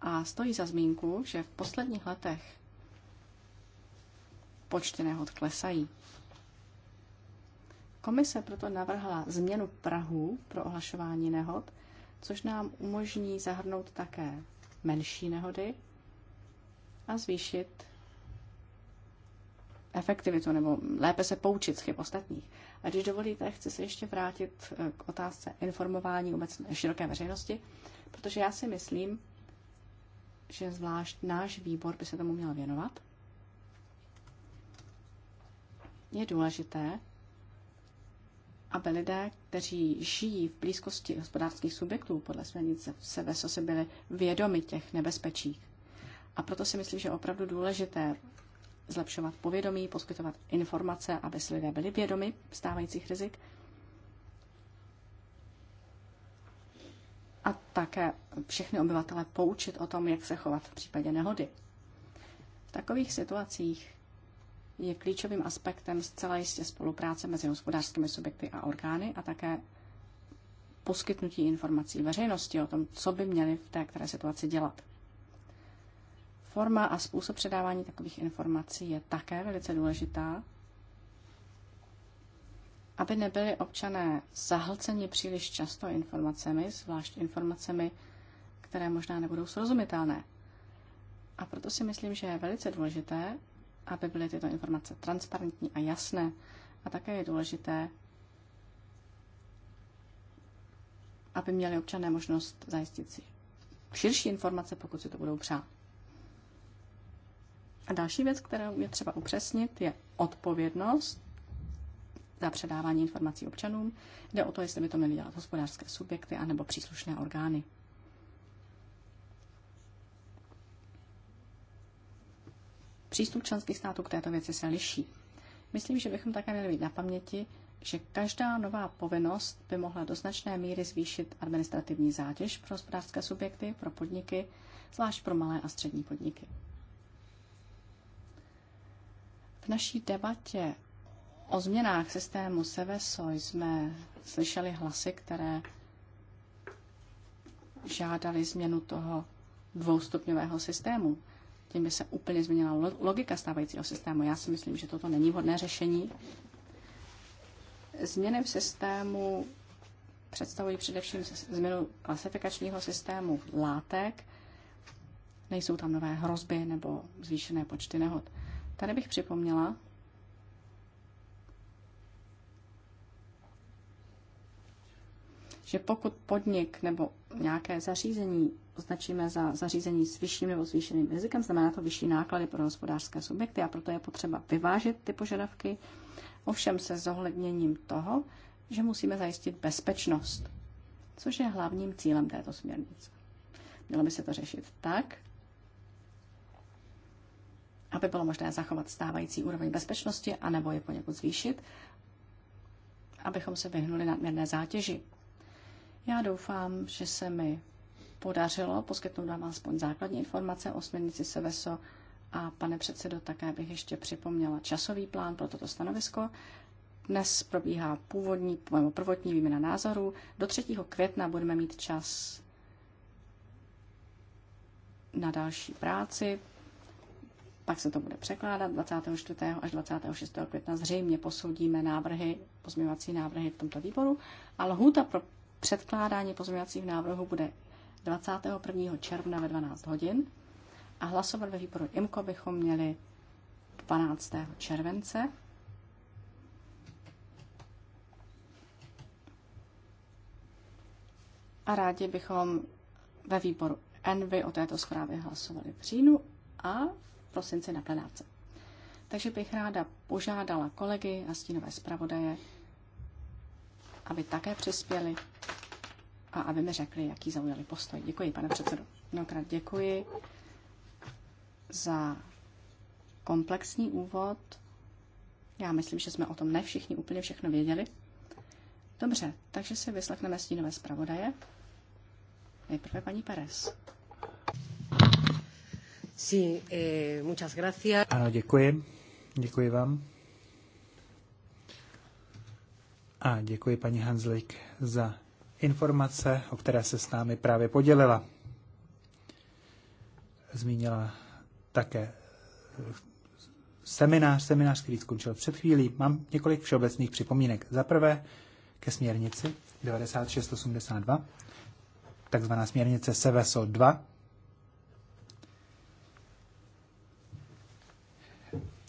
a stojí za zmínku, že v posledních letech počty nehod klesají. Komise proto navrhla změnu Prahu pro ohlašování nehod, což nám umožní zahrnout také menší nehody a zvýšit efektivitu nebo lépe se poučit z chyb ostatních. A když dovolíte, chci se ještě vrátit eh, k otázce informování obecné široké veřejnosti, protože já si myslím, že zvlášť náš výbor by se tomu měl věnovat. Je důležité, aby lidé, kteří žijí v blízkosti hospodářských subjektů podle směrnice se ve byli vědomi těch nebezpečí, a proto si myslím, že je opravdu důležité zlepšovat povědomí, poskytovat informace, aby si lidé byli vědomi stávajících rizik. A také všechny obyvatele poučit o tom, jak se chovat v případě nehody. V takových situacích je klíčovým aspektem zcela jistě spolupráce mezi hospodářskými subjekty a orgány a také poskytnutí informací veřejnosti o tom, co by měli v té které situaci dělat. Forma a způsob předávání takových informací je také velice důležitá, aby nebyli občané zahlceni příliš často informacemi, zvlášť informacemi, které možná nebudou srozumitelné. A proto si myslím, že je velice důležité, aby byly tyto informace transparentní a jasné. A také je důležité, aby měli občané možnost zajistit si širší informace, pokud si to budou přát. A další věc, kterou je třeba upřesnit, je odpovědnost za předávání informací občanům. Jde o to, jestli by to měly dělat hospodářské subjekty anebo příslušné orgány. Přístup členských států k této věci se liší. Myslím, že bychom také měli mít na paměti, že každá nová povinnost by mohla do značné míry zvýšit administrativní zátěž pro hospodářské subjekty, pro podniky, zvlášť pro malé a střední podniky. V naší debatě o změnách systému Seveso jsme slyšeli hlasy, které žádali změnu toho dvoustupňového systému. Tím by se úplně změnila logika stávajícího systému. Já si myslím, že toto není vhodné řešení. Změny v systému představují především změnu klasifikačního systému látek. Nejsou tam nové hrozby nebo zvýšené počty nehod. Tady bych připomněla, že pokud podnik nebo nějaké zařízení označíme za zařízení s vyšším nebo zvýšeným rizikem, znamená to vyšší náklady pro hospodářské subjekty a proto je potřeba vyvážit ty požadavky, ovšem se zohledněním toho, že musíme zajistit bezpečnost, což je hlavním cílem této směrnice. Mělo by se to řešit tak, aby bylo možné zachovat stávající úroveň bezpečnosti a nebo je poněkud zvýšit, abychom se vyhnuli nadměrné zátěži. Já doufám, že se mi podařilo poskytnout vám aspoň základní informace o směrnici SEVESO a pane předsedo, také bych ještě připomněla časový plán pro toto stanovisko. Dnes probíhá původní, nebo prvotní výměna názorů. Do 3. května budeme mít čas na další práci. Pak se to bude překládat 24. až 26. května. Zřejmě posoudíme návrhy, pozměňovací návrhy v tomto výboru a lhůta pro předkládání pozměňovacích návrhů bude 21. června ve 12 hodin a hlasovat ve výboru IMKO bychom měli 12. července. A rádi bychom ve výboru Envy o této zprávě hlasovali v říjnu a prosince na plenárce. Takže bych ráda požádala kolegy a stínové zpravodaje, aby také přispěli a aby mi řekli, jaký zaujali postoj. Děkuji, pane předsedo. Mnohokrát děkuji za komplexní úvod. Já myslím, že jsme o tom ne všichni úplně všechno věděli. Dobře, takže si vyslechneme stínové zpravodaje. Nejprve paní Perez. Sí, eh, muchas gracias. Ano, děkuji. Děkuji vám. A děkuji paní Hanzlik za informace, o které se s námi právě podělila. Zmínila také eh, seminář, seminář, který skončil před chvílí. Mám několik všeobecných připomínek. Za prvé ke směrnici 9682, takzvaná směrnice SEVESO 2,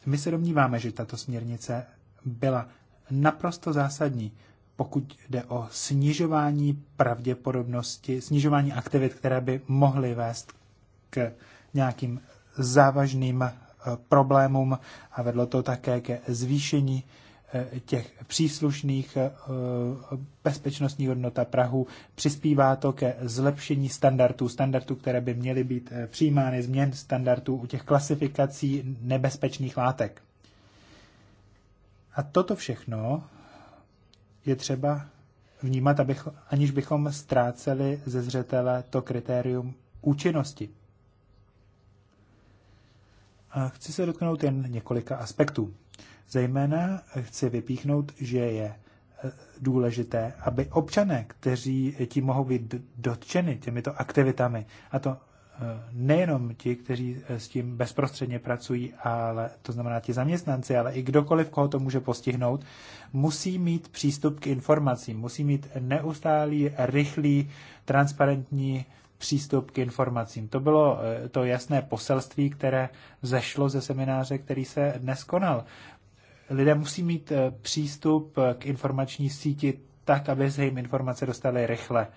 My se domníváme, že tato směrnice byla naprosto zásadní, pokud jde o snižování pravděpodobnosti, snižování aktivit, které by mohly vést k nějakým závažným eh, problémům a vedlo to také ke zvýšení Eh, těch příslušných eh, bezpečnostních hodnot a Prahu. Přispívá to ke zlepšení standardů, standardů, které by měly být eh, přijímány, změn standardů u těch klasifikací nebezpečných látek. A toto všechno je třeba vnímat, abych, aniž bychom ztráceli ze zřetele to kritérium účinnosti. A chci se dotknout jen několika aspektů. Zejména chci vypíchnout, že je eh, důležité, aby občané, kteří tím mohou být dotčeny těmito aktivitami, a to eh, nejenom ti, kteří eh, s tím bezprostředně pracují, ale to znamená ti zaměstnanci, ale i kdokoliv, koho to může postihnout, musí mít přístup k informacím, musí mít neustálý, rychlý, transparentní přístup k informacím. To bylo to jasné poselství, které zešlo ze semináře, který se dnes konal lidé musí mít eh, přístup eh, k informační síti tak, aby se jim informace dostaly rychle.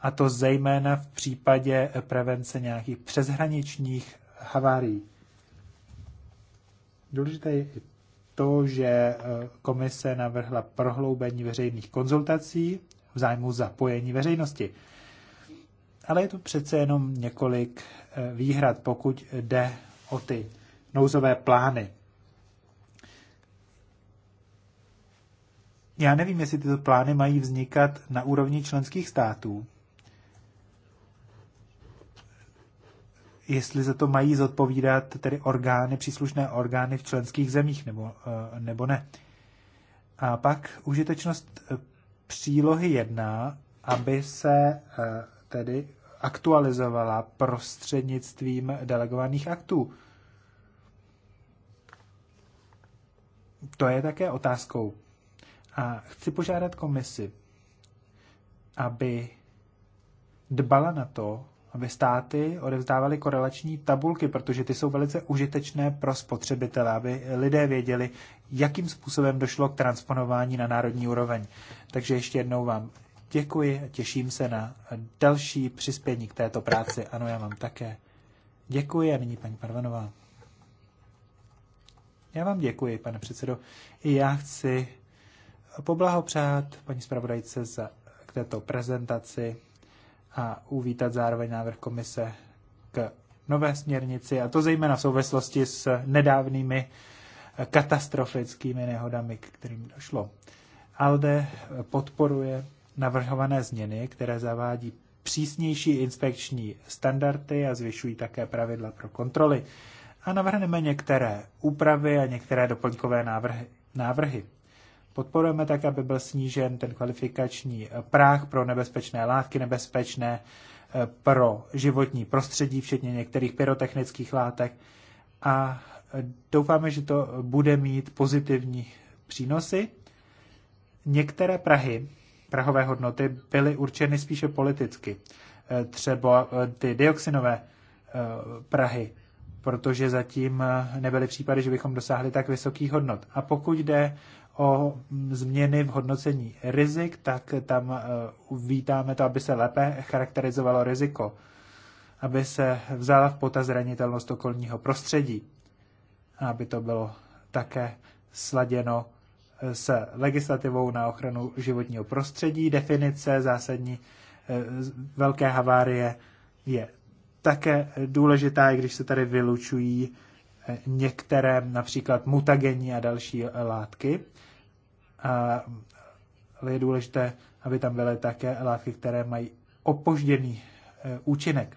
A to zejména v případě eh, prevence nějakých přeshraničních havárií. Důležité je i to, že komise navrhla prohloubení veřejných konzultací v zájmu zapojení veřejnosti. Ale je tu přece jenom několik výhrad, pokud jde o ty nouzové plány. Já nevím, jestli tyto plány mají vznikat na úrovni členských států, jestli za to mají zodpovídat tedy orgány, příslušné orgány v členských zemích nebo, eh, nebo ne. A pak užitečnost eh, přílohy 1, aby se eh, tedy aktualizovala prostřednictvím delegovaných aktů. To je také otázkou. A chci požádat komisi, aby dbala na to, aby státy odevzdávaly korelační tabulky, protože ty jsou velice užitečné pro spotřebitele, aby lidé věděli, jakým způsobem došlo k transponování na národní úroveň. Takže ještě jednou vám děkuji a těším se na další přispění k této práci. Ano, já vám také děkuji a nyní paní Parvanová. Já vám děkuji, pane předsedo. I já chci poblahopřát paní zpravodajce za, k této prezentaci a uvítat zároveň návrh komise k nové směrnici, a to zejména v souvislosti s nedávnými katastrofickými nehodami, k kterým došlo. ALDE podporuje navrhované změny, které zavádí přísnější inspekční standardy a zvyšují také pravidla pro kontroly. A navrhneme některé úpravy a některé doplňkové návrhy. návrhy. Podporujeme tak, aby byl snížen ten kvalifikační eh, práh pro nebezpečné látky, nebezpečné eh, pro životní prostředí, včetně některých pyrotechnických látek. A eh, doufáme, že to bude mít pozitivní přínosy. Některé Prahy, prahové hodnoty, byly určeny spíše politicky. Třeba ty dioxinové Prahy, protože zatím nebyly případy, že bychom dosáhli tak vysokých hodnot. A pokud jde o změny v hodnocení rizik, tak tam eh, vítáme to, aby se lépe charakterizovalo riziko, aby se vzala v potaz zranitelnost okolního prostředí, aby to bylo také sladěno eh, s legislativou na ochranu životního prostředí. Definice zásadní eh, velké havárie je také důležitá, i když se tady vylučují některé, například mutagenní a další látky. A je důležité, aby tam byly také látky, které mají opožděný e, účinek.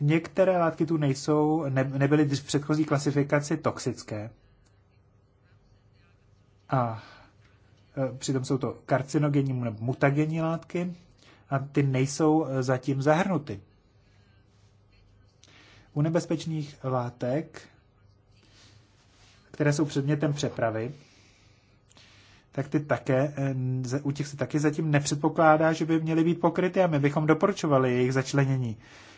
Některé látky tu nejsou, ne, nebyly v předchozí klasifikaci toxické. A e, přitom jsou to karcinogenní nebo mutagenní látky a ty nejsou e, zatím zahrnuty. U nebezpečných látek, které jsou předmětem přepravy, tak ty také, eh, u těch se taky zatím nepředpokládá, že by měly být pokryty a my bychom doporučovali jejich začlenění.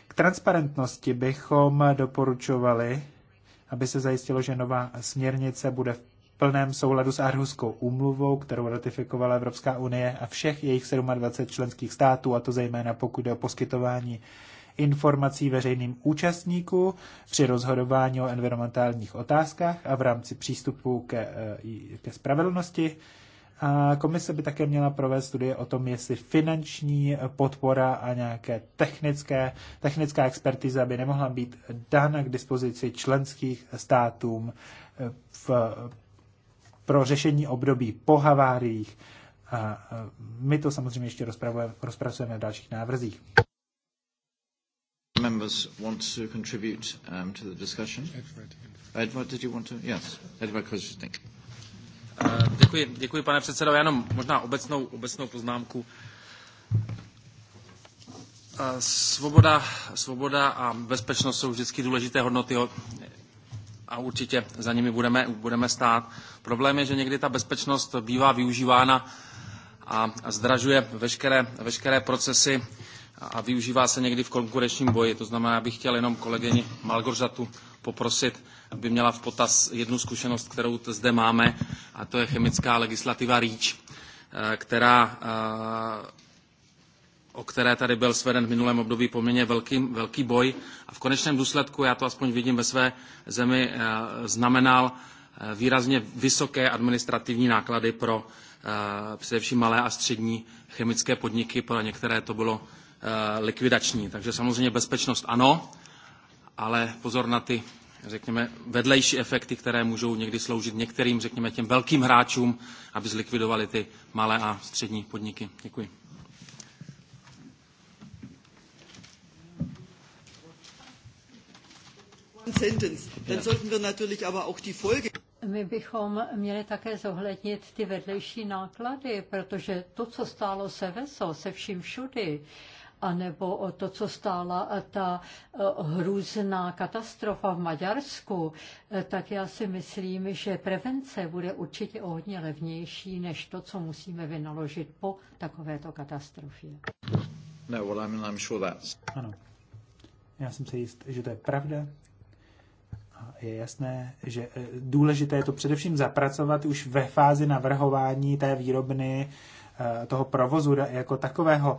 K transparentnosti bychom doporučovali, aby se zajistilo, že nová směrnice bude v plném souladu s Arhuskou úmluvou, kterou ratifikovala Evropská unie a všech jejich 27 členských států, a to zejména pokud jde o poskytování informací veřejným účastníků při rozhodování o environmentálních otázkách a v rámci přístupu ke, eh, ke spravedlnosti. A komise by také měla provést studie o tom, jestli finanční podpora a nějaké technické, technická expertiza by nemohla být dána k dispozici členských státům eh, v, pro řešení období po haváriích. A eh, my to samozřejmě ještě rozpracujeme v dalších návrzích members want to contribute um, to the discussion? Edward. Edward, did you want to? Yes. Edward you think? Uh, děkuji, děkuji, pane předsedo. jenom možná obecnou, obecnou poznámku. Uh, svoboda, svoboda a bezpečnost jsou vždycky důležité hodnoty a určitě za nimi budeme, budeme stát. Problém je, že někdy ta bezpečnost bývá využívána a zdražuje veškeré, veškeré procesy a využívá se někdy v konkurenčním boji. To znamená, bych chtěl jenom kolegyni Malgorzatu poprosit, aby měla v potaz jednu zkušenost, kterou zde máme, a to je chemická legislativa REACH, eh, která, eh, o které tady byl sveden v minulém období poměrně velký, velký boj. A v konečném důsledku, já to aspoň vidím ve své zemi, eh, znamenal výrazně vysoké administrativní náklady pro především malé a střední chemické podniky, pro některé to bylo Eh, likvidační. Takže samozřejmě bezpečnost ano, ale pozor na ty, řekněme, vedlejší efekty, které můžou někdy sloužit některým, řekněme, těm velkým hráčům, aby zlikvidovali ty malé a střední podniky. Děkuji. My bychom měli také zohlednit ty vedlejší náklady, protože to, co stálo se veso, se vším všudy, anebo to, co stála eh, ta eh, hrůzná katastrofa v Maďarsku, eh, tak já si myslím, že prevence bude určitě o hodně levnější než to, co musíme vynaložit po takovéto katastrofě. No, well, I'm, I'm sure that's... Ano. Já jsem si jist, že to je pravda. A je jasné, že důležité je to především zapracovat už ve fázi navrhování té výrobny, toho provozu jako takového.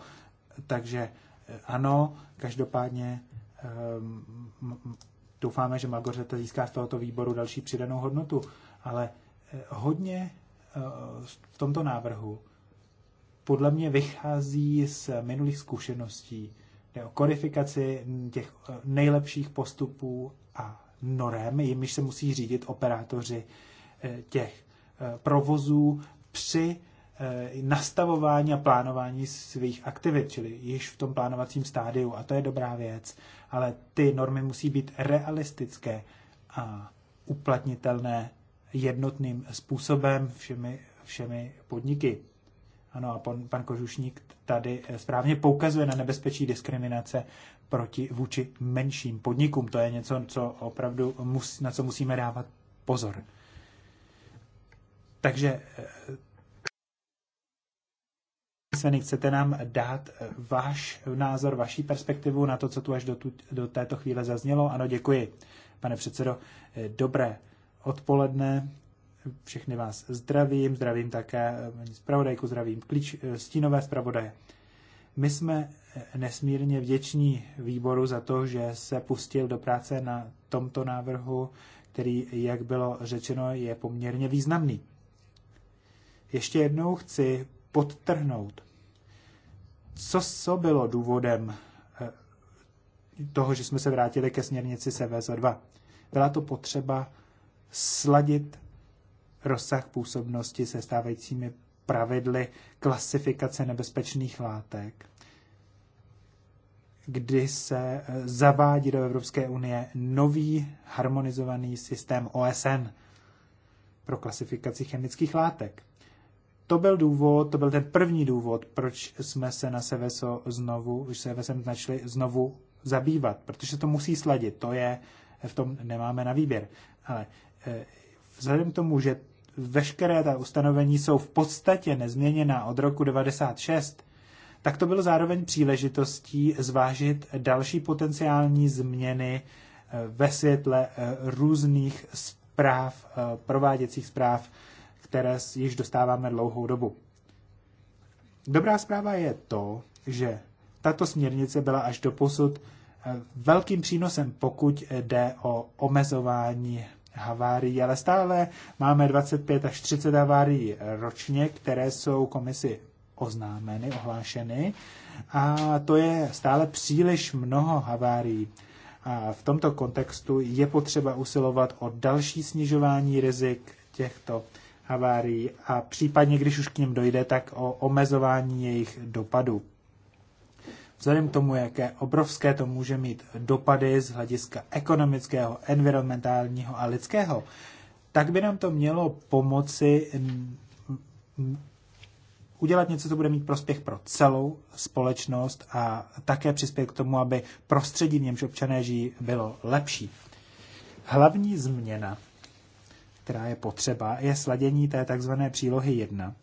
Takže eh, ano, každopádně ehm, doufáme, že Margořeta získá z tohoto výboru další přidanou hodnotu, ale eh, hodně eh, v tomto návrhu podle mě vychází z minulých zkušeností. Jde o kodifikaci těch nejlepších postupů a norem, jimiž se musí řídit operátoři těch provozů při Eh, nastavování a plánování svých aktivit, čili již v tom plánovacím stádiu, a to je dobrá věc, ale ty normy musí být realistické a uplatnitelné jednotným způsobem všemi, všemi podniky. Ano, a pan, pan Kožušník tady eh, správně poukazuje na nebezpečí diskriminace proti vůči menším podnikům. To je něco, co opravdu mus, na co musíme dávat pozor. Takže eh, Sveny, chcete nám dát eh, váš názor, vaší perspektivu na to, co tu až do, tu, do této chvíle zaznělo? Ano, děkuji, pane předsedo. Eh, dobré odpoledne. Všechny vás zdravím, zdravím také eh, zpravodajku, zdravím klíč, stínové zpravodaje. My jsme nesmírně vděční výboru za to, že se pustil do práce na tomto návrhu, který, jak bylo řečeno, je poměrně významný. Ještě jednou chci podtrhnout, co, co bylo důvodem eh, toho, že jsme se vrátili ke směrnici CVSO 2? Byla to potřeba sladit rozsah působnosti se stávajícími pravidly klasifikace nebezpečných látek, kdy se eh, zavádí do Evropské unie nový harmonizovaný systém OSN pro klasifikaci chemických látek to byl důvod, to byl ten první důvod, proč jsme se na Seveso znovu, už Sevesem začali znovu zabývat, protože to musí sladit, to je, v tom nemáme na výběr. Ale eh, vzhledem k tomu, že veškeré ta ustanovení jsou v podstatě nezměněná od roku 96, tak to bylo zároveň příležitostí zvážit další potenciální změny eh, ve světle eh, různých zpráv, prováděcích zpráv které již dostáváme dlouhou dobu. Dobrá zpráva je to, že tato směrnice byla až do posud eh, velkým přínosem, pokud jde o omezování havárií, ale stále máme 25 až 30 havárií ročně, které jsou komisi oznámeny, ohlášeny a to je stále příliš mnoho havárií. A v tomto kontextu je potřeba usilovat o další snižování rizik těchto havárií a případně, když už k ním dojde, tak o omezování jejich dopadů. Vzhledem k tomu, jaké obrovské to může mít dopady z hlediska ekonomického, environmentálního a lidského, tak by nám to mělo pomoci mm, mm, udělat něco, co bude mít prospěch pro celou společnost a také přispět k tomu, aby prostředí, v němž občané žijí, bylo lepší. Hlavní změna která je potřeba, je sladění té tzv. přílohy 1,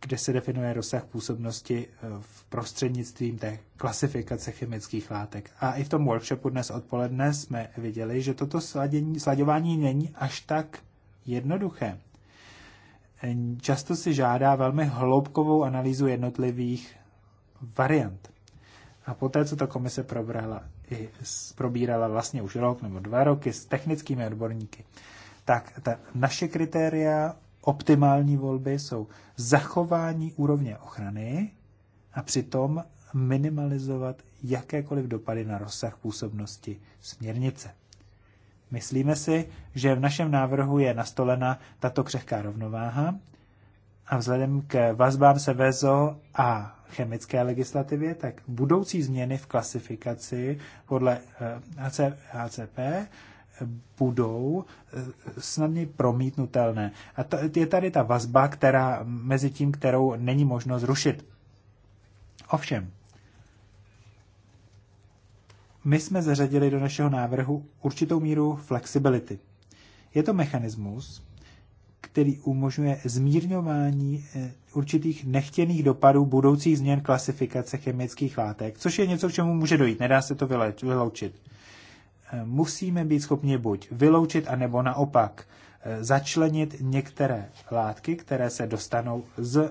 kde se definuje rozsah působnosti eh, v prostřednictvím té klasifikace chemických látek. A i v tom workshopu dnes odpoledne jsme viděli, že toto sladění, sladěvání není až tak jednoduché. Často si žádá velmi hloubkovou analýzu jednotlivých variant. A poté, co ta komise probrala i probírala vlastně už rok nebo dva roky s technickými odborníky, tak ta naše kritéria optimální volby jsou zachování úrovně ochrany a přitom minimalizovat jakékoliv dopady na rozsah působnosti směrnice. Myslíme si, že v našem návrhu je nastolena tato křehká rovnováha a vzhledem k vazbám se VEZO a chemické legislativě, tak budoucí změny v klasifikaci podle HCP eh, budou eh, snadně promítnutelné. A to, je tady ta vazba, která mezi tím, kterou není možno zrušit. Ovšem, my jsme zařadili do našeho návrhu určitou míru flexibility. Je to mechanismus, který umožňuje zmírňování eh, určitých nechtěných dopadů budoucích změn klasifikace chemických látek, což je něco, k čemu může dojít, nedá se to vyloučit. Eh, musíme být schopni buď vyloučit, anebo naopak eh, začlenit některé látky, které se dostanou z,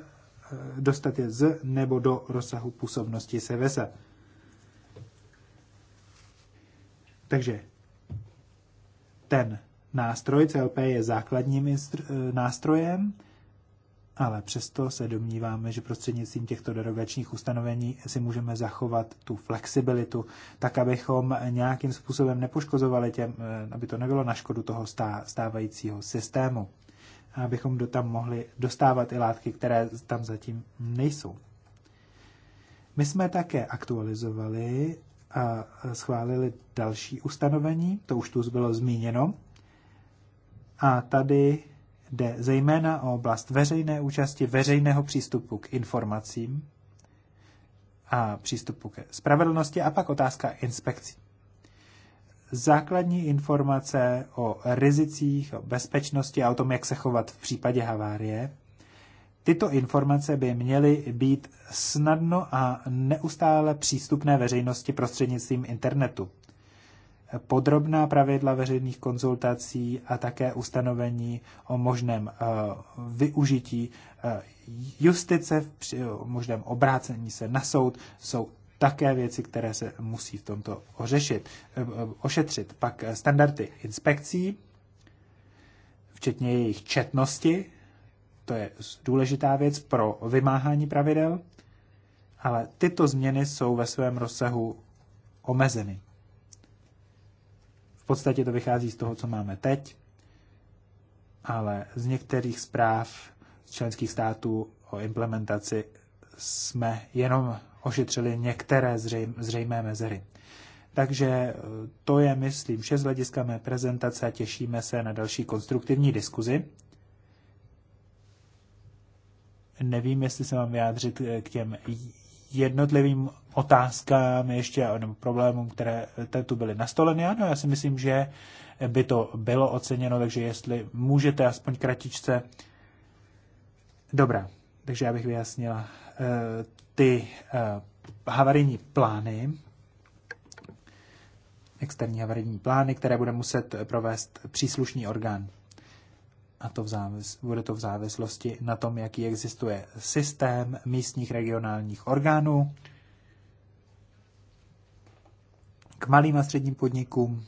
dostat je z nebo do rozsahu působnosti SEVESA. Takže ten nástroj. CLP je základním eh, nástrojem, ale přesto se domníváme, že prostřednictvím těchto derogačních ustanovení si můžeme zachovat tu flexibilitu, tak abychom nějakým způsobem nepoškozovali těm, eh, aby to nebylo na škodu toho stávajícího systému. A abychom do tam mohli dostávat i látky, které tam zatím nejsou. My jsme také aktualizovali a schválili další ustanovení, to už tu bylo zmíněno, a tady jde zejména o oblast veřejné účasti, veřejného přístupu k informacím a přístupu ke spravedlnosti a pak otázka inspekcí. Základní informace o rizicích, o bezpečnosti a o tom, jak se chovat v případě havárie. Tyto informace by měly být snadno a neustále přístupné veřejnosti prostřednictvím internetu podrobná pravidla veřejných konzultací a také ustanovení o možném eh, využití eh, justice, o možném obrácení se na soud, jsou také věci, které se musí v tomto ořešit, eh, ošetřit. Pak standardy inspekcí, včetně jejich četnosti, to je důležitá věc pro vymáhání pravidel, ale tyto změny jsou ve svém rozsahu omezeny podstatě to vychází z toho, co máme teď, ale z některých zpráv z členských států o implementaci jsme jenom ošetřili některé zřejm, zřejmé mezery. Takže e, to je, myslím, vše z hlediska mé prezentace a těšíme se na další konstruktivní diskuzi. Nevím, jestli se mám vyjádřit e, k těm jednotlivým otázkám ještě nebo problémům, které tu byly nastoleny. Ano, já si myslím, že by to bylo oceněno, takže jestli můžete aspoň kratičce. Dobrá, takže já bych vyjasnila eh, ty eh, havarijní plány, externí havarijní plány, které bude muset provést příslušný orgán a to v závis, bude to v závislosti na tom, jaký existuje systém místních regionálních orgánů k malým a středním podnikům.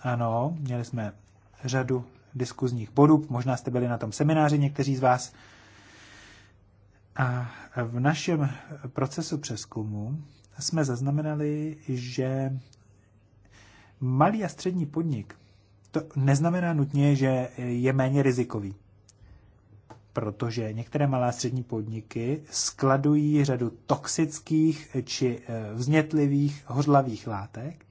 Ano, měli jsme řadu diskuzních bodů, možná jste byli na tom semináři někteří z vás. A v našem procesu přeskumu jsme zaznamenali, že malý a střední podnik to neznamená nutně, že je méně rizikový. Protože některé malé a střední podniky skladují řadu toxických či eh, vznětlivých hořlavých látek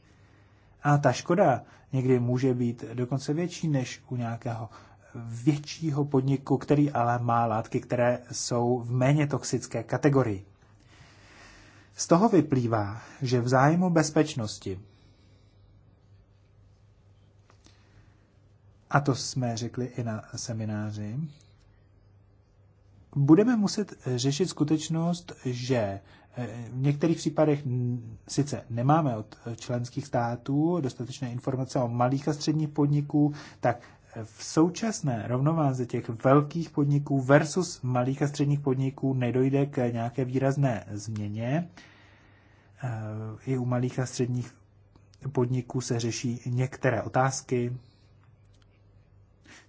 a ta škoda někdy může být dokonce větší než u nějakého většího podniku, který ale má látky, které jsou v méně toxické kategorii. Z toho vyplývá, že v zájmu bezpečnosti a to jsme řekli i na semináři, budeme muset řešit skutečnost, že eh, v některých případech sice nemáme od členských států dostatečné informace o malých a středních podniků, tak eh, v současné rovnováze těch velkých podniků versus malých a středních podniků nedojde k nějaké výrazné změně. Eh, I u malých a středních podniků se řeší některé otázky,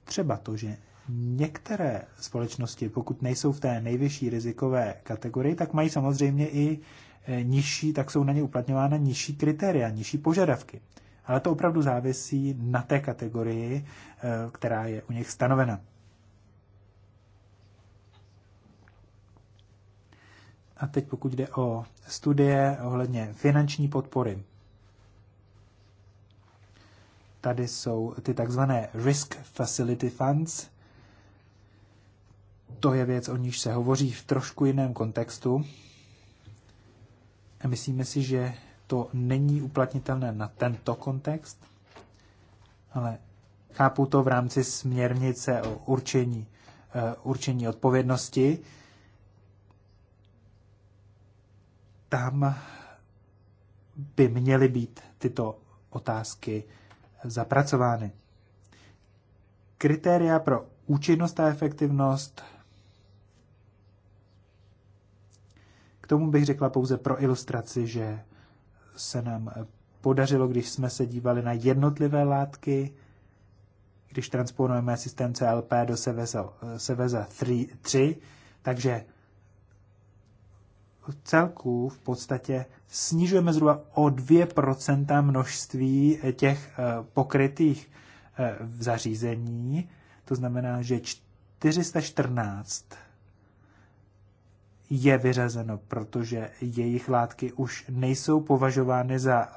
Třeba to, že některé společnosti, pokud nejsou v té nejvyšší rizikové kategorii, tak mají samozřejmě i eh, nižší, tak jsou na ně uplatňována nižší kritéria, nižší požadavky. Ale to opravdu závisí na té kategorii, eh, která je u nich stanovena. A teď pokud jde o studie ohledně finanční podpory. Tady jsou ty takzvané Risk Facility Funds. To je věc, o níž se hovoří v trošku jiném kontextu. A myslíme si, že to není uplatnitelné na tento kontext, ale chápu to v rámci směrnice o určení, eh, určení odpovědnosti. Tam by měly být tyto otázky zapracovány. Kritéria pro účinnost a efektivnost. K tomu bych řekla pouze pro ilustraci, že se nám podařilo, když jsme se dívali na jednotlivé látky, když transponujeme systém CLP do Seveza, 3 takže celku v podstatě snižujeme zhruba o 2% množství eh, těch eh, pokrytých eh, v zařízení. To znamená, že 414 je vyřazeno, protože jejich látky už nejsou považovány za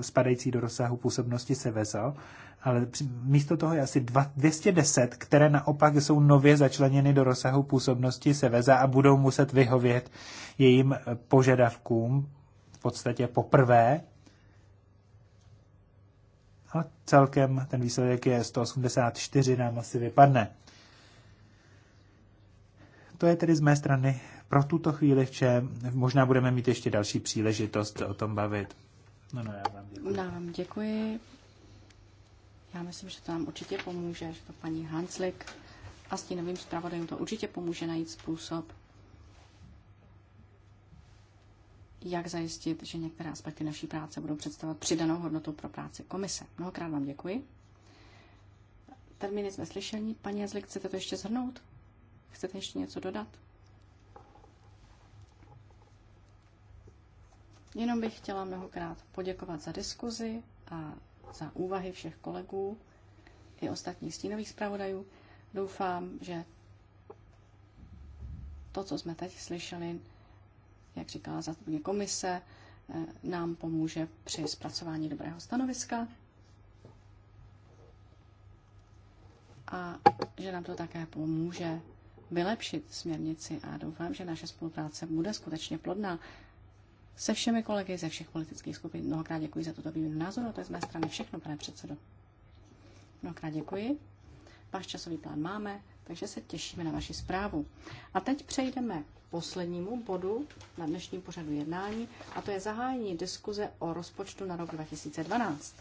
spadající do rozsahu působnosti Seveso ale místo toho je asi 210, které naopak jsou nově začleněny do rozsahu působnosti Seveza a budou muset vyhovět jejím eh, požadavkům v podstatě poprvé. a celkem ten výsledek je 184, nám asi vypadne. To je tedy z mé strany pro tuto chvíli, vše. Možná budeme mít ještě další příležitost o tom bavit. No, no, já vám děkuji. Já vám děkuji. Já myslím, že to nám určitě pomůže, že to paní Hanslik a s tím novým zpravodajem to určitě pomůže najít způsob, jak zajistit, že některé aspekty naší práce budou představovat přidanou hodnotu pro práci komise. Mnohokrát vám děkuji. Termíny jsme slyšení. Paní Jazlik, chcete to ještě zhrnout? Chcete ještě něco dodat? Jenom bych chtěla mnohokrát poděkovat za diskuzi a za úvahy všech kolegů i ostatních stínových zpravodajů. Doufám, že to, co jsme teď slyšeli, jak říkala zástupně komise, eh, nám pomůže při zpracování dobrého stanoviska a že nám to také pomůže vylepšit směrnici a doufám, že naše spolupráce bude skutečně plodná se všemi kolegy ze všech politických skupin. Mnohokrát děkuji za tuto výměnu názoru. To je z mé strany všechno, pane předsedo. Mnohokrát děkuji. Váš časový plán máme, takže se těšíme na vaši zprávu. A teď přejdeme k poslednímu bodu na dnešním pořadu jednání, a to je zahájení diskuze o rozpočtu na rok 2012.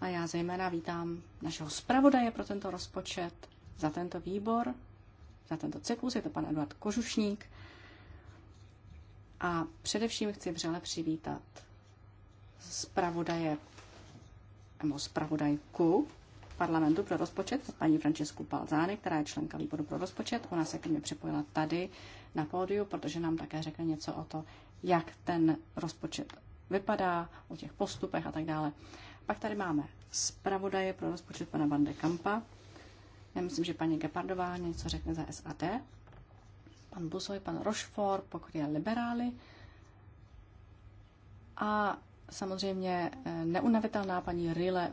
A já zejména vítám našeho zpravodaje pro tento rozpočet, za tento výbor, za tento cyklus, je to pan Eduard Kožušník, a především chci vřele přivítat zpravodaje nebo zpravodajku parlamentu pro rozpočet, paní Francesku Palzány, která je členka výboru pro rozpočet. Ona se ke mně připojila tady na pódiu, protože nám také řekne něco o to, jak ten rozpočet vypadá, o těch postupech a tak dále. Pak tady máme zpravodaje pro rozpočet pana Bande Kampa. Já myslím, že paní Gepardová něco řekne za SAD pan Busoj, pan Rochefort, pokud je liberály. A samozřejmě eh, neunavitelná paní Rille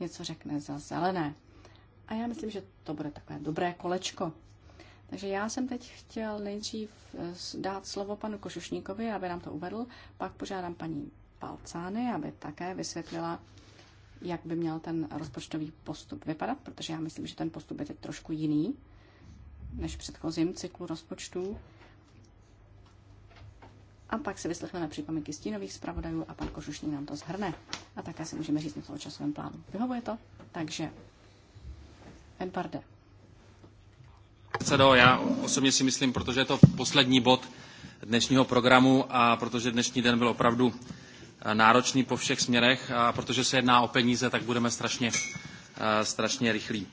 něco řekne za zelené. A já myslím, že to bude takové dobré kolečko. Takže já jsem teď chtěl nejdřív eh, dát slovo panu Košušníkovi, aby nám to uvedl, pak požádám paní Palcány, aby také vysvětlila, jak by měl ten rozpočtový postup vypadat, protože já myslím, že ten postup je teď trošku jiný než v předchozím cyklu rozpočtů. A pak si vyslechneme připomínky stínových zpravodajů a pan Košušník nám to zhrne. A také si můžeme říct něco o časovém plánu. Vyhovuje to? Takže, Edvarde. Cedo, já osobně si myslím, protože je to poslední bod dnešního programu a protože dnešní den byl opravdu eh, náročný po všech směrech a protože se jedná o peníze, tak budeme strašně, eh, strašně rychlí.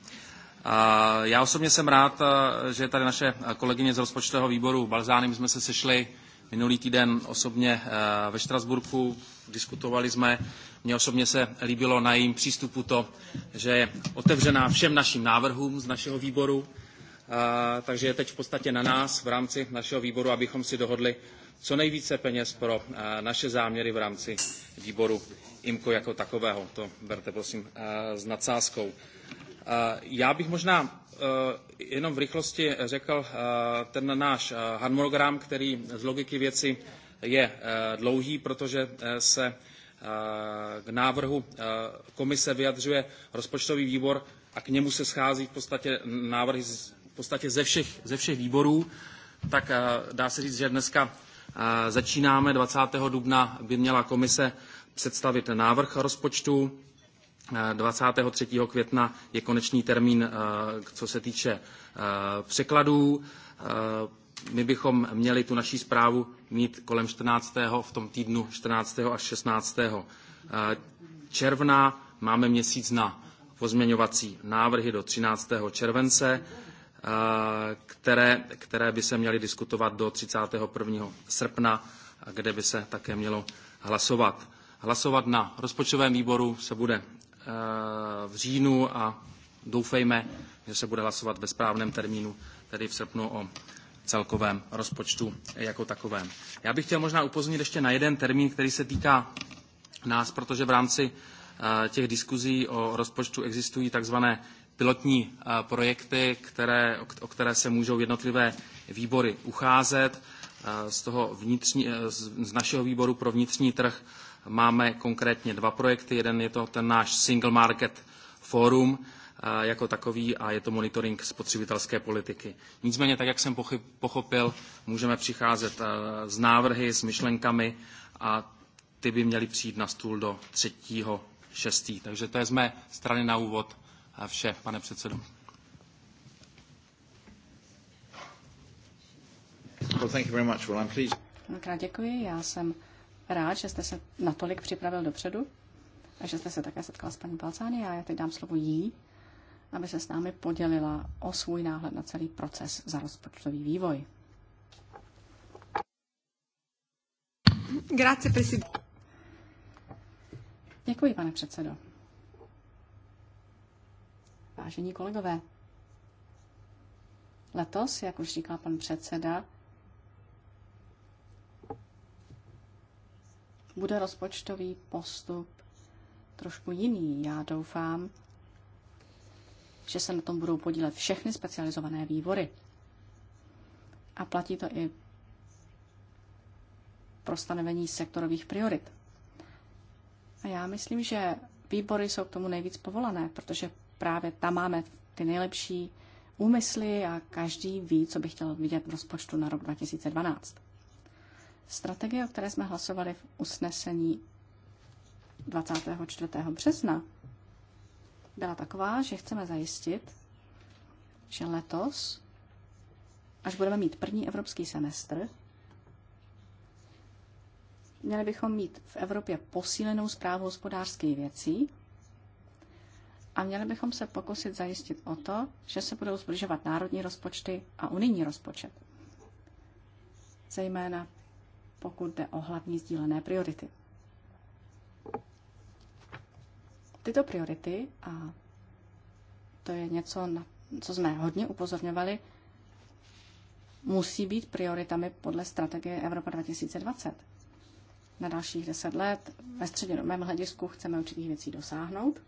Já osobně jsem rád, eh, že je tady naše kolegyně z rozpočtového výboru Balzány. My jsme se sešli minulý týden osobně eh, ve Štrasburku, diskutovali jsme. Mně osobně se líbilo na jejím přístupu to, že je otevřená všem našim návrhům z našeho výboru, eh, takže je teď v podstatě na nás v rámci našeho výboru, abychom si dohodli co nejvíce peněz pro naše záměry v rámci výboru IMCO jako takového. To berte prosím s nadsázkou. Eh, já bych možná eh, jenom v rychlosti řekl eh, ten náš harmonogram, který z logiky věci je dlouhý, protože se k návrhu komise vyjadřuje rozpočtový výbor a k němu se schází v podstatě návrhy v podstatě ze všech, ze všech výborů, tak dá se říct, že dneska začínáme. 20. dubna by měla komise představit návrh rozpočtu. 23. Eh, května je konečný termín, eh, co se týče eh, překladů. My bychom měli tu naší zprávu mít kolem 14. v tom týdnu 14. až 16. června. Máme měsíc na pozměňovací návrhy do 13. července, které, které by se měly diskutovat do 31. srpna, kde by se také mělo hlasovat. Hlasovat na rozpočtovém výboru se bude Eh, v říjnu a doufejme, že se bude hlasovat ve správném termínu, tedy v srpnu o celkovém rozpočtu jako takovém. Já bych chtěl možná upozornit ještě na jeden termín, který se týká nás, protože v rámci eh, těch diskuzí o rozpočtu existují takzvané pilotní eh, projekty, které, o které se můžou jednotlivé výbory ucházet. Z, toho vnitřní, z našeho výboru pro vnitřní trh máme konkrétně dva projekty. Jeden je to ten náš Single Market Forum eh, jako takový a je to monitoring spotřebitelské politiky. Nicméně, tak jak jsem pochopil, můžeme přicházet eh, s návrhy, s myšlenkami a ty by měly přijít na stůl do 3. 6. Takže to je z mé strany na úvod eh, vše, pane předsedo. Well, thank you very much. Well, I'm pleased. Děkuji, já jsem rád, že jste se natolik připravil dopředu a že jste se také setkal s paní Balcány a já teď dám slovo jí, aby se s námi podělila o svůj náhled na celý proces za rozpočtový vývoj. Grazie, presidente. Děkuji, pane předsedo. Vážení kolegové, letos, jak už říkal pan předseda, bude rozpočtový postup trošku jiný. Já doufám, že se na tom budou podílet všechny specializované výbory. A platí to i pro stanovení sektorových priorit. A já myslím, že výbory jsou k tomu nejvíc povolané, protože právě tam máme ty nejlepší úmysly a každý ví, co by chtěl vidět v rozpočtu na rok 2012. Strategie, o které jsme hlasovali v usnesení 24. března, byla taková, že chceme zajistit, že letos, až budeme mít první evropský semestr, měli bychom mít v Evropě posílenou zprávu hospodářských věcí a měli bychom se pokusit zajistit o to, že se budou zbližovat národní rozpočty a unijní rozpočet. Zejména pokud jde o hlavní sdílené priority. Tyto priority, a to je něco, na co jsme hodně upozorňovali, musí být prioritami podle strategie Evropa 2020. Na dalších deset let ve střednědobém hledisku chceme určitých věcí dosáhnout.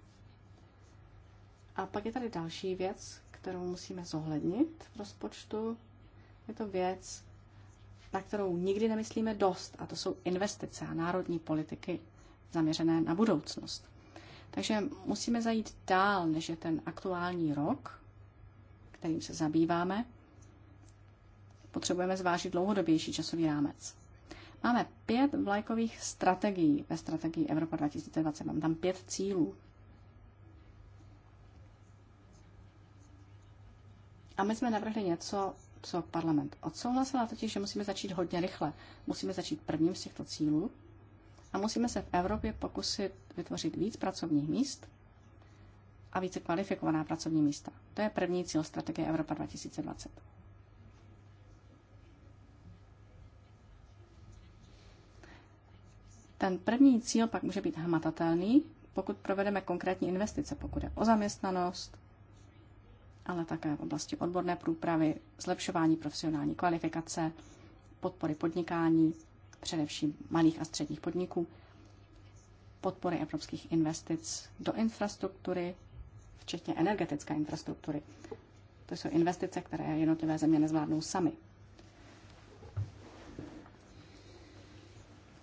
A pak je tady další věc, kterou musíme zohlednit v rozpočtu. Je to věc, na kterou nikdy nemyslíme dost, a to jsou investice a národní politiky zaměřené na budoucnost. Takže musíme zajít dál, než je ten aktuální rok, kterým se zabýváme. Potřebujeme zvážit dlouhodobější časový rámec. Máme pět vlajkových strategií ve strategii Evropa 2020. Mám tam pět cílů. A my jsme navrhli něco, co parlament odsouhlasil, a totiž, že musíme začít hodně rychle. Musíme začít prvním z těchto cílů a musíme se v Evropě pokusit vytvořit víc pracovních míst a více kvalifikovaná pracovní místa. To je první cíl strategie Evropa 2020. Ten první cíl pak může být hmatatelný, pokud provedeme konkrétní investice, pokud je o zaměstnanost, ale také v oblasti odborné průpravy, zlepšování profesionální kvalifikace, podpory podnikání, především malých a středních podniků, podpory evropských investic do infrastruktury, včetně energetické infrastruktury. To jsou investice, které jednotlivé země nezvládnou sami.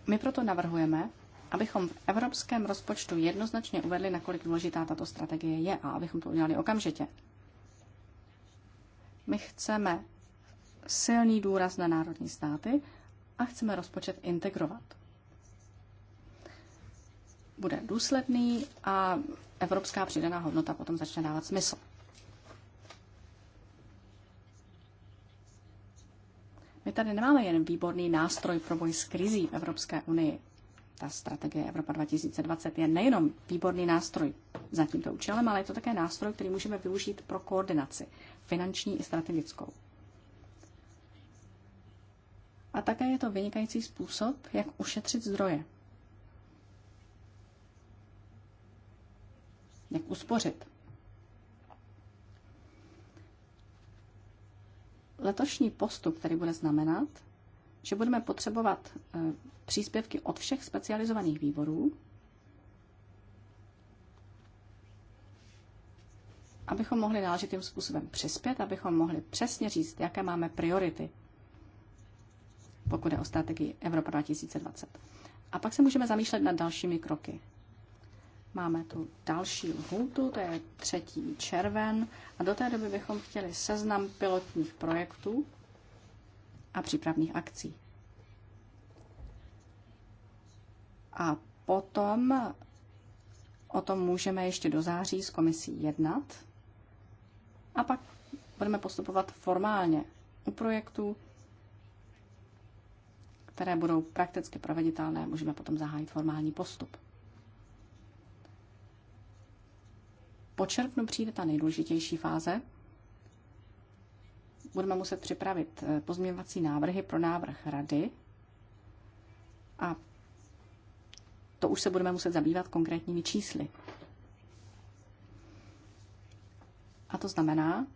My proto navrhujeme, abychom v evropském rozpočtu jednoznačně uvedli, nakolik důležitá tato strategie je a abychom to udělali okamžitě, my chceme silný důraz na národní státy a chceme rozpočet integrovat. Bude důsledný a evropská přidaná hodnota potom začne dávat smysl. My tady nemáme jen výborný nástroj pro boj s krizí v Evropské unii ta strategie Evropa 2020 je nejenom výborný nástroj za tímto účelem, ale je to také nástroj, který můžeme využít pro koordinaci finanční i strategickou. A také je to vynikající způsob, jak ušetřit zdroje. Jak uspořit. Letošní postup, který bude znamenat, že budeme potřebovat eh, příspěvky od všech specializovaných výborů, abychom mohli náležitým způsobem přispět, abychom mohli přesně říct, jaké máme priority, pokud je o strategii Evropa 2020. A pak se můžeme zamýšlet nad dalšími kroky. Máme tu další lhůtu, to je 3. červen, a do té doby bychom chtěli seznam pilotních projektů, a přípravných akcí. A potom o tom můžeme ještě do září s komisí jednat a pak budeme postupovat formálně u projektů, které budou prakticky proveditelné, můžeme potom zahájit formální postup. Po červnu přijde ta nejdůležitější fáze, budeme muset připravit eh, pozměňovací návrhy pro návrh rady a to už se budeme muset zabývat konkrétními čísly. A to znamená,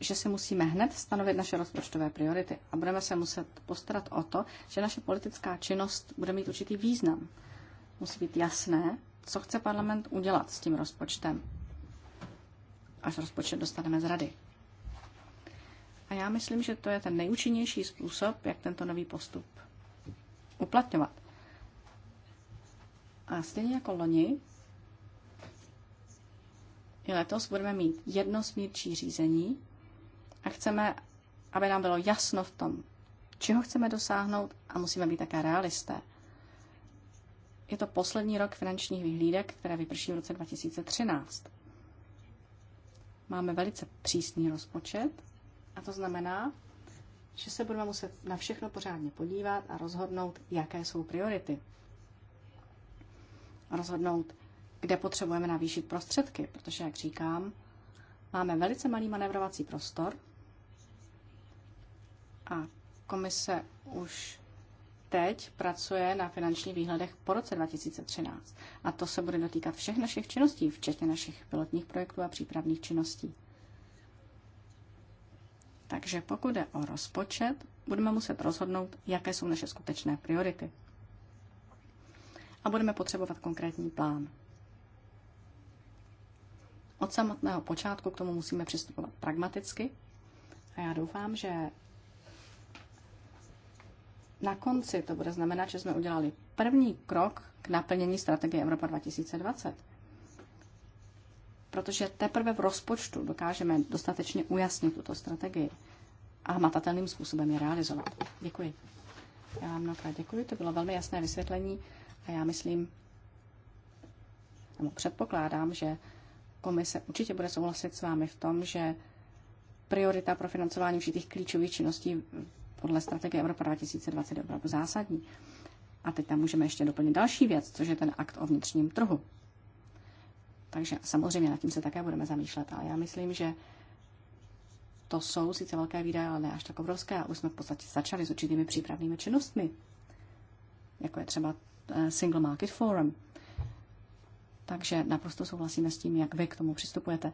že si musíme hned stanovit naše rozpočtové priority a budeme se muset postarat o to, že naše politická činnost bude mít určitý význam. Musí být jasné, co chce parlament udělat s tím rozpočtem, až rozpočet dostaneme z rady. A já myslím, že to je ten nejúčinnější způsob, jak tento nový postup uplatňovat. A stejně jako loni, i letos budeme mít jedno smírčí řízení a chceme, aby nám bylo jasno v tom, čeho chceme dosáhnout a musíme být také realisté. Je to poslední rok finančních vyhlídek, které vyprší v roce 2013. Máme velice přísný rozpočet a to znamená, že se budeme muset na všechno pořádně podívat a rozhodnout, jaké jsou priority. Rozhodnout, kde potřebujeme navýšit prostředky, protože, jak říkám, máme velice malý manevrovací prostor a komise už teď pracuje na finančních výhledech po roce 2013. A to se bude dotýkat všech našich činností, včetně našich pilotních projektů a přípravných činností. Takže pokud jde o rozpočet, budeme muset rozhodnout, jaké jsou naše skutečné priority. A budeme potřebovat konkrétní plán. Od samotného počátku k tomu musíme přistupovat pragmaticky a já doufám, že na konci to bude znamenat, že jsme udělali první krok k naplnění strategie Evropa 2020 protože teprve v rozpočtu dokážeme dostatečně ujasnit tuto strategii a hmatatelným způsobem je realizovat. Děkuji. Já vám mnohokrát děkuji, to bylo velmi jasné vysvětlení a já myslím, nebo předpokládám, že komise určitě bude souhlasit s vámi v tom, že priorita pro financování určitých klíčových činností podle strategie Evropa 2020 je opravdu zásadní. A teď tam můžeme ještě doplnit další věc, což je ten akt o vnitřním trhu. Takže samozřejmě nad tím se také budeme zamýšlet, ale já myslím, že to jsou sice velké výdaje, ale ne až tak obrovské a už jsme v podstatě začali s určitými přípravnými činnostmi, jako je třeba eh, Single Market Forum. Takže naprosto souhlasíme s tím, jak vy k tomu přistupujete.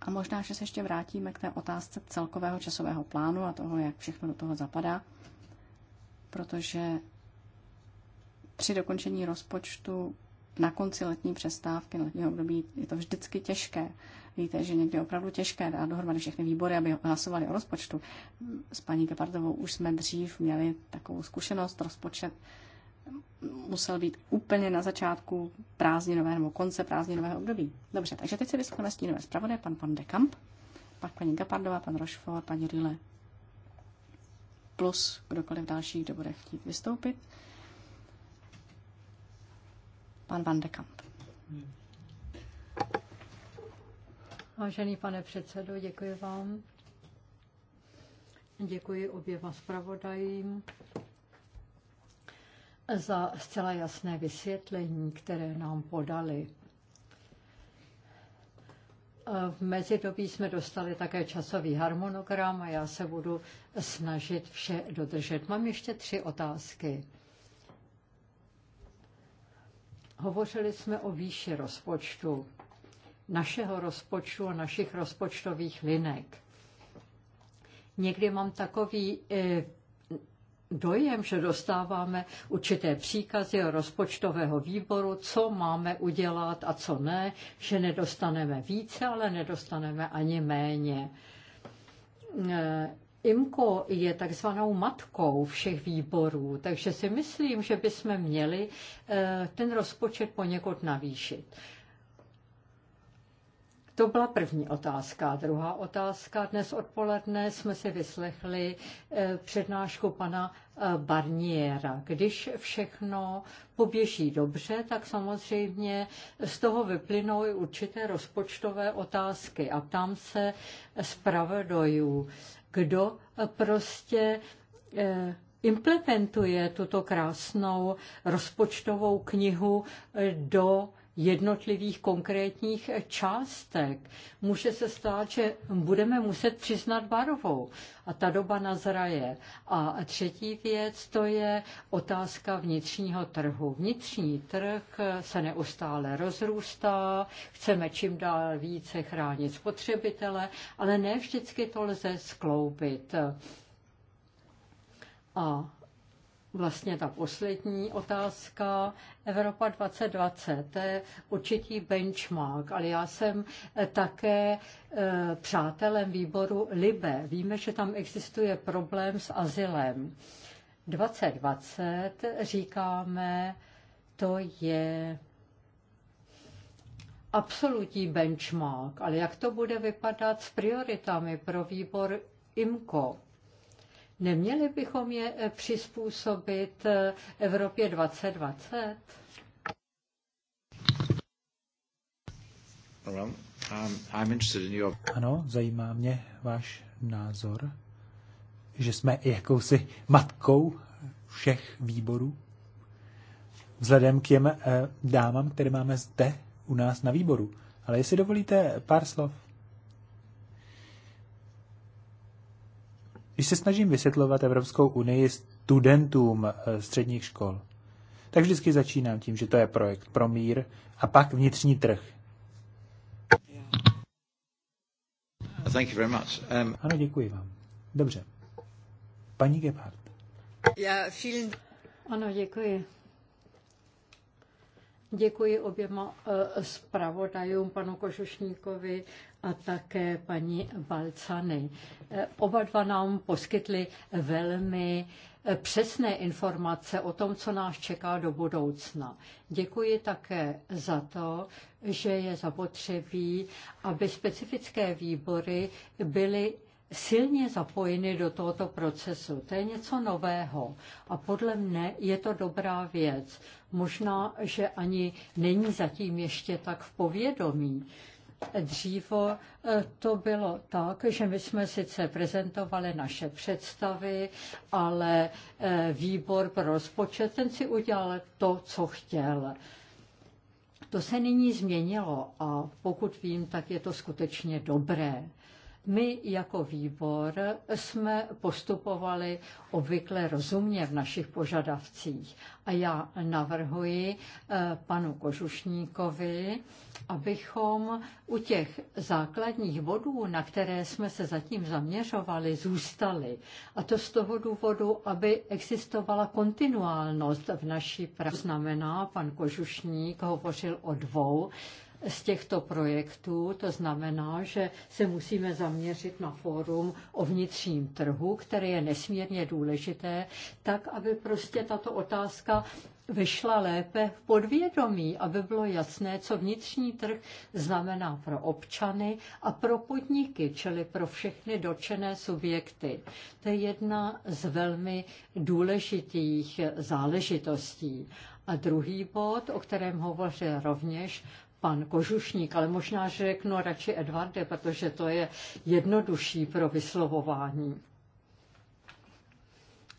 A možná, že se ještě vrátíme k té otázce celkového časového plánu a toho, jak všechno do toho zapadá, protože při dokončení rozpočtu na konci letní přestávky, letního období, je to vždycky těžké. Víte, že někdy je opravdu těžké dát dohromady všechny výbory, aby hlasovali o rozpočtu. S paní Gepardovou už jsme dřív měli takovou zkušenost, rozpočet musel být úplně na začátku prázdninového nebo konce prázdninového období. Dobře, takže teď se vyslechneme stínové zpravodaj pan pan Dekamp, pak paní Gepardová, pan Rošfor, paní Rile, plus kdokoliv další, kdo bude chtít vystoupit. Pan Van de Kamp. Vážený pane předsedo, děkuji vám. Děkuji oběma zpravodajím za zcela jasné vysvětlení, které nám podali. V mezidobí jsme dostali také časový harmonogram a já se budu snažit vše dodržet. Mám ještě tři otázky. Hovořili jsme o výši rozpočtu, našeho rozpočtu a našich rozpočtových linek. Někdy mám takový eh, dojem, že dostáváme určité příkazy o rozpočtového výboru, co máme udělat a co ne, že nedostaneme více, ale nedostaneme ani méně eh, Imko je takzvanou matkou všech výborů, takže si myslím, že bychom měli eh, ten rozpočet poněkud navýšit. To byla první otázka. Druhá otázka. Dnes odpoledne jsme si vyslechli eh, přednášku pana eh, Barniera. Když všechno poběží dobře, tak samozřejmě z toho vyplynou i určité rozpočtové otázky. A ptám se zpravodajů, kdo prostě eh, implementuje tuto krásnou rozpočtovou knihu eh, do jednotlivých konkrétních částek. Může se stát, že budeme muset přiznat barovou a ta doba nazraje. A třetí věc, to je otázka vnitřního trhu. Vnitřní trh se neustále rozrůstá, chceme čím dál více chránit spotřebitele, ale ne vždycky to lze skloubit. A vlastně ta poslední otázka. Evropa 2020, to je určitý benchmark, ale já jsem eh, také eh, přátelem výboru LIBE. Víme, že tam existuje problém s azylem. 2020 říkáme, to je absolutní benchmark, ale jak to bude vypadat s prioritami pro výbor IMCO? Neměli bychom je eh, přizpůsobit eh, Evropě 2020? Um, ano, zajímá mě váš názor, že jsme jakousi matkou všech výborů. Vzhledem k těm eh, dámám, které máme zde u nás na výboru. Ale jestli dovolíte pár slov když se snažím vysvětlovat Evropskou unii studentům eh, středních škol, tak vždycky začínám tím, že to je projekt pro mír a pak vnitřní trh. Thank you very much. Um... Ano, děkuji vám. Dobře. Paní Gebhardt. Já film. Ano, děkuji. Děkuji oběma eh, zpravodajům, panu Kožušníkovi a také paní Balcany. Eh, oba dva nám poskytli velmi eh, přesné informace o tom, co nás čeká do budoucna. Děkuji také za to, že je zapotřebí, aby specifické výbory byly silně zapojeny do tohoto procesu. To je něco nového a podle mne je to dobrá věc. Možná, že ani není zatím ještě tak v povědomí. Dřívo e, to bylo tak, že my jsme sice prezentovali naše představy, ale e, výbor pro rozpočet ten si udělal to, co chtěl. To se nyní změnilo a pokud vím, tak je to skutečně dobré. My jako výbor jsme postupovali obvykle rozumně v našich požadavcích a já navrhuji e, panu Kožušníkovi, abychom u těch základních bodů, na které jsme se zatím zaměřovali, zůstali. A to z toho důvodu, aby existovala kontinuálnost v naší práci. Znamená, pan Kožušník hovořil o dvou z těchto projektů. To znamená, že se musíme zaměřit na fórum o vnitřním trhu, které je nesmírně důležité, tak aby prostě tato otázka vyšla lépe v podvědomí, aby bylo jasné, co vnitřní trh znamená pro občany a pro podniky, čili pro všechny dočené subjekty. To je jedna z velmi důležitých záležitostí. A druhý bod, o kterém hovořil rovněž pan Kožušník, ale možná, řeknu radši Edvarde, protože to je jednodušší pro vyslovování.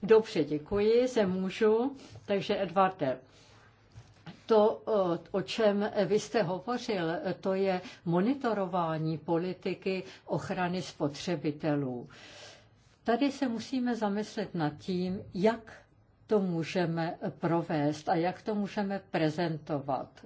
Dobře, děkuji, se můžu. Takže Edvarde, to, o čem vy jste hovořil, to je monitorování politiky ochrany spotřebitelů. Tady se musíme zamyslet nad tím, jak to můžeme provést a jak to můžeme prezentovat.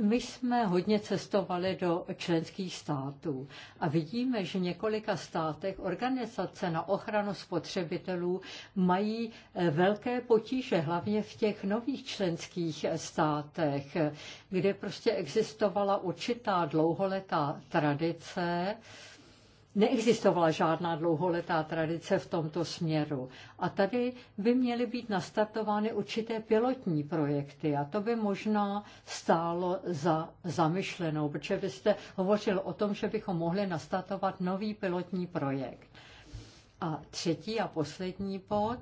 My jsme hodně cestovali do členských států a vidíme, že v několika státech organizace na ochranu spotřebitelů mají eh, velké potíže, hlavně v těch nových členských eh, státech, kde prostě existovala určitá dlouholetá tradice, neexistovala žádná dlouholetá tradice v tomto směru. A tady by měly být nastartovány určité pilotní projekty a to by možná stálo za zamyšlenou, protože vy jste hovořil o tom, že bychom mohli nastartovat nový pilotní projekt. A třetí a poslední bod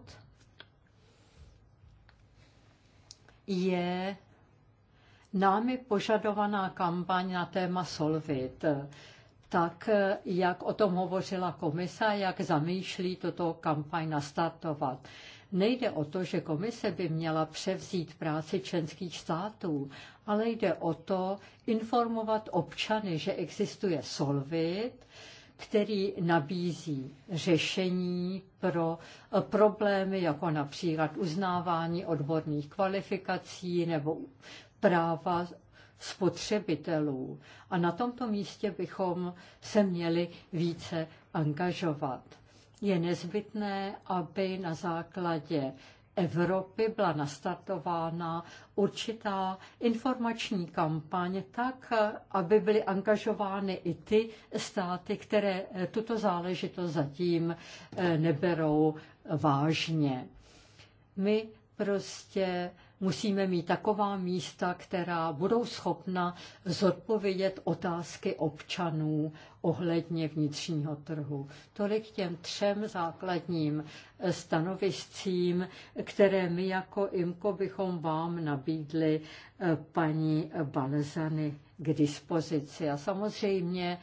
je námi požadovaná kampaň na téma Solvit tak eh, jak o tom hovořila komisa, jak zamýšlí toto kampaň nastartovat. Nejde o to, že komise by měla převzít práci členských států, ale jde o to informovat občany, že existuje Solvit, který nabízí řešení pro eh, problémy, jako například uznávání odborných kvalifikací nebo práva spotřebitelů. A na tomto místě bychom se měli více angažovat. Je nezbytné, aby na základě Evropy byla nastartována určitá informační kampaň tak, aby byly angažovány i ty státy, které tuto záležitost zatím eh, neberou vážně. My prostě musíme mít taková místa, která budou schopna zodpovědět otázky občanů ohledně vnitřního trhu. Tolik těm třem základním stanoviscím, které my jako IMKO bychom vám nabídli eh, paní Balzany k dispozici. A samozřejmě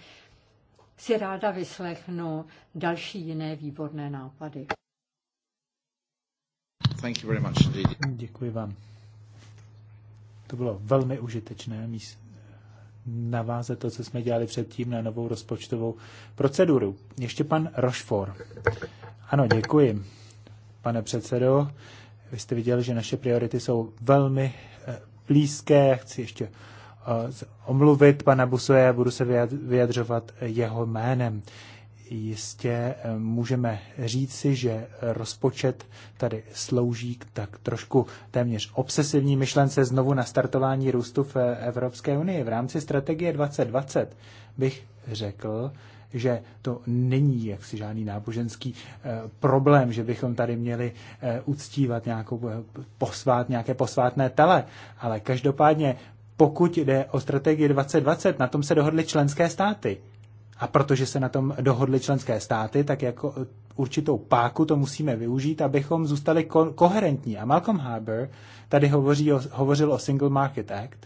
si ráda vyslechnu další jiné výborné nápady. Thank you very much indeed. Děkuji vám. To bylo velmi užitečné míst eh, naváze to, co jsme dělali předtím na novou rozpočtovou proceduru. Ještě pan Rošfor. Ano, děkuji, pane předsedo. Vy jste viděl, že naše priority jsou velmi eh, blízké. Chci ještě eh, omluvit pana Busoje a budu se vyjadřovat jeho jménem jistě eh, můžeme říci, že rozpočet tady slouží k tak trošku téměř obsesivní myšlence znovu na startování růstu v eh, Evropské unii. V rámci strategie 2020 bych řekl, že to není jaksi žádný náboženský eh, problém, že bychom tady měli uctívat nějakou posvát, nějaké posvátné tele, ale každopádně pokud jde o strategii 2020, na tom se dohodly členské státy. A protože se na tom dohodly členské státy, tak jako eh, určitou páku to musíme využít, abychom zůstali ko- koherentní. A Malcolm Harbour tady hovoří o, hovořil o Single Market Act.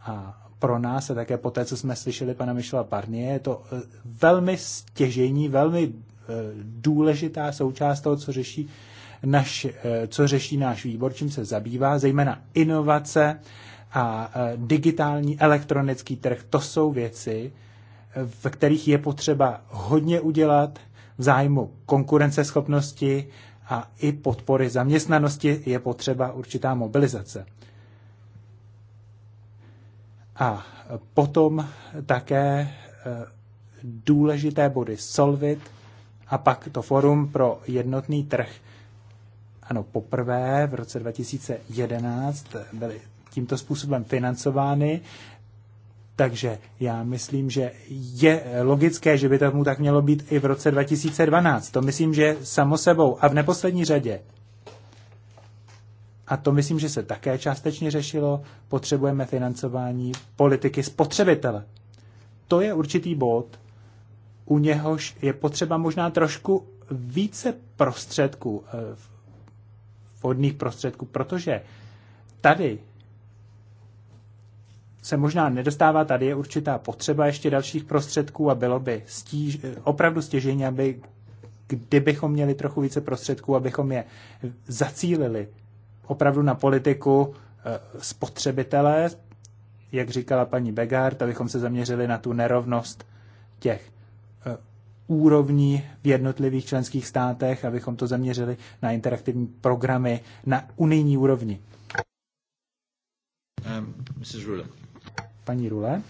A pro nás a také po té, co jsme slyšeli pana Michela Parnie, je to eh, velmi stěžení, velmi eh, důležitá součást toho, co řeší, naš, co řeší náš výbor, čím se zabývá, zejména inovace a digitální elektronický trh. To jsou věci, v kterých je potřeba hodně udělat v zájmu konkurenceschopnosti a i podpory zaměstnanosti je potřeba určitá mobilizace. A potom také e, důležité body Solvit a pak to Forum pro jednotný trh. Ano, poprvé v roce 2011 byly tímto způsobem financovány takže já myslím, že je logické, že by tomu tak mělo být i v roce 2012. To myslím, že samo sebou. A v neposlední řadě, a to myslím, že se také částečně řešilo, potřebujeme financování politiky spotřebitele. To je určitý bod, u něhož je potřeba možná trošku více prostředků, eh, vhodných prostředků, protože tady se možná nedostává. Tady je určitá potřeba ještě dalších prostředků a bylo by stíž, opravdu stěžení, aby kdybychom měli trochu více prostředků, abychom je zacílili opravdu na politiku eh, spotřebitele, jak říkala paní Begard, abychom se zaměřili na tu nerovnost těch eh, úrovní v jednotlivých členských státech, abychom to zaměřili na interaktivní programy na unijní úrovni. Um, Mrs. Ruler. Paní Rule.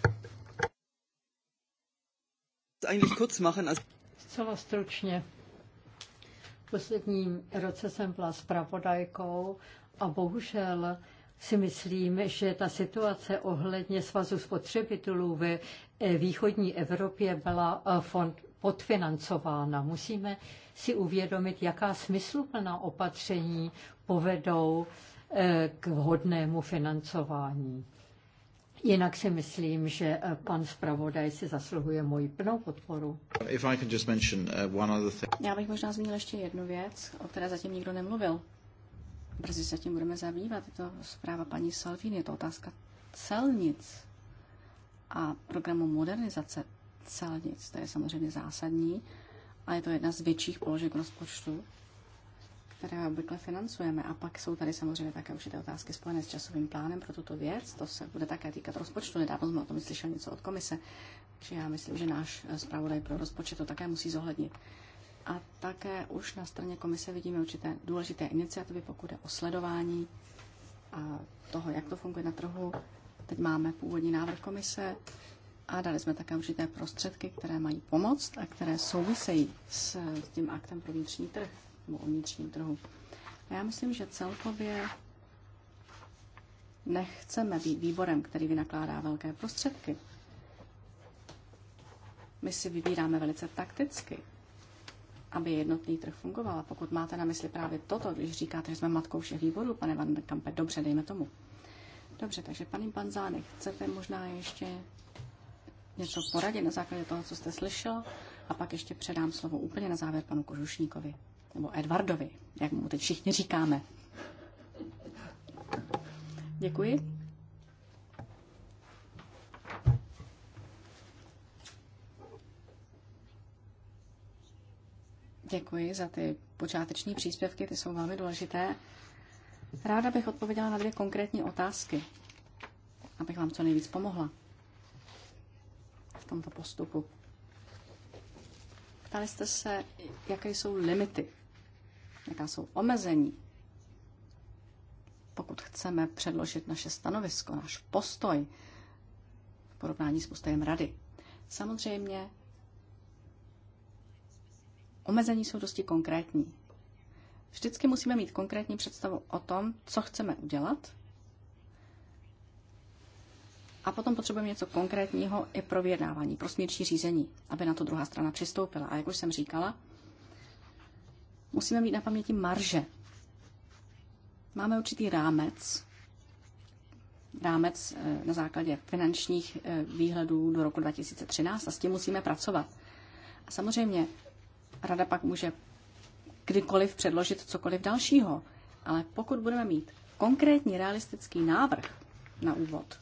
Zcela stručně. V posledním roce jsem byla zpravodajkou a bohužel si myslím, že ta situace ohledně svazu spotřebitelů ve eh, východní Evropě byla eh, fond podfinancována. Musíme si uvědomit, jaká smysluplná opatření povedou eh, k vhodnému financování. Jinak si myslím, že eh, pan zpravodaj si zasluhuje moji plnou podporu. Eh, Já bych možná zmínil ještě jednu věc, o které zatím nikdo nemluvil. Brzy se tím budeme zabývat. Je to zpráva paní Salvini, je to otázka celnic a programu modernizace celnic. To je samozřejmě zásadní a je to jedna z větších položek rozpočtu které obvykle financujeme. A pak jsou tady samozřejmě také určité otázky spojené s časovým plánem pro tuto věc. To se bude také týkat rozpočtu. Nedávno jsme o tom slyšeli něco od komise. Takže já myslím, že náš zpravodaj pro rozpočet to také musí zohlednit. A také už na straně komise vidíme určité důležité iniciativy, pokud je o sledování a toho, jak to funguje na trhu. Teď máme původní návrh komise a dali jsme také určité prostředky, které mají pomoct a které souvisejí s tím aktem pro vnitřní trh nebo o vnitřním trhu. A já myslím, že celkově nechceme být výborem, který vynakládá velké prostředky. My si vybíráme velice takticky, aby jednotný trh fungoval. A pokud máte na mysli právě toto, když říkáte, že jsme matkou všech výborů, pane Van Kampe, dobře, dejme tomu. Dobře, takže paní Panzány, chcete možná ještě něco poradit na základě toho, co jste slyšel? A pak ještě předám slovo úplně na závěr panu Kožušníkovi nebo Edvardovi, jak mu teď všichni říkáme. Děkuji. Děkuji za ty počáteční příspěvky, ty jsou velmi důležité. Ráda bych odpověděla na dvě konkrétní otázky, abych vám co nejvíc pomohla v tomto postupu. Ptali jste se, jaké jsou limity jaká jsou omezení, pokud chceme předložit naše stanovisko, náš postoj v porovnání s postojem rady. Samozřejmě omezení jsou dosti konkrétní. Vždycky musíme mít konkrétní představu o tom, co chceme udělat, a potom potřebujeme něco konkrétního i pro vyjednávání, pro smírčí řízení, aby na to druhá strana přistoupila. A jak už jsem říkala, musíme mít na paměti marže. Máme určitý rámec, rámec eh, na základě finančních eh, výhledů do roku 2013 a s tím musíme pracovat. A samozřejmě rada pak může kdykoliv předložit cokoliv dalšího, ale pokud budeme mít konkrétní realistický návrh na úvod,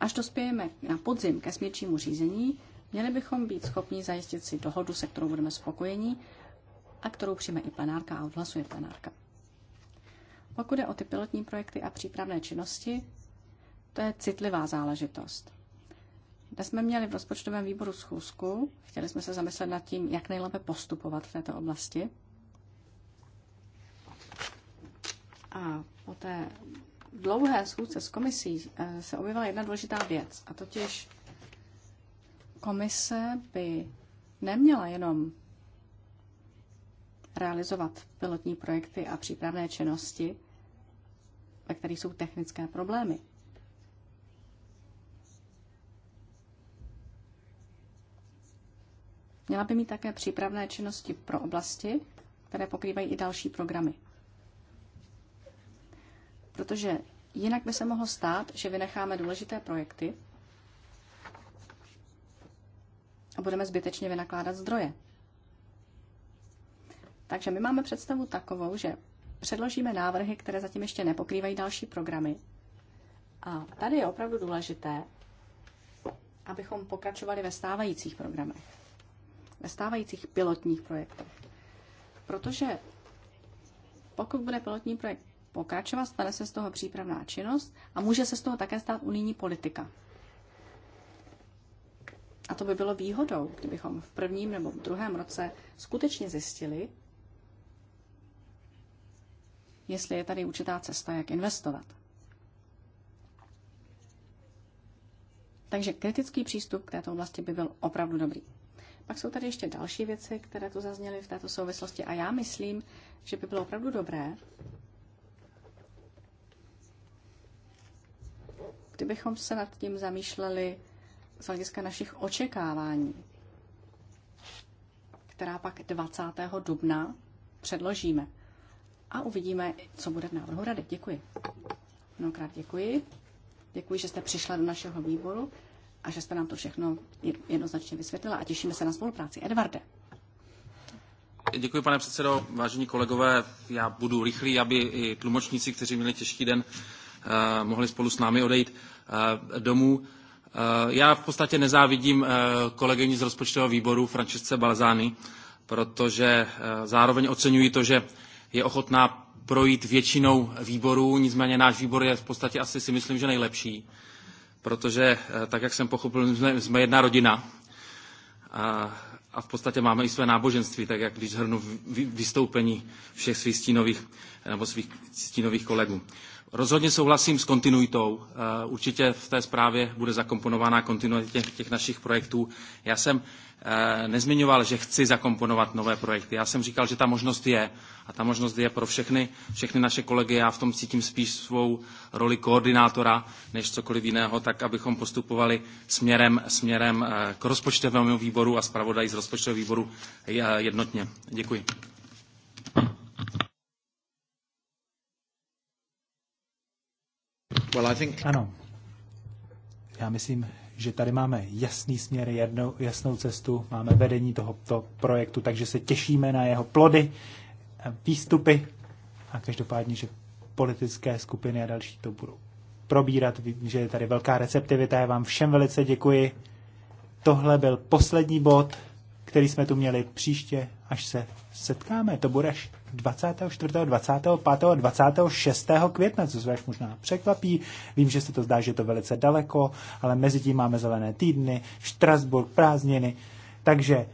až dospějeme na podzim ke směrčímu řízení, měli bychom být schopni zajistit si dohodu, se kterou budeme spokojení a kterou přijme i plenárka a odhlasuje plenárka. Pokud je o ty pilotní projekty a přípravné činnosti, to je citlivá záležitost. Dnes jsme měli v rozpočtovém výboru schůzku, chtěli jsme se zamyslet nad tím, jak nejlépe postupovat v této oblasti. A po té dlouhé schůzce s komisí eh, se objevila jedna důležitá věc, a totiž komise by neměla jenom realizovat pilotní projekty a přípravné činnosti, ve kterých jsou technické problémy. Měla by mít také přípravné činnosti pro oblasti, které pokrývají i další programy. Protože jinak by se mohlo stát, že vynecháme důležité projekty a budeme zbytečně vynakládat zdroje. Takže my máme představu takovou, že předložíme návrhy, které zatím ještě nepokrývají další programy. A tady je opravdu důležité, abychom pokračovali ve stávajících programech, ve stávajících pilotních projektech. Protože pokud bude pilotní projekt pokračovat, stane se z toho přípravná činnost a může se z toho také stát unijní politika. A to by bylo výhodou, kdybychom v prvním nebo v druhém roce skutečně zjistili, jestli je tady určitá cesta, jak investovat. Takže kritický přístup k této oblasti by byl opravdu dobrý. Pak jsou tady ještě další věci, které tu zazněly v této souvislosti a já myslím, že by bylo opravdu dobré, kdybychom se nad tím zamýšleli z hlediska našich očekávání, která pak 20. dubna předložíme a uvidíme, co bude v návrhu rady. Děkuji. Mnohokrát děkuji. Děkuji, že jste přišla do našeho výboru a že jste nám to všechno jednoznačně vysvětlila a těšíme se na spolupráci. Edvarde. Děkuji, pane předsedo. Vážení kolegové, já budu rychlý, aby i tlumočníci, kteří měli těžký den, eh, mohli spolu s námi odejít eh, domů. Eh, já v podstatě nezávidím kolegyni z rozpočtového výboru Francesce Balzány, protože zároveň oceňuji to, že je ochotná projít většinou výborů, nicméně náš výbor je v podstatě asi si myslím, že nejlepší, protože eh, tak, jak jsem pochopil, jsme, jsme jedna rodina a, a v podstatě máme i své náboženství, tak jak když zhrnu vystoupení všech svých stínových, eh, nebo svých stínových kolegů. Rozhodně souhlasím s kontinuitou. Eh, určitě v té zprávě bude zakomponována kontinuita těch, těch našich projektů. Já jsem eh, nezmiňoval, že chci zakomponovat nové projekty. Já jsem říkal, že ta možnost je. A ta možnost je pro všechny, všechny naše kolegy. Já v tom cítím spíš svou roli koordinátora než cokoliv jiného, tak abychom postupovali směrem, směrem eh, k rozpočtovému výboru a zpravodaj z rozpočtového výboru jednotně. Děkuji. Well, I think... Ano. Já myslím, že tady máme jasný směr, jednou, jasnou cestu, máme vedení tohoto projektu, takže se těšíme na jeho plody, eh, výstupy a každopádně, že politické skupiny a další to budou probírat. Vím, že je tady velká receptivita. Já vám všem velice děkuji. Tohle byl poslední bod, který jsme tu měli příště, až se setkáme. To budeš. 24., 25. a 26. května, se vás možná překvapí. Vím, že se to zdá, že je to velice daleko, ale mezi tím máme zelené týdny, Štrasburg, prázdniny. Takže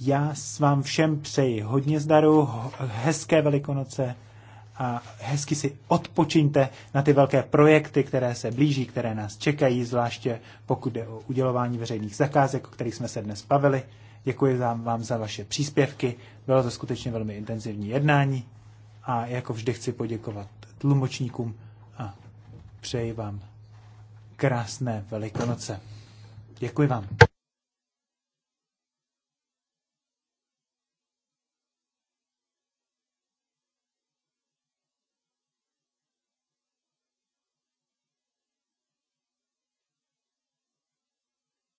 já s vám všem přeji hodně zdaru, hezké velikonoce a hezky si odpočiňte na ty velké projekty, které se blíží, které nás čekají, zvláště pokud jde o udělování veřejných zakázek, o kterých jsme se dnes bavili. Děkuji vám za vaše příspěvky. Bylo to skutečně velmi intenzivní jednání a jako vždy chci poděkovat tlumočníkům a přeji vám krásné Velikonoce. Děkuji vám.